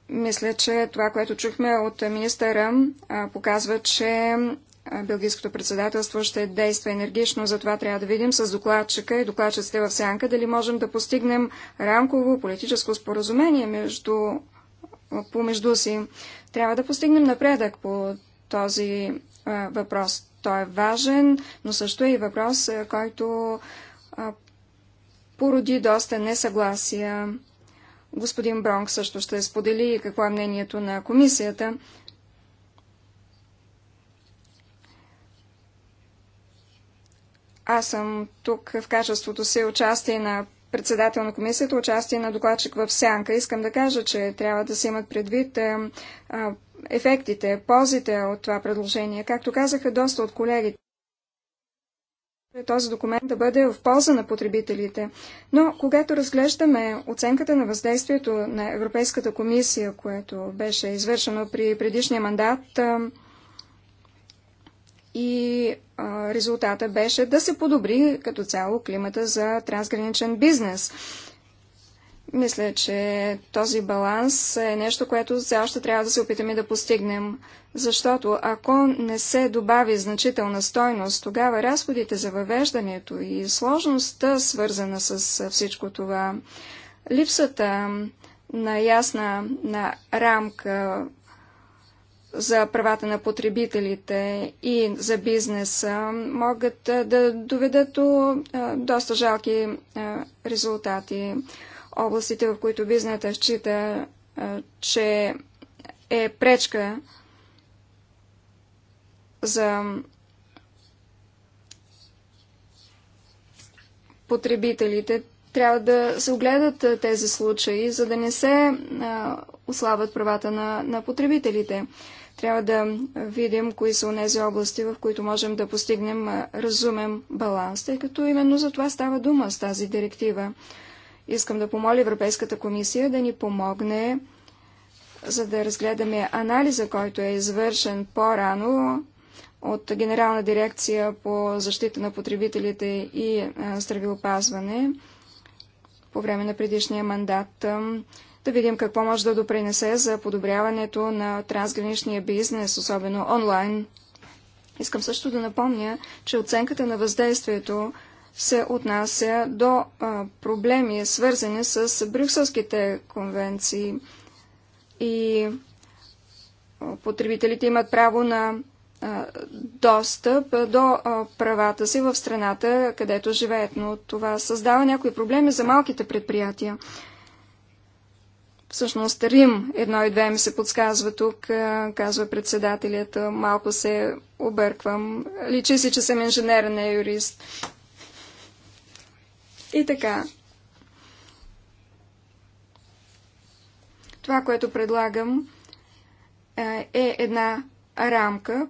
Мисля, че това, което чухме от министъра, показва, че Белгийското председателство ще действа енергично, затова трябва да видим с докладчика и докладчиците в сянка дали можем да постигнем рамково политическо споразумение между, помежду си. Трябва да постигнем напредък по този въпрос. Той е важен, но също е и въпрос, който породи доста несъгласия. Господин Бронк също ще сподели какво е мнението на комисията. Аз съм тук в качеството си участие на председател на комисията, участие на докладчик в Сянка. Искам да кажа, че трябва да се имат предвид ефектите, ползите от това предложение. Както казаха доста от колегите, е този документ да бъде в полза на потребителите. Но когато разглеждаме оценката на въздействието на Европейската комисия, което беше извършено при предишния мандат, и резултата беше да се подобри като цяло климата за трансграничен бизнес. Мисля, че този баланс е нещо, което все още трябва да се опитаме да постигнем, защото ако не се добави значителна стойност, тогава разходите за въвеждането и сложността, свързана с всичко това, липсата на ясна на рамка за правата на потребителите и за бизнеса могат да доведат до доста жалки резултати областите, в които бизнеса счита, че е пречка за потребителите. Трябва да се огледат тези случаи, за да не се ослабват правата на, на потребителите. Трябва да видим кои са тези области, в които можем да постигнем разумен баланс, тъй като именно за това става дума с тази директива. Искам да помоля Европейската комисия да ни помогне, за да разгледаме анализа, който е извършен по-рано от Генерална дирекция по защита на потребителите и е, здравеопазване по време на предишния мандат. Да видим какво може да допринесе за подобряването на трансграничния бизнес, особено онлайн. Искам също да напомня, че оценката на въздействието се отнася до а, проблеми, свързани с брюкселските конвенции. И потребителите имат право на а, достъп до а, правата си в страната, където живеят, но това създава някои проблеми за малките предприятия. Всъщност Рим едно и две ми се подсказва тук, казва председателят. Малко се обърквам. Личи си, че съм инженер, не юрист. И така, това, което предлагам, е, е една рамка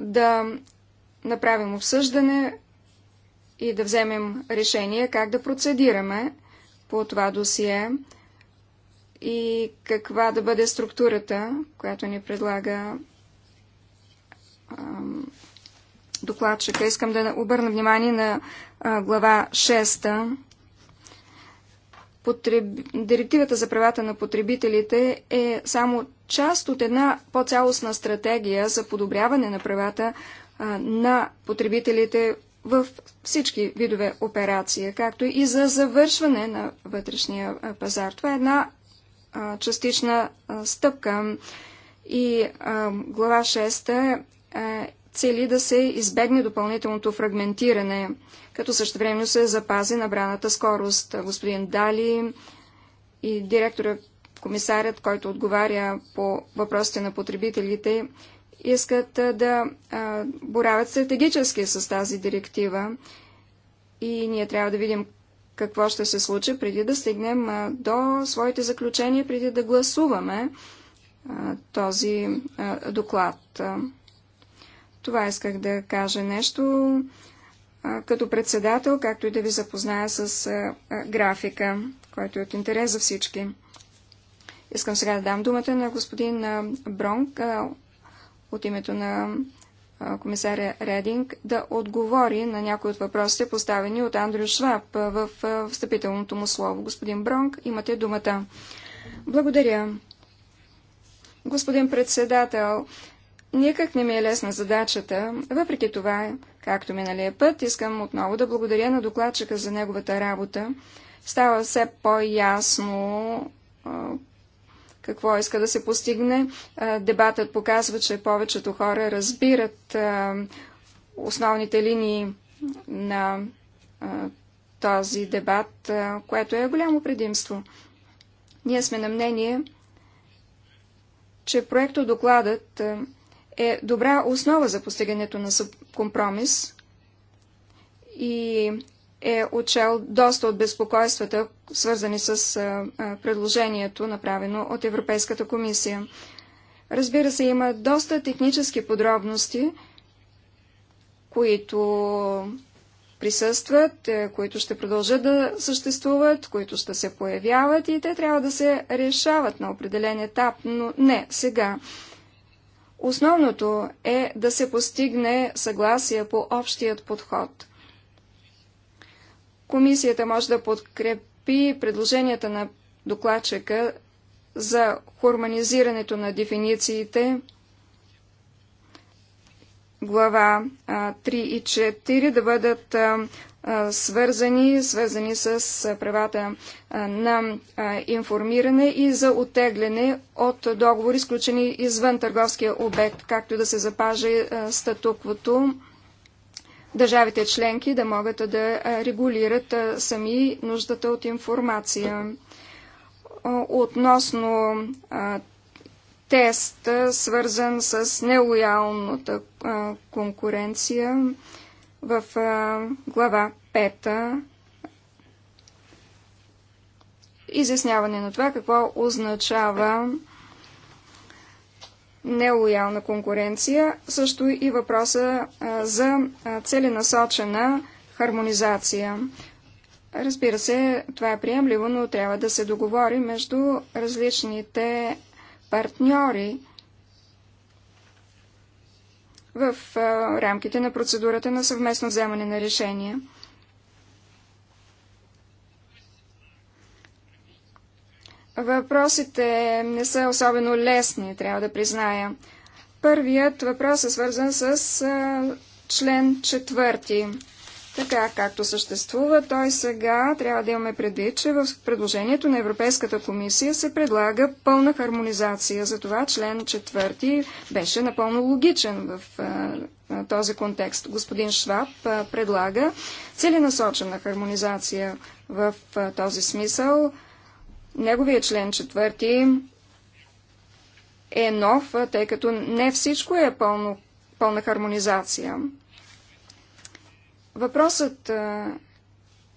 да направим обсъждане и да вземем решение как да процедираме по това досие и каква да бъде структурата, която ни предлага докладчика. Искам да обърна внимание на глава 6. Потреб... Директивата за правата на потребителите е само част от една по-цялостна стратегия за подобряване на правата на потребителите в всички видове операция, както и за завършване на вътрешния пазар. Това е една а, частична а, стъпка и а, глава 6 е, цели да се избегне допълнителното фрагментиране, като също времено се запази набраната скорост. Господин Дали и директора комисарят, който отговаря по въпросите на потребителите, искат да а, боравят стратегически с тази директива и ние трябва да видим какво ще се случи преди да стигнем а, до своите заключения, преди да гласуваме а, този доклад. Това исках да кажа нещо като председател, както и да ви запозная с графика, който е от интерес за всички. Искам сега да дам думата на господин Бронк от името на комисаря Рединг да отговори на някои от въпросите, поставени от Андрю Шваб в встъпителното му слово. Господин Бронк, имате думата. Благодаря. Господин председател, Никак не ми е лесна задачата. Въпреки това, както миналия път, искам отново да благодаря на докладчика за неговата работа. Става все по-ясно какво иска да се постигне. Дебатът показва, че повечето хора разбират основните линии на този дебат, което е голямо предимство. Ние сме на мнение, че проектодокладът докладът е добра основа за постигането на компромис и е отчел доста от безпокойствата, свързани с предложението, направено от Европейската комисия. Разбира се, има доста технически подробности, които присъстват, е, които ще продължат да съществуват, които ще се появяват и те трябва да се решават на определен етап, но не сега. Основното е да се постигне съгласие по общият подход. Комисията може да подкрепи предложенията на докладчика за хормонизирането на дефинициите, глава 3 и 4 да бъдат свързани, свързани с правата на информиране и за оттегляне от договори, изключени извън търговския обект, както да се запаже статуквото държавите членки да могат да регулират сами нуждата от информация. Относно тест, свързан с нелоялната конкуренция, в глава 5 изясняване на това какво означава нелоялна конкуренция, също и въпроса за целенасочена хармонизация. Разбира се, това е приемливо, но трябва да се договори между различните партньори, в рамките на процедурата на съвместно вземане на решения. Въпросите не са особено лесни, трябва да призная. Първият въпрос е свързан с член четвърти така както съществува. Той сега трябва да имаме предвид, че в предложението на Европейската комисия се предлага пълна хармонизация. Затова член 4 беше напълно логичен в този контекст. Господин Шваб предлага целенасочена хармонизация в този смисъл. Неговия член 4 е нов, тъй като не всичко е пълно, пълна хармонизация. Въпросът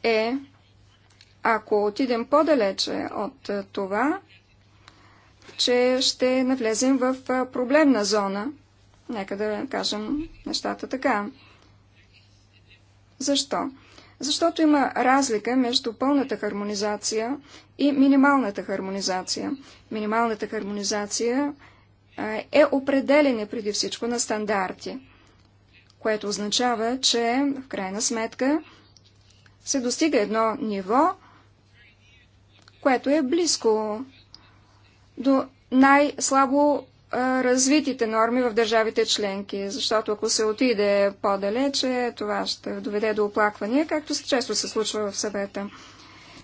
е, ако отидем по-далече от това, че ще навлезем в проблемна зона. Нека да кажем нещата така. Защо? Защото има разлика между пълната хармонизация и минималната хармонизация. Минималната хармонизация е определене преди всичко на стандарти което означава, че в крайна сметка се достига едно ниво, което е близко до най-слабо развитите норми в държавите членки, защото ако се отиде по-далече, това ще доведе до оплаквания, както често се случва в съвета.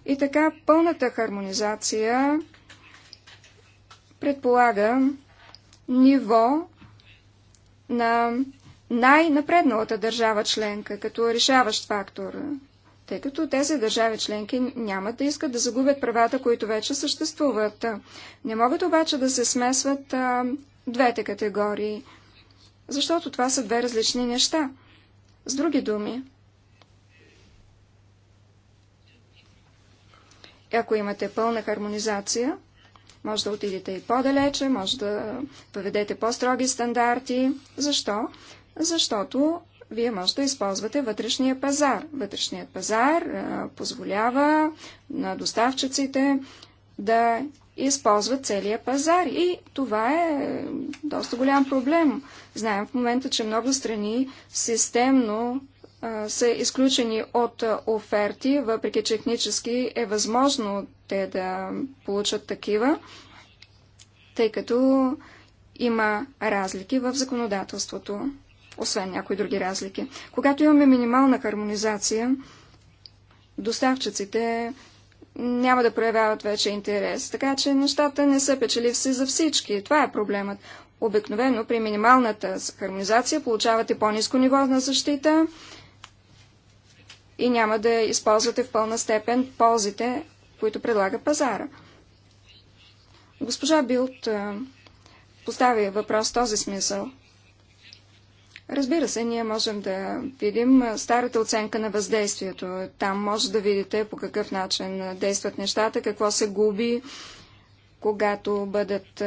И така, пълната хармонизация предполага ниво на най-напредналата държава членка като решаващ фактор, тъй като тези държави членки няма да искат да загубят правата, които вече съществуват. Не могат обаче да се смесват а, двете категории, защото това са две различни неща. С други думи, ако имате пълна хармонизация, може да отидете и по-далече, може да поведете по-строги стандарти. Защо? защото вие можете да използвате вътрешния пазар. Вътрешният пазар позволява на доставчиците да използват целия пазар. И това е, е доста голям проблем. Знаем в момента, че много страни системно са изключени от оферти, въпреки че технически е възможно те да получат такива, тъй като има разлики в законодателството освен някои други разлики. Когато имаме минимална хармонизация, доставчиците няма да проявяват вече интерес. Така че нещата не са печеливси за всички. Това е проблемът. Обикновено при минималната хармонизация получавате по-низко ниво на защита и няма да използвате в пълна степен ползите, които предлага пазара. Госпожа Билт постави въпрос в този смисъл – Разбира се, ние можем да видим старата оценка на въздействието. Там може да видите по какъв начин действат нещата, какво се губи, когато бъдат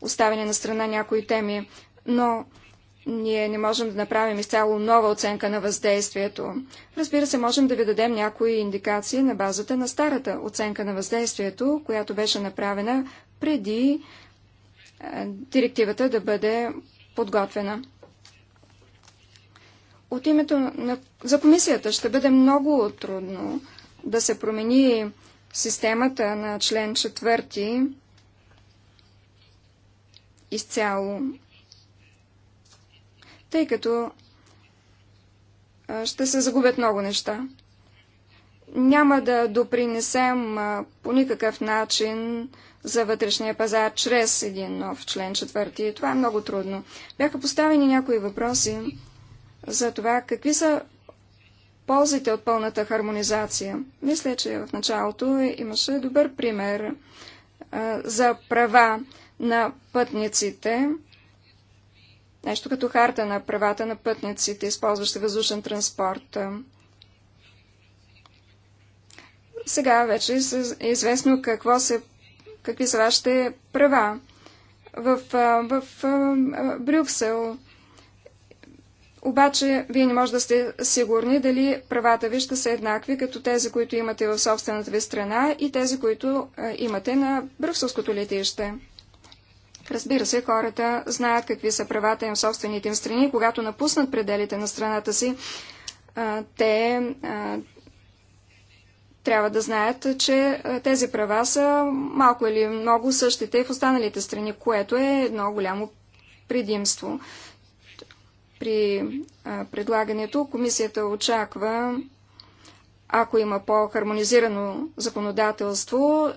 оставени на страна някои теми. Но ние не можем да направим изцяло нова оценка на въздействието. Разбира се, можем да ви дадем някои индикации на базата на старата оценка на въздействието, която беше направена преди директивата да бъде подготвена. От името на... за комисията ще бъде много трудно да се промени системата на член 4 изцяло, тъй като ще се загубят много неща. Няма да допринесем по никакъв начин за вътрешния пазар чрез един нов член четвърти. Това е много трудно. Бяха поставени някои въпроси за това какви са ползите от пълната хармонизация. Мисля, че в началото имаше добър пример за права на пътниците. Нещо като харта на правата на пътниците, използващи въздушен транспорт. Сега вече е известно какво се, какви са вашите права. В, в, в Брюксел обаче, вие не може да сте сигурни дали правата ви ще са еднакви, като тези, които имате в собствената ви страна и тези, които имате на Брюкселското летище. Разбира се, хората знаят какви са правата им в собствените им страни. Когато напуснат пределите на страната си, те трябва да знаят, че тези права са малко или много същите в останалите страни, което е едно голямо предимство при предлагането. Комисията очаква, ако има по-хармонизирано законодателство,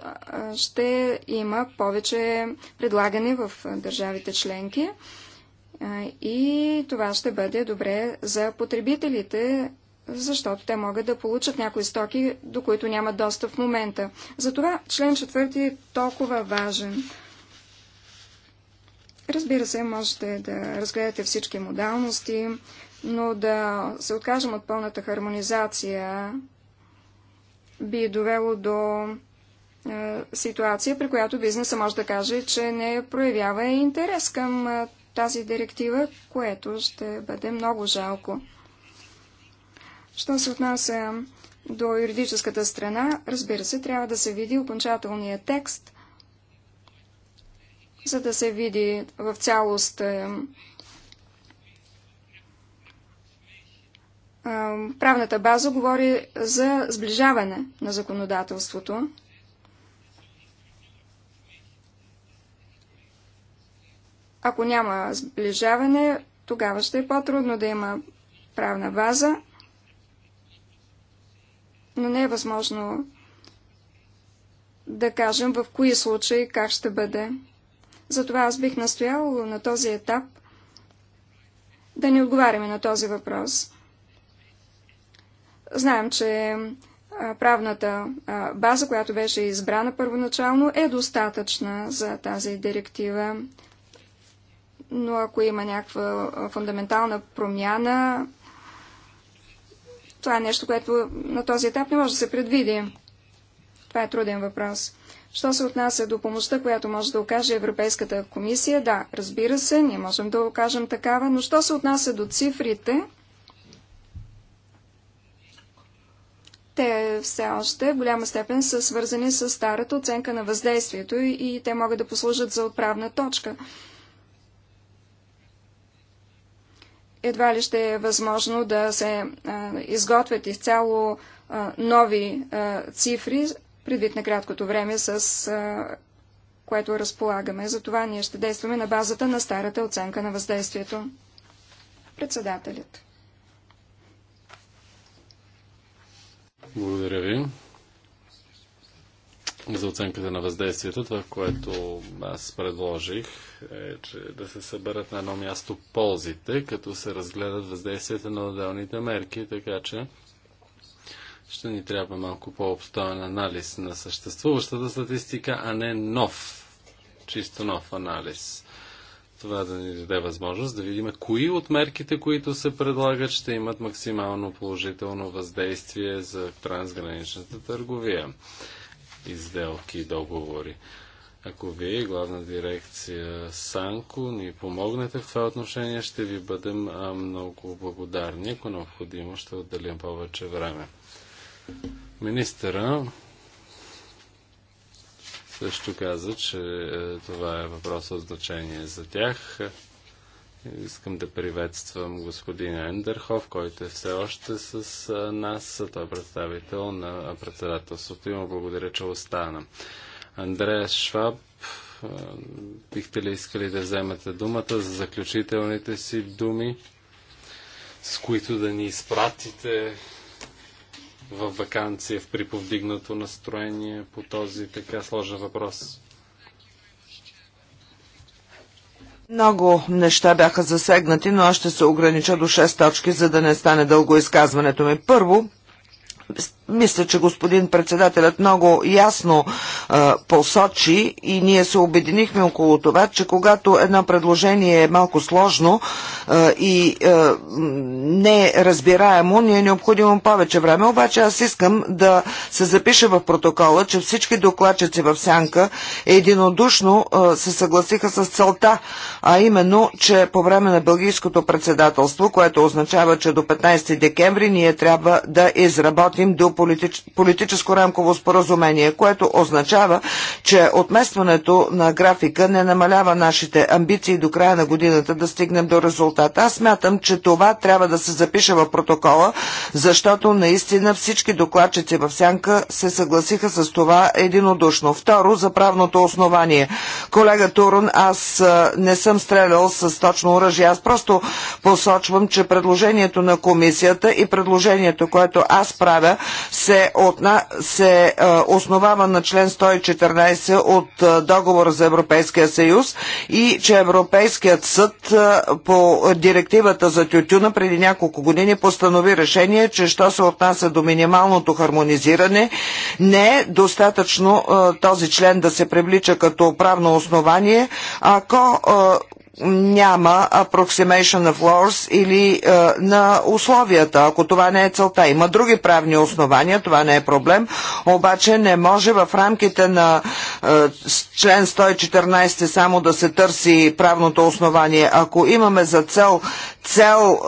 ще има повече предлагане в държавите членки и това ще бъде добре за потребителите, защото те могат да получат някои стоки, до които нямат достъп в момента. Затова член 4 е толкова важен. Разбира се, можете да разгледате всички модалности, но да се откажем от пълната хармонизация би довело до е, ситуация, при която бизнеса може да каже, че не проявява интерес към е, тази директива, което ще бъде много жалко. Що се отнася до юридическата страна, разбира се, трябва да се види окончателният текст – за да се види в цялост е, е, правната база говори за сближаване на законодателството. Ако няма сближаване, тогава ще е по-трудно да има правна база, но не е възможно да кажем в кои случаи как ще бъде затова аз бих настоял на този етап да не отговаряме на този въпрос. Знаем, че правната база, която беше избрана първоначално, е достатъчна за тази директива. Но ако има някаква фундаментална промяна, това е нещо, което на този етап не може да се предвиди. Това е труден въпрос. Що се отнася до помощта, която може да окаже Европейската комисия, да, разбира се, ние можем да окажем такава, но що се отнася до цифрите, те все още в голяма степен са свързани с старата оценка на въздействието и, те могат да послужат за отправна точка. Едва ли ще е възможно да се а, изготвят изцяло а, нови а, цифри, предвид на краткото време, с което разполагаме. Затова ние ще действаме на базата на старата оценка на въздействието. Председателят. Благодаря ви за оценката на въздействието. Това, което аз предложих е, че да се съберат на едно място ползите, като се разгледат въздействията на отделните мерки, така че ще ни трябва малко по-обстоен анализ на съществуващата статистика, а не нов, чисто нов анализ. Това да ни даде възможност да видим кои от мерките, които се предлагат, ще имат максимално положително въздействие за трансграничната търговия, изделки и договори. Ако вие, главна дирекция Санко, ни помогнете в това отношение, ще ви бъдем много благодарни. Ако необходимо, ще отделим повече време. Министъра също каза, че е, това е въпрос от значение за тях. Искам да приветствам господин Ендерхов, който е все още с е, нас. Той е представител на председателството и му благодаря, че остана. Андрея Шваб, е, бихте ли искали да вземете думата за заключителните си думи, с които да ни изпратите в вакансия, в приповдигнато настроение по този така сложен въпрос? Много неща бяха засегнати, но аз ще се огранича до 6 точки, за да не стане дълго изказването ми. Първо, мисля, че господин председателят много ясно а, е, посочи и ние се обединихме около това, че когато едно предложение е малко сложно а, е, и а, не е разбираемо, ни е необходимо повече време. Обаче аз искам да се запиша в протокола, че всички докладчици в Сянка единодушно а, е, се съгласиха с целта, а именно, че по време на бългийското председателство, което означава, че до 15 декември ние трябва да изработим допълнително политич... политическо рамково споразумение, което означава, че отместването на графика не намалява нашите амбиции до края на годината да стигнем до резултат. Аз смятам, че това трябва да се запише в протокола, защото наистина всички докладчици в Сянка се съгласиха с това единодушно. Второ, за правното основание. Колега Турун, аз не съм стрелял с точно оръжие. Аз просто посочвам, че предложението на комисията и предложението, което аз правя, се, отна, се а, основава на член 114 от а, договора за Европейския съюз и че Европейският съд а, по директивата за тютюна преди няколко години постанови решение, че що се отнася до минималното хармонизиране, не е достатъчно а, този член да се привлича като правно основание, ако а, няма approximation of laws или а, е, на условията, ако това не е целта. Има други правни основания, това не е проблем, обаче не може в рамките на а, е, член 114 само да се търси правното основание. Ако имаме за цел цел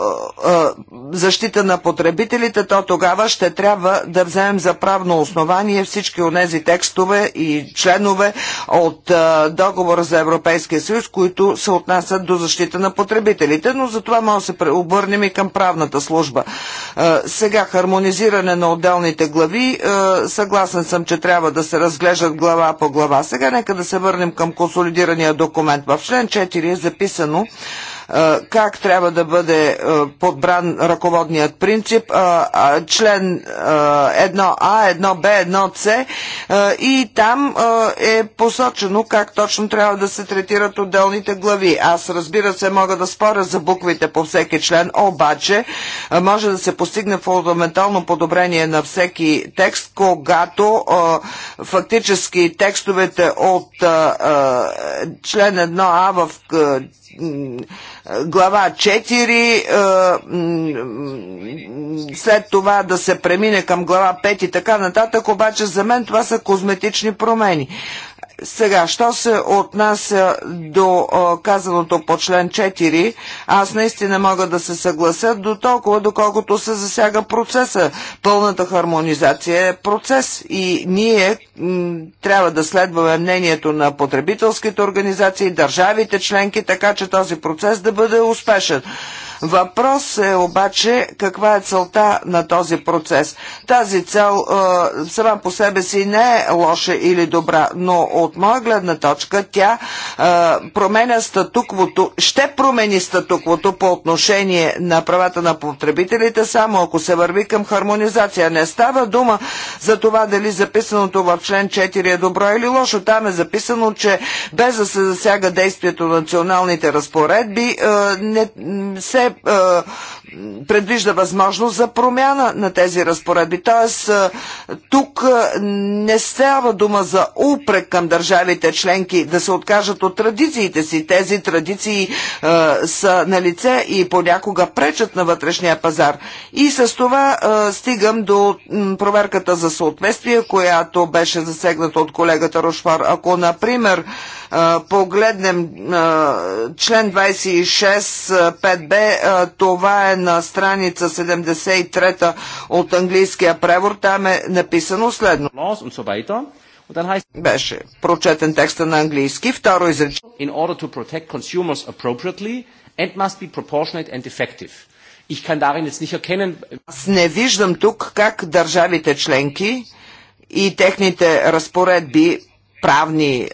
а, е, защита на потребителите, то тогава ще трябва да вземем за правно основание всички от тези текстове и членове от договора за Европейския съюз, които се отнасят отнасят до защита на потребителите, но за това може да се обърнем и към правната служба. Е, сега хармонизиране на отделните глави. Е, съгласен съм, че трябва да се разглеждат глава по глава. Сега нека да се върнем към консолидирания документ. В член 4 е записано, как трябва да бъде подбран ръководният принцип, член 1А, 1Б, 1С и там е посочено как точно трябва да се третират отделните глави. Аз разбира се мога да споря за буквите по всеки член, обаче може да се постигне фундаментално подобрение на всеки текст, когато фактически текстовете от член 1А в глава 4, след това да се премине към глава 5 и така нататък, обаче за мен това са козметични промени. Сега, що се отнася до казаното по член 4, аз наистина мога да се съглася до толкова, доколкото се засяга процеса. Пълната хармонизация е процес и ние трябва да следваме мнението на потребителските организации, държавите членки, така че този процес да бъде успешен. Въпрос е обаче каква е целта на този процес. Тази цел е, сама по себе си не е лоша или добра, но от моя гледна точка тя е, променя статуквото, ще промени статуквото по отношение на правата на потребителите, само ако се върви към хармонизация. Не става дума за това дали записаното в член 4 е добро или лошо. Там е записано, че без да се засяга действието на националните разпоредби, е, не се е, предвижда възможност за промяна на тези разпоредби. Тоест, тук не става дума за упрек към държавите членки да се откажат от традициите си. Тези традиции е, са на лице и понякога пречат на вътрешния пазар. И с това е, стигам до проверката за съответствие, която беше засегната от колегата Рошвар. Ако, например, погледнем член 26 5b, това е на страница 73 от английския превод, там е написано следно. Беше прочетен текста на английски, второ изречение. and must be proportionate and effective. Ich kann darin jetzt nicht erkennen. Аз не виждам тук как държавите членки и техните разпоредби правни е,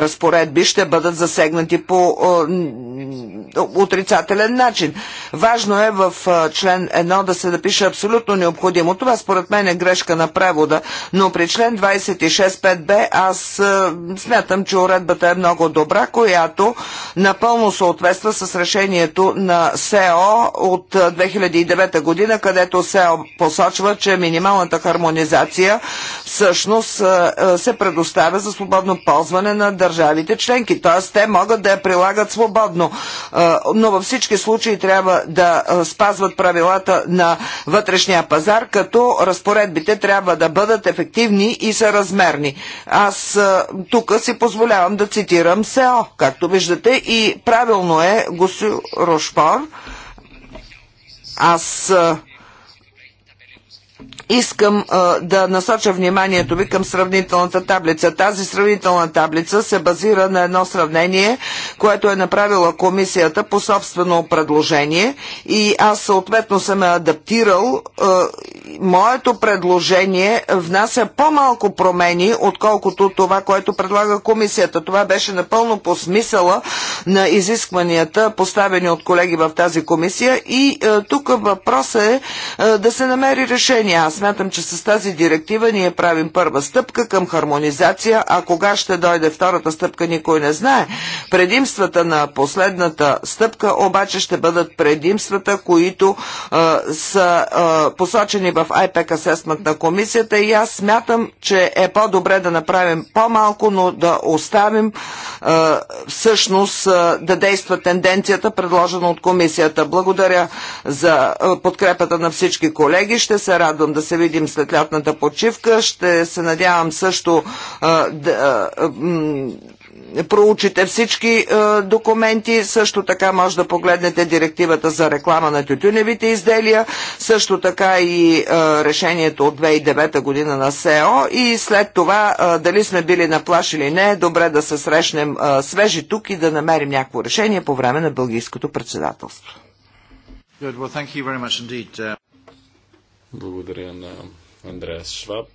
разпоредби ще бъдат засегнати по е, отрицателен начин. Важно е в е, член 1 да се напише абсолютно необходимо. Това според мен е грешка на превода, но при член 26.5b аз е, смятам, че уредбата е много добра, която напълно съответства с решението на СЕО от 2009 е, година, където СЕО посочва, че минималната хармонизация всъщност е, е се предоставя за свободно ползване на държавите членки. Т.е. те могат да я прилагат свободно. Но във всички случаи трябва да спазват правилата на вътрешния пазар, като разпоредбите трябва да бъдат ефективни и съразмерни. Аз тук си позволявам да цитирам СЕО, както виждате, и правилно е Гусю Рошпор. Аз искам а, да насоча вниманието ви към сравнителната таблица. Тази сравнителна таблица се базира на едно сравнение, което е направила комисията по собствено предложение и аз съответно съм е адаптирал. А, моето предложение внася по-малко промени, отколкото това, което предлага комисията. Това беше напълно по смисъла на изискванията, поставени от колеги в тази комисия и а, тук въпросът е да се намери решение. Аз смятам, че с тази директива ние правим първа стъпка към хармонизация, а кога ще дойде втората стъпка никой не знае. Предимствата на последната стъпка обаче ще бъдат предимствата, които а, са а, посочени в IPEC Assessment на комисията и аз смятам, че е по-добре да направим по-малко, но да оставим а, всъщност а, да действа тенденцията, предложена от комисията. Благодаря за подкрепата на всички колеги. Ще се радвам да се видим след лятната почивка. Ще се надявам също а, да, а, проучите всички документи, също така може да погледнете директивата за реклама на тютюневите изделия, също така и решението от 2009 година на СЕО и след това дали сме били на плаш или не, е добре да се срещнем свежи тук и да намерим някакво решение по време на бългийското председателство. Good. Well, thank you very much indeed. Uh, благодаря на Андреас Шваб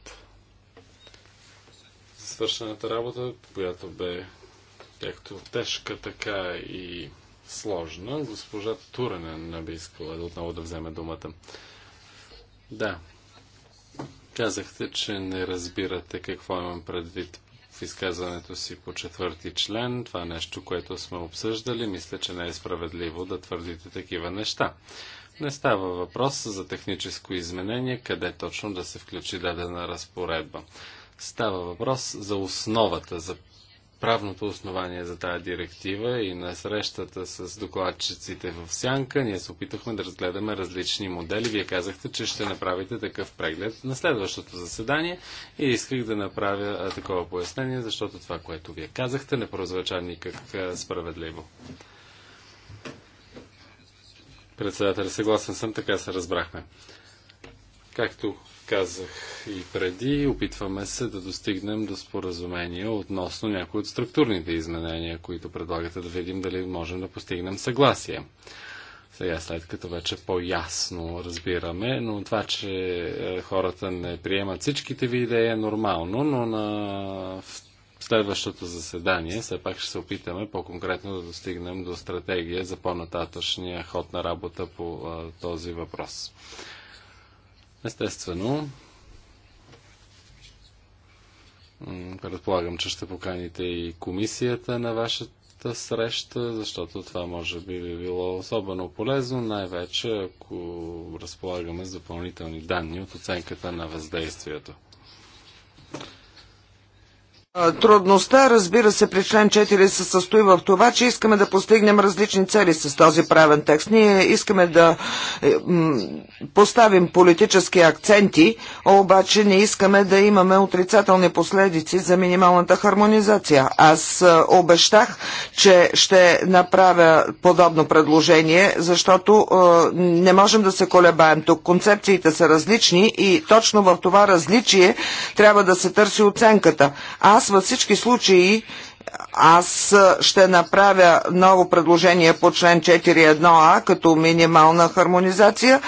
за свършената работа, която бе както тежка, така и сложна. Госпожа Туренен би искала да отново да вземе думата. Да. Казахте, че не разбирате какво имам предвид в изказването си по четвърти член. Това е нещо, което сме обсъждали. Мисля, че не е справедливо да твърдите такива неща. Не става въпрос за техническо изменение, къде точно да се включи дадена разпоредба. Става въпрос за основата, за правното основание за тази директива и на срещата с докладчиците в Сянка ние се опитахме да разгледаме различни модели. Вие казахте, че ще направите такъв преглед на следващото заседание и исках да направя такова пояснение, защото това, което вие казахте, не прозвуча никак справедливо. Председател, съгласен съм, така се разбрахме. Както казах и преди, опитваме се да достигнем до споразумение относно някои от структурните изменения, които предлагате да видим дали можем да постигнем съгласие. Сега, след като вече по-ясно разбираме, но това, че е, хората не приемат всичките ви идеи е нормално, но на следващото заседание все пак ще се опитаме по-конкретно да достигнем до стратегия за по-нататъчния ход на работа по а, този въпрос. Естествено, предполагам, че ще поканите и комисията на вашата среща, защото това може би би било особено полезно, най-вече ако разполагаме с допълнителни данни от оценката на въздействието. Трудността, разбира се, при член 4 се състои в това, че искаме да постигнем различни цели с този правен текст. Ние искаме да е, поставим политически акценти, обаче не искаме да имаме отрицателни последици за минималната хармонизация. Аз е, обещах, че ще направя подобно предложение, защото е, не можем да се колебаем тук. Концепциите са различни и точно в това различие трябва да се търси оценката. Аз аз във всички случаи аз ще направя ново предложение по член 4.1а като минимална хармонизация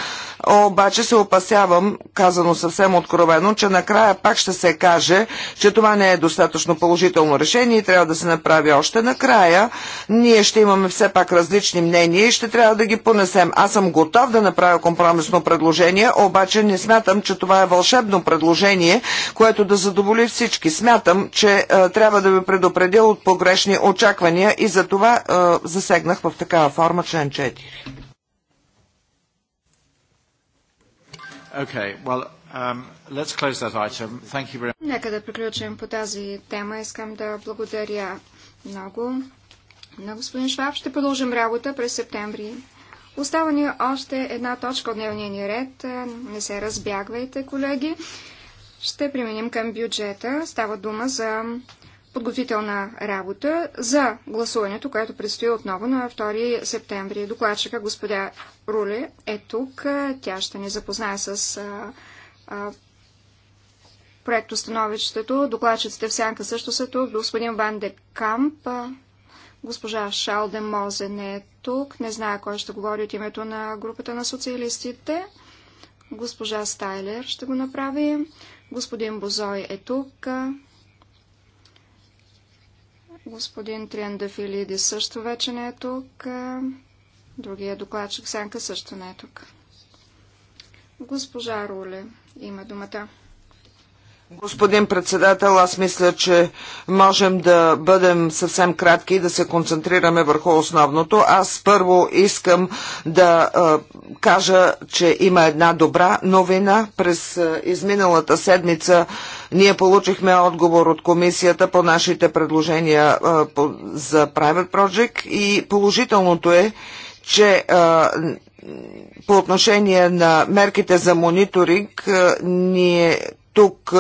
обаче се опасявам, казано съвсем откровено, че накрая пак ще се каже, че това не е достатъчно положително решение и трябва да се направи още накрая. Ние ще имаме все пак различни мнения и ще трябва да ги понесем. Аз съм готов да направя компромисно предложение, обаче не смятам, че това е вълшебно предложение, което да задоволи всички. Смятам, че е, трябва да ви предупредя от погрешни очаквания и за това е, засегнах в такава форма член 4. Okay, well, um, let's close that item. Thank you very... Нека да приключим по тази тема. Искам да благодаря много на господин Шваб. Ще продължим работа през септември. Остава ни още една точка от дневния ни ред. Не се разбягвайте, колеги. Ще применим към бюджета. Става дума за подготвителна работа за гласуването, което предстои отново на 2 септември. Докладчика господя Руле е тук. Тя ще ни запознае с а, а, проектостановището. Докладчиците в сянка също са тук. Господин Ван де Камп, госпожа Шалде Мозен е тук. Не знае кой ще говори от името на групата на социалистите. Госпожа Стайлер ще го направи. Господин Бозой е тук. Господин Триандафилиди също вече не е тук. Другия докладчик Сянка също не е тук. Госпожа Руле има думата. Господин председател, аз мисля, че можем да бъдем съвсем кратки и да се концентрираме върху основното. Аз първо искам да е, кажа, че има една добра новина. През е, изминалата седмица ние получихме отговор от комисията по нашите предложения за Private Project и положителното е, че по отношение на мерките за мониторинг, ние тук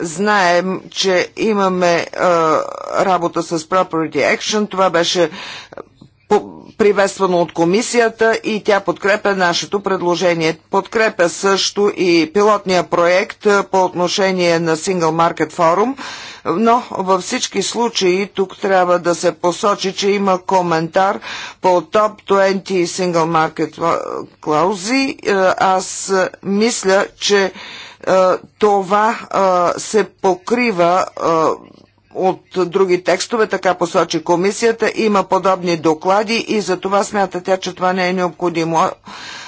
знаем, че имаме работа с Property Action. Това беше приветствано от комисията и тя подкрепя нашето предложение. Подкрепя също и пилотния проект по отношение на Single Market Forum, но във всички случаи тук трябва да се посочи, че има коментар по топ 20 Single Market клаузи. Аз мисля, че това се покрива от други текстове, така посочи комисията, има подобни доклади и за това смята тя, че това не е необходимо.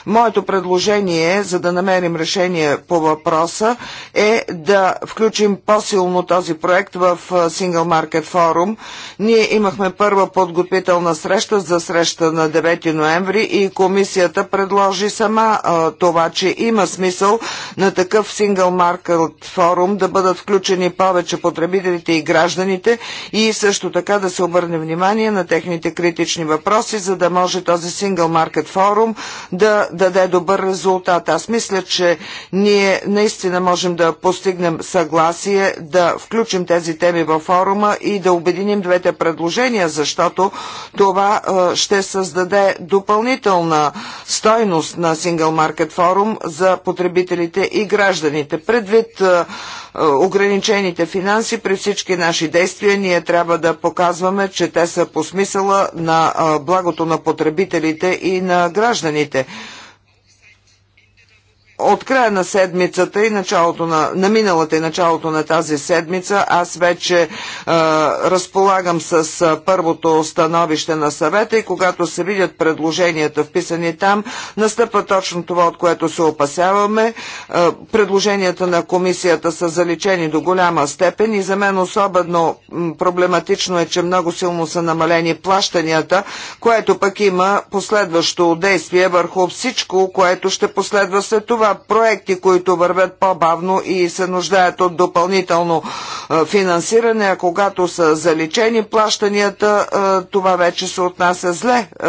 Моето предложение, за да намерим решение по въпроса, е да включим по-силно този проект в Single Market Forum. Ние имахме първа подготвителна среща за среща на 9 ноември и комисията предложи сама а, това, че има смисъл на такъв Single Market Forum да бъдат включени повече потребителите и гражданите гражданите и също така да се обърне внимание на техните критични въпроси, за да може този Сингъл маркет форум да даде добър резултат. Аз мисля, че ние наистина можем да постигнем съгласие, да включим тези теми във форума и да обединим двете предложения, защото това ще създаде допълнителна стойност на Сингъл Маркет форум за потребителите и гражданите. Предвид е, ограничените финанси, при всички наши действия ние трябва да показваме, че те са по смисъла на е, благото на потребителите и на гражданите от края на седмицата и началото на, на миналата и началото на тази седмица аз вече е, разполагам с е, първото становище на съвета и когато се видят предложенията вписани там, настъпва точно това, от което се опасяваме. Е, предложенията на комисията са заличени до голяма степен и за мен особено проблематично е, че много силно са намалени плащанията, което пък има последващо действие върху всичко, което ще последва след това проекти, които вървят по-бавно и се нуждаят от допълнително е, финансиране, а когато са заличени плащанията, е, това вече се отнася зле е,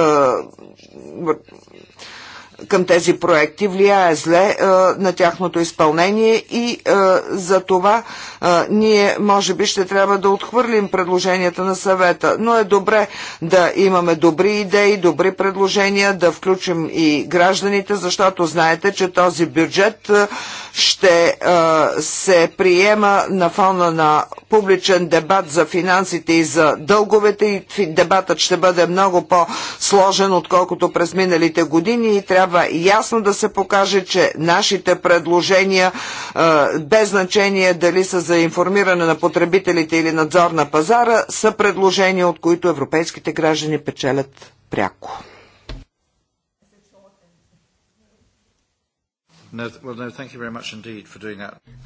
към тези проекти влияе зле а, е, на тяхното изпълнение и а, е, за това а, е, ние може би ще трябва да отхвърлим предложенията на съвета, но е добре да имаме добри идеи, добри предложения, да включим и гражданите, защото знаете, че този бюджет ще се приема на фона на публичен дебат за финансите и за дълговете и дебатът ще бъде много по-сложен, отколкото през миналите години и трябва трябва ясно да се покаже, че нашите предложения, е, без значение дали са за информиране на потребителите или надзор на пазара, са предложения, от които европейските граждани печелят пряко.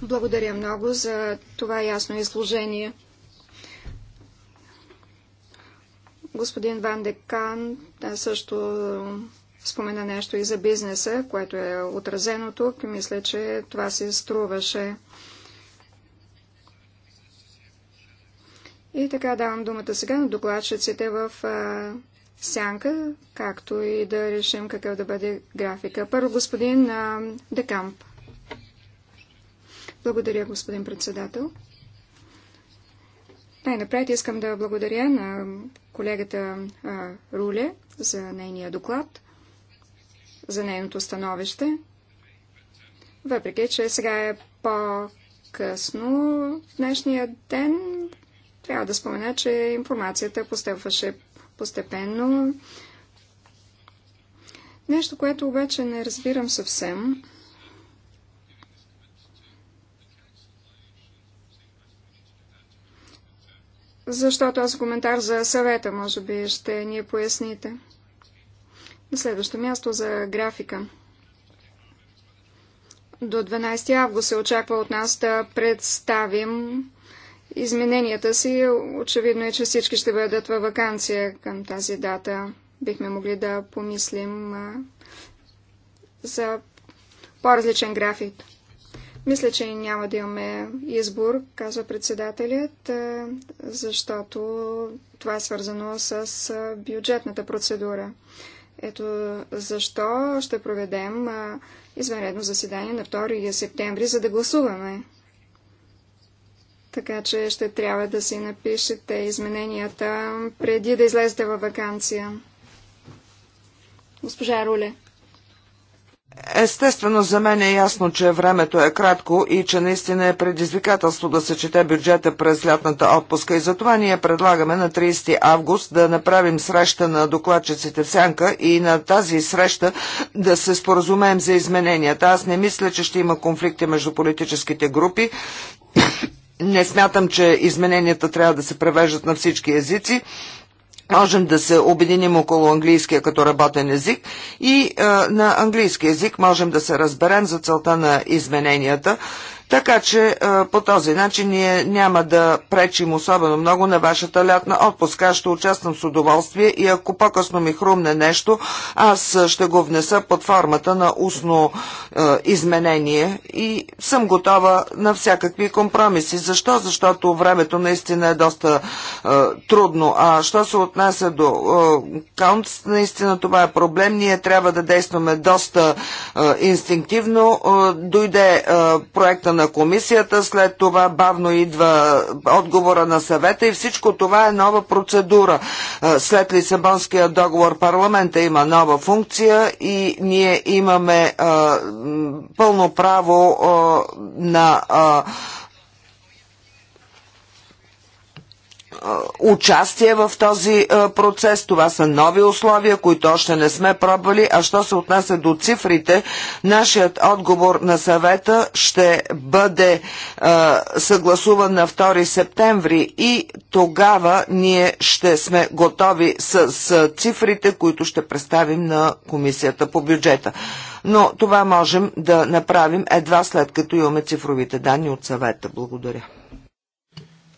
Благодаря много за това ясно изложение. Господин Ван Декан също спомена нещо и за бизнеса, което е отразено тук. Мисля, че това се струваше. И така давам думата сега на докладчиците в а, сянка, както и да решим какъв да бъде графика. Първо господин а, Декамп. Благодаря, господин председател. Най-напред искам да благодаря на колегата а, Руле за нейния доклад за нейното становище. Въпреки, че сега е по-късно в днешния ден, трябва да спомена, че информацията постъпваше постепенно. Нещо, което обаче не разбирам съвсем, защото този коментар за съвета, може би, ще ни поясните. На следващо място за графика. До 12 август се очаква от нас да представим измененията си. Очевидно е, че всички ще бъдат във вакансия към тази дата. Бихме могли да помислим за по-различен график. Мисля, че няма да имаме избор, казва председателят, защото това е свързано с бюджетната процедура. Ето защо ще проведем извънредно заседание на 2 септември, за да гласуваме. Така че ще трябва да си напишете измененията преди да излезете във вакансия. Госпожа Руле. Естествено, за мен е ясно, че времето е кратко и че наистина е предизвикателство да се чете бюджета през лятната отпуска и затова ние предлагаме на 30 август да направим среща на докладчиците в Сянка и на тази среща да се споразумеем за измененията. Аз не мисля, че ще има конфликти между политическите групи. Не смятам, че измененията трябва да се превеждат на всички езици можем да се обединим около английския като работен език и а, на английски език можем да се разберем за целта на измененията. Така че по този начин ние няма да пречим особено много на вашата лятна отпуска. Аз ще участвам с удоволствие и ако по-късно ми хрумне нещо, аз ще го внеса под формата на устно е, изменение и съм готова на всякакви компромиси. Защо? Защото времето наистина е доста е, трудно. А що се отнася до е, каунт, наистина това е проблем. Ние трябва да действаме доста е, инстинктивно. Е, дойде е, проекта на комисията, след това бавно идва отговора на съвета и всичко това е нова процедура. Е, след Лисабонския договор парламента има нова функция и ние имаме е, пълно право е, на участие в този процес. Това са нови условия, които още не сме пробвали. А що се отнася до цифрите, нашият отговор на съвета ще бъде съгласуван на 2 септември и тогава ние ще сме готови с, с цифрите, които ще представим на Комисията по бюджета. Но това можем да направим едва след като имаме цифровите данни от съвета. Благодаря.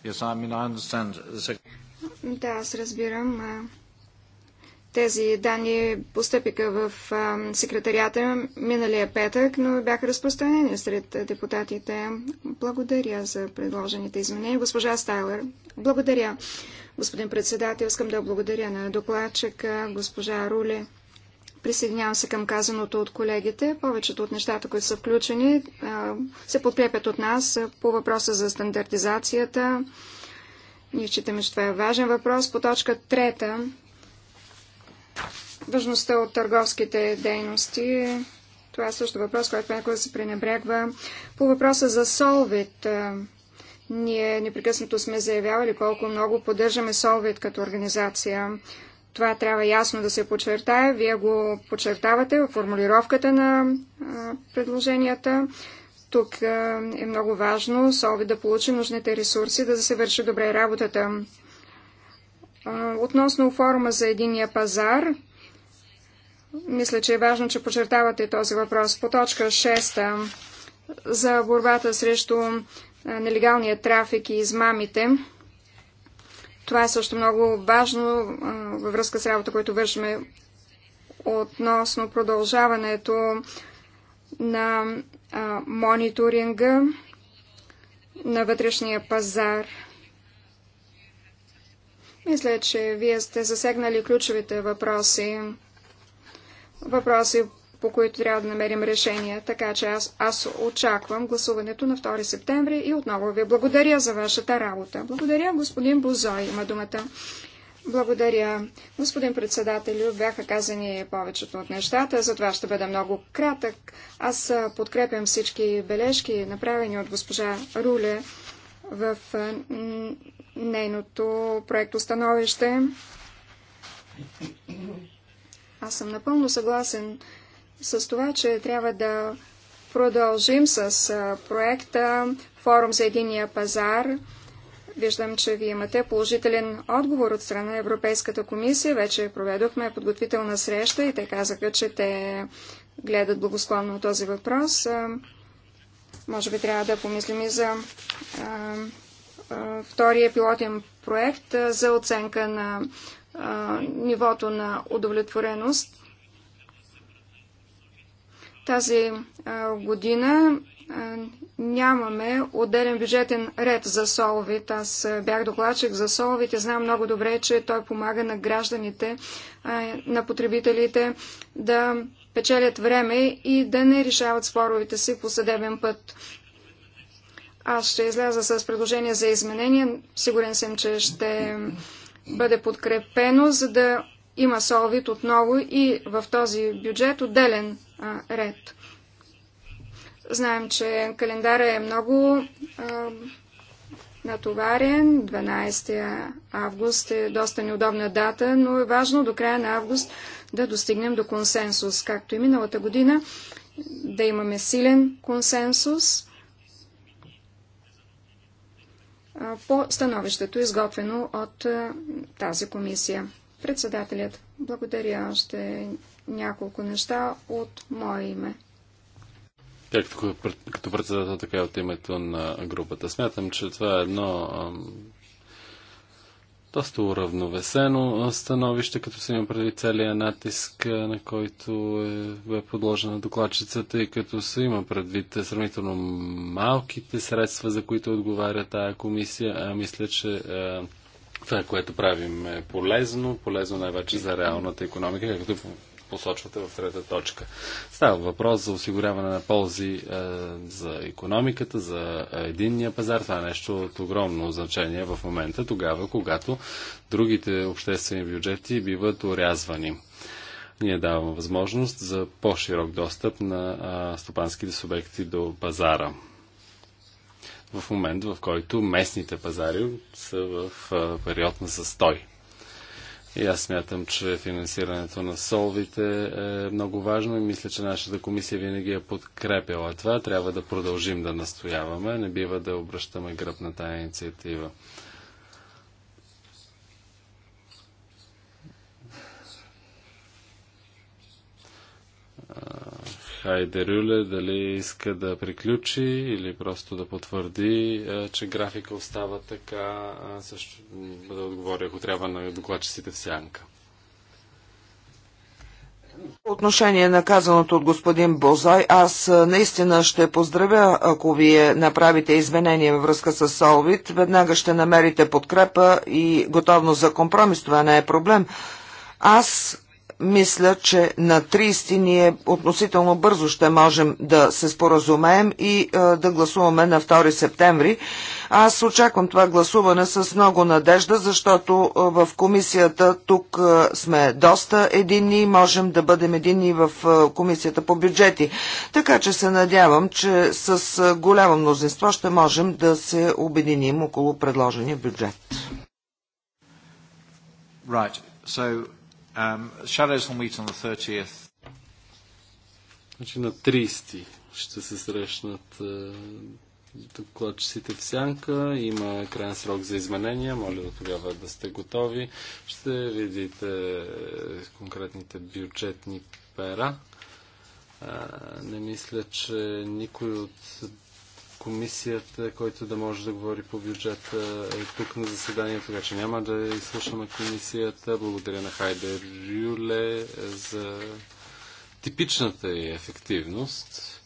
Yes, I mean, I understand. Да, аз разбирам. Тези данни постъпиха в секретарията миналия петък, но бяха разпространени сред депутатите. Благодаря за предложените изменения. Госпожа Стайлер, благодаря. Господин председател, искам да благодаря на докладчика, госпожа Руле Присъединявам се към казаното от колегите. Повечето от нещата, които са включени, се подкрепят от нас по въпроса за стандартизацията. Ние считаме, че това е важен въпрос. По точка трета, важността от търговските дейности. Това е също въпрос, който да се пренебрегва. По въпроса за Солвит, ние непрекъснато сме заявявали колко много поддържаме Солвит като организация. Това трябва ясно да се подчертае. Вие го подчертавате в формулировката на предложенията. Тук е много важно СОВИ да получи нужните ресурси, да се върши добре работата. Относно форума за единия пазар, мисля, че е важно, че подчертавате този въпрос. По точка 6 за борбата срещу нелегалния трафик и измамите. Това е също много важно във връзка с работа, която вършиме относно продължаването на а, мониторинга на вътрешния пазар. Мисля, че вие сте засегнали ключовите въпроси. Въпроси по които трябва да намерим решение. Така че аз, аз очаквам гласуването на 2 септември и отново ви благодаря за вашата работа. Благодаря, господин Бозой. Има думата. Благодаря. Господин председател, бяха казани повечето от нещата, затова ще бъда много кратък. Аз подкрепям всички бележки, направени от госпожа Руле в нейното проекто становище. Аз съм напълно съгласен с това, че трябва да продължим с проекта Форум за единия пазар. Виждам, че вие имате положителен отговор от страна на Европейската комисия. Вече проведохме подготвителна среща и те казаха, че те гледат благосклонно този въпрос. Може би трябва да помислим и за втория пилотен проект за оценка на нивото на удовлетвореност тази година нямаме отделен бюджетен ред за Соловит. Аз бях докладчик за соловите. знам много добре, че той помага на гражданите, на потребителите да печелят време и да не решават споровите си по съдебен път. Аз ще изляза с предложение за изменение. Сигурен съм, че ще бъде подкрепено, за да има солвит отново и в този бюджет отделен ред. Знаем, че календара е много а, натоварен. 12 август е доста неудобна дата, но е важно до края на август да достигнем до консенсус, както и миналата година, да имаме силен консенсус по становището, изготвено от тази комисия. Председателят, благодаря, още няколко неща от мое име. Както като председател, така и от името на групата. Смятам, че това е едно доста уравновесено становище, като се има преди целия натиск, на който е, е подложена докладчицата и като се има предвид е, сравнително малките средства, за които отговаря тая комисия, а мисля, че е, това, което правим е полезно, полезно най-вече за реалната економика, както посочвате в трета точка. Става въпрос за осигуряване на ползи е, за економиката, за единния пазар. Това е нещо от огромно значение в момента, тогава, когато другите обществени бюджети биват урязвани. Ние даваме възможност за по-широк достъп на е, стопанските субекти до пазара в момент, в който местните пазари са в период на застой. И аз смятам, че финансирането на солвите е много важно и мисля, че нашата комисия винаги е подкрепила това. Трябва да продължим да настояваме. Не бива да обръщаме гръб на тая инициатива. Хайдерюле дали иска да приключи или просто да потвърди, е, че графика остава така, е, също да отговоря, ако трябва на докладчиците в сянка. отношение на казаното от господин Бозай, аз е, наистина ще поздравя, ако вие направите изменения във връзка с Солвит. Веднага ще намерите подкрепа и готовност за компромис. Това не е проблем. Аз мисля, че на 30 ние относително бързо ще можем да се споразумеем и да гласуваме на 2 септември. Аз очаквам това гласуване с много надежда, защото в комисията тук сме доста единни и можем да бъдем единни в комисията по бюджети. Така че се надявам, че с голямо мнозинство ще можем да се обединим около предложения бюджет. Right. So Um, shadows will meet on the 30th. Значи на 30 ще се срещнат е, докладчиците в сянка. Има крайен срок за изменения. Моля до тогава да сте готови. Ще видите е, конкретните бюджетни пера. Е, не мисля, че никой от комисията, който да може да говори по бюджета е тук на заседанието, така че няма да изслушаме комисията. Благодаря на Хайдер Рюле за типичната и ефективност.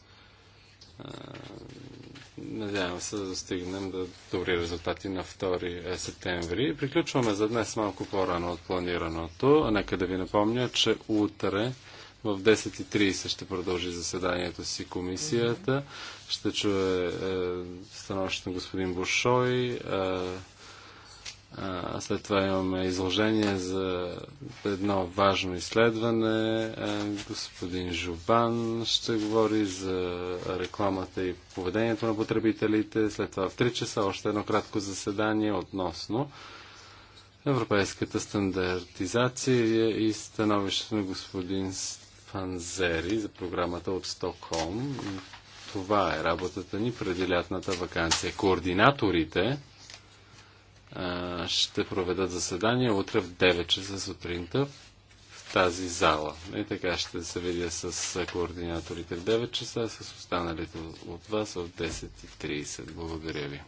Надявам се да достигнем до добри резултати на 2 е, септември. Приключваме за днес малко по-рано от планираното. Нека да ви напомня, че утре в 10.30 ще продължи заседанието си комисията ще чуе е, становището на господин Бушой. Е, е, а, след това имаме изложение за едно важно изследване. Е, господин Жубан ще говори за рекламата и поведението на потребителите. След това в 3 часа още едно кратко заседание относно европейската стандартизация и становището на господин Панзери за програмата от Стокхолм. Това е работата ни преди лятната вакансия. Координаторите а, ще проведат заседание утре в 9 часа сутринта в тази зала. И така ще се видя с координаторите в 9 часа, с останалите от вас в 10.30. Благодаря ви.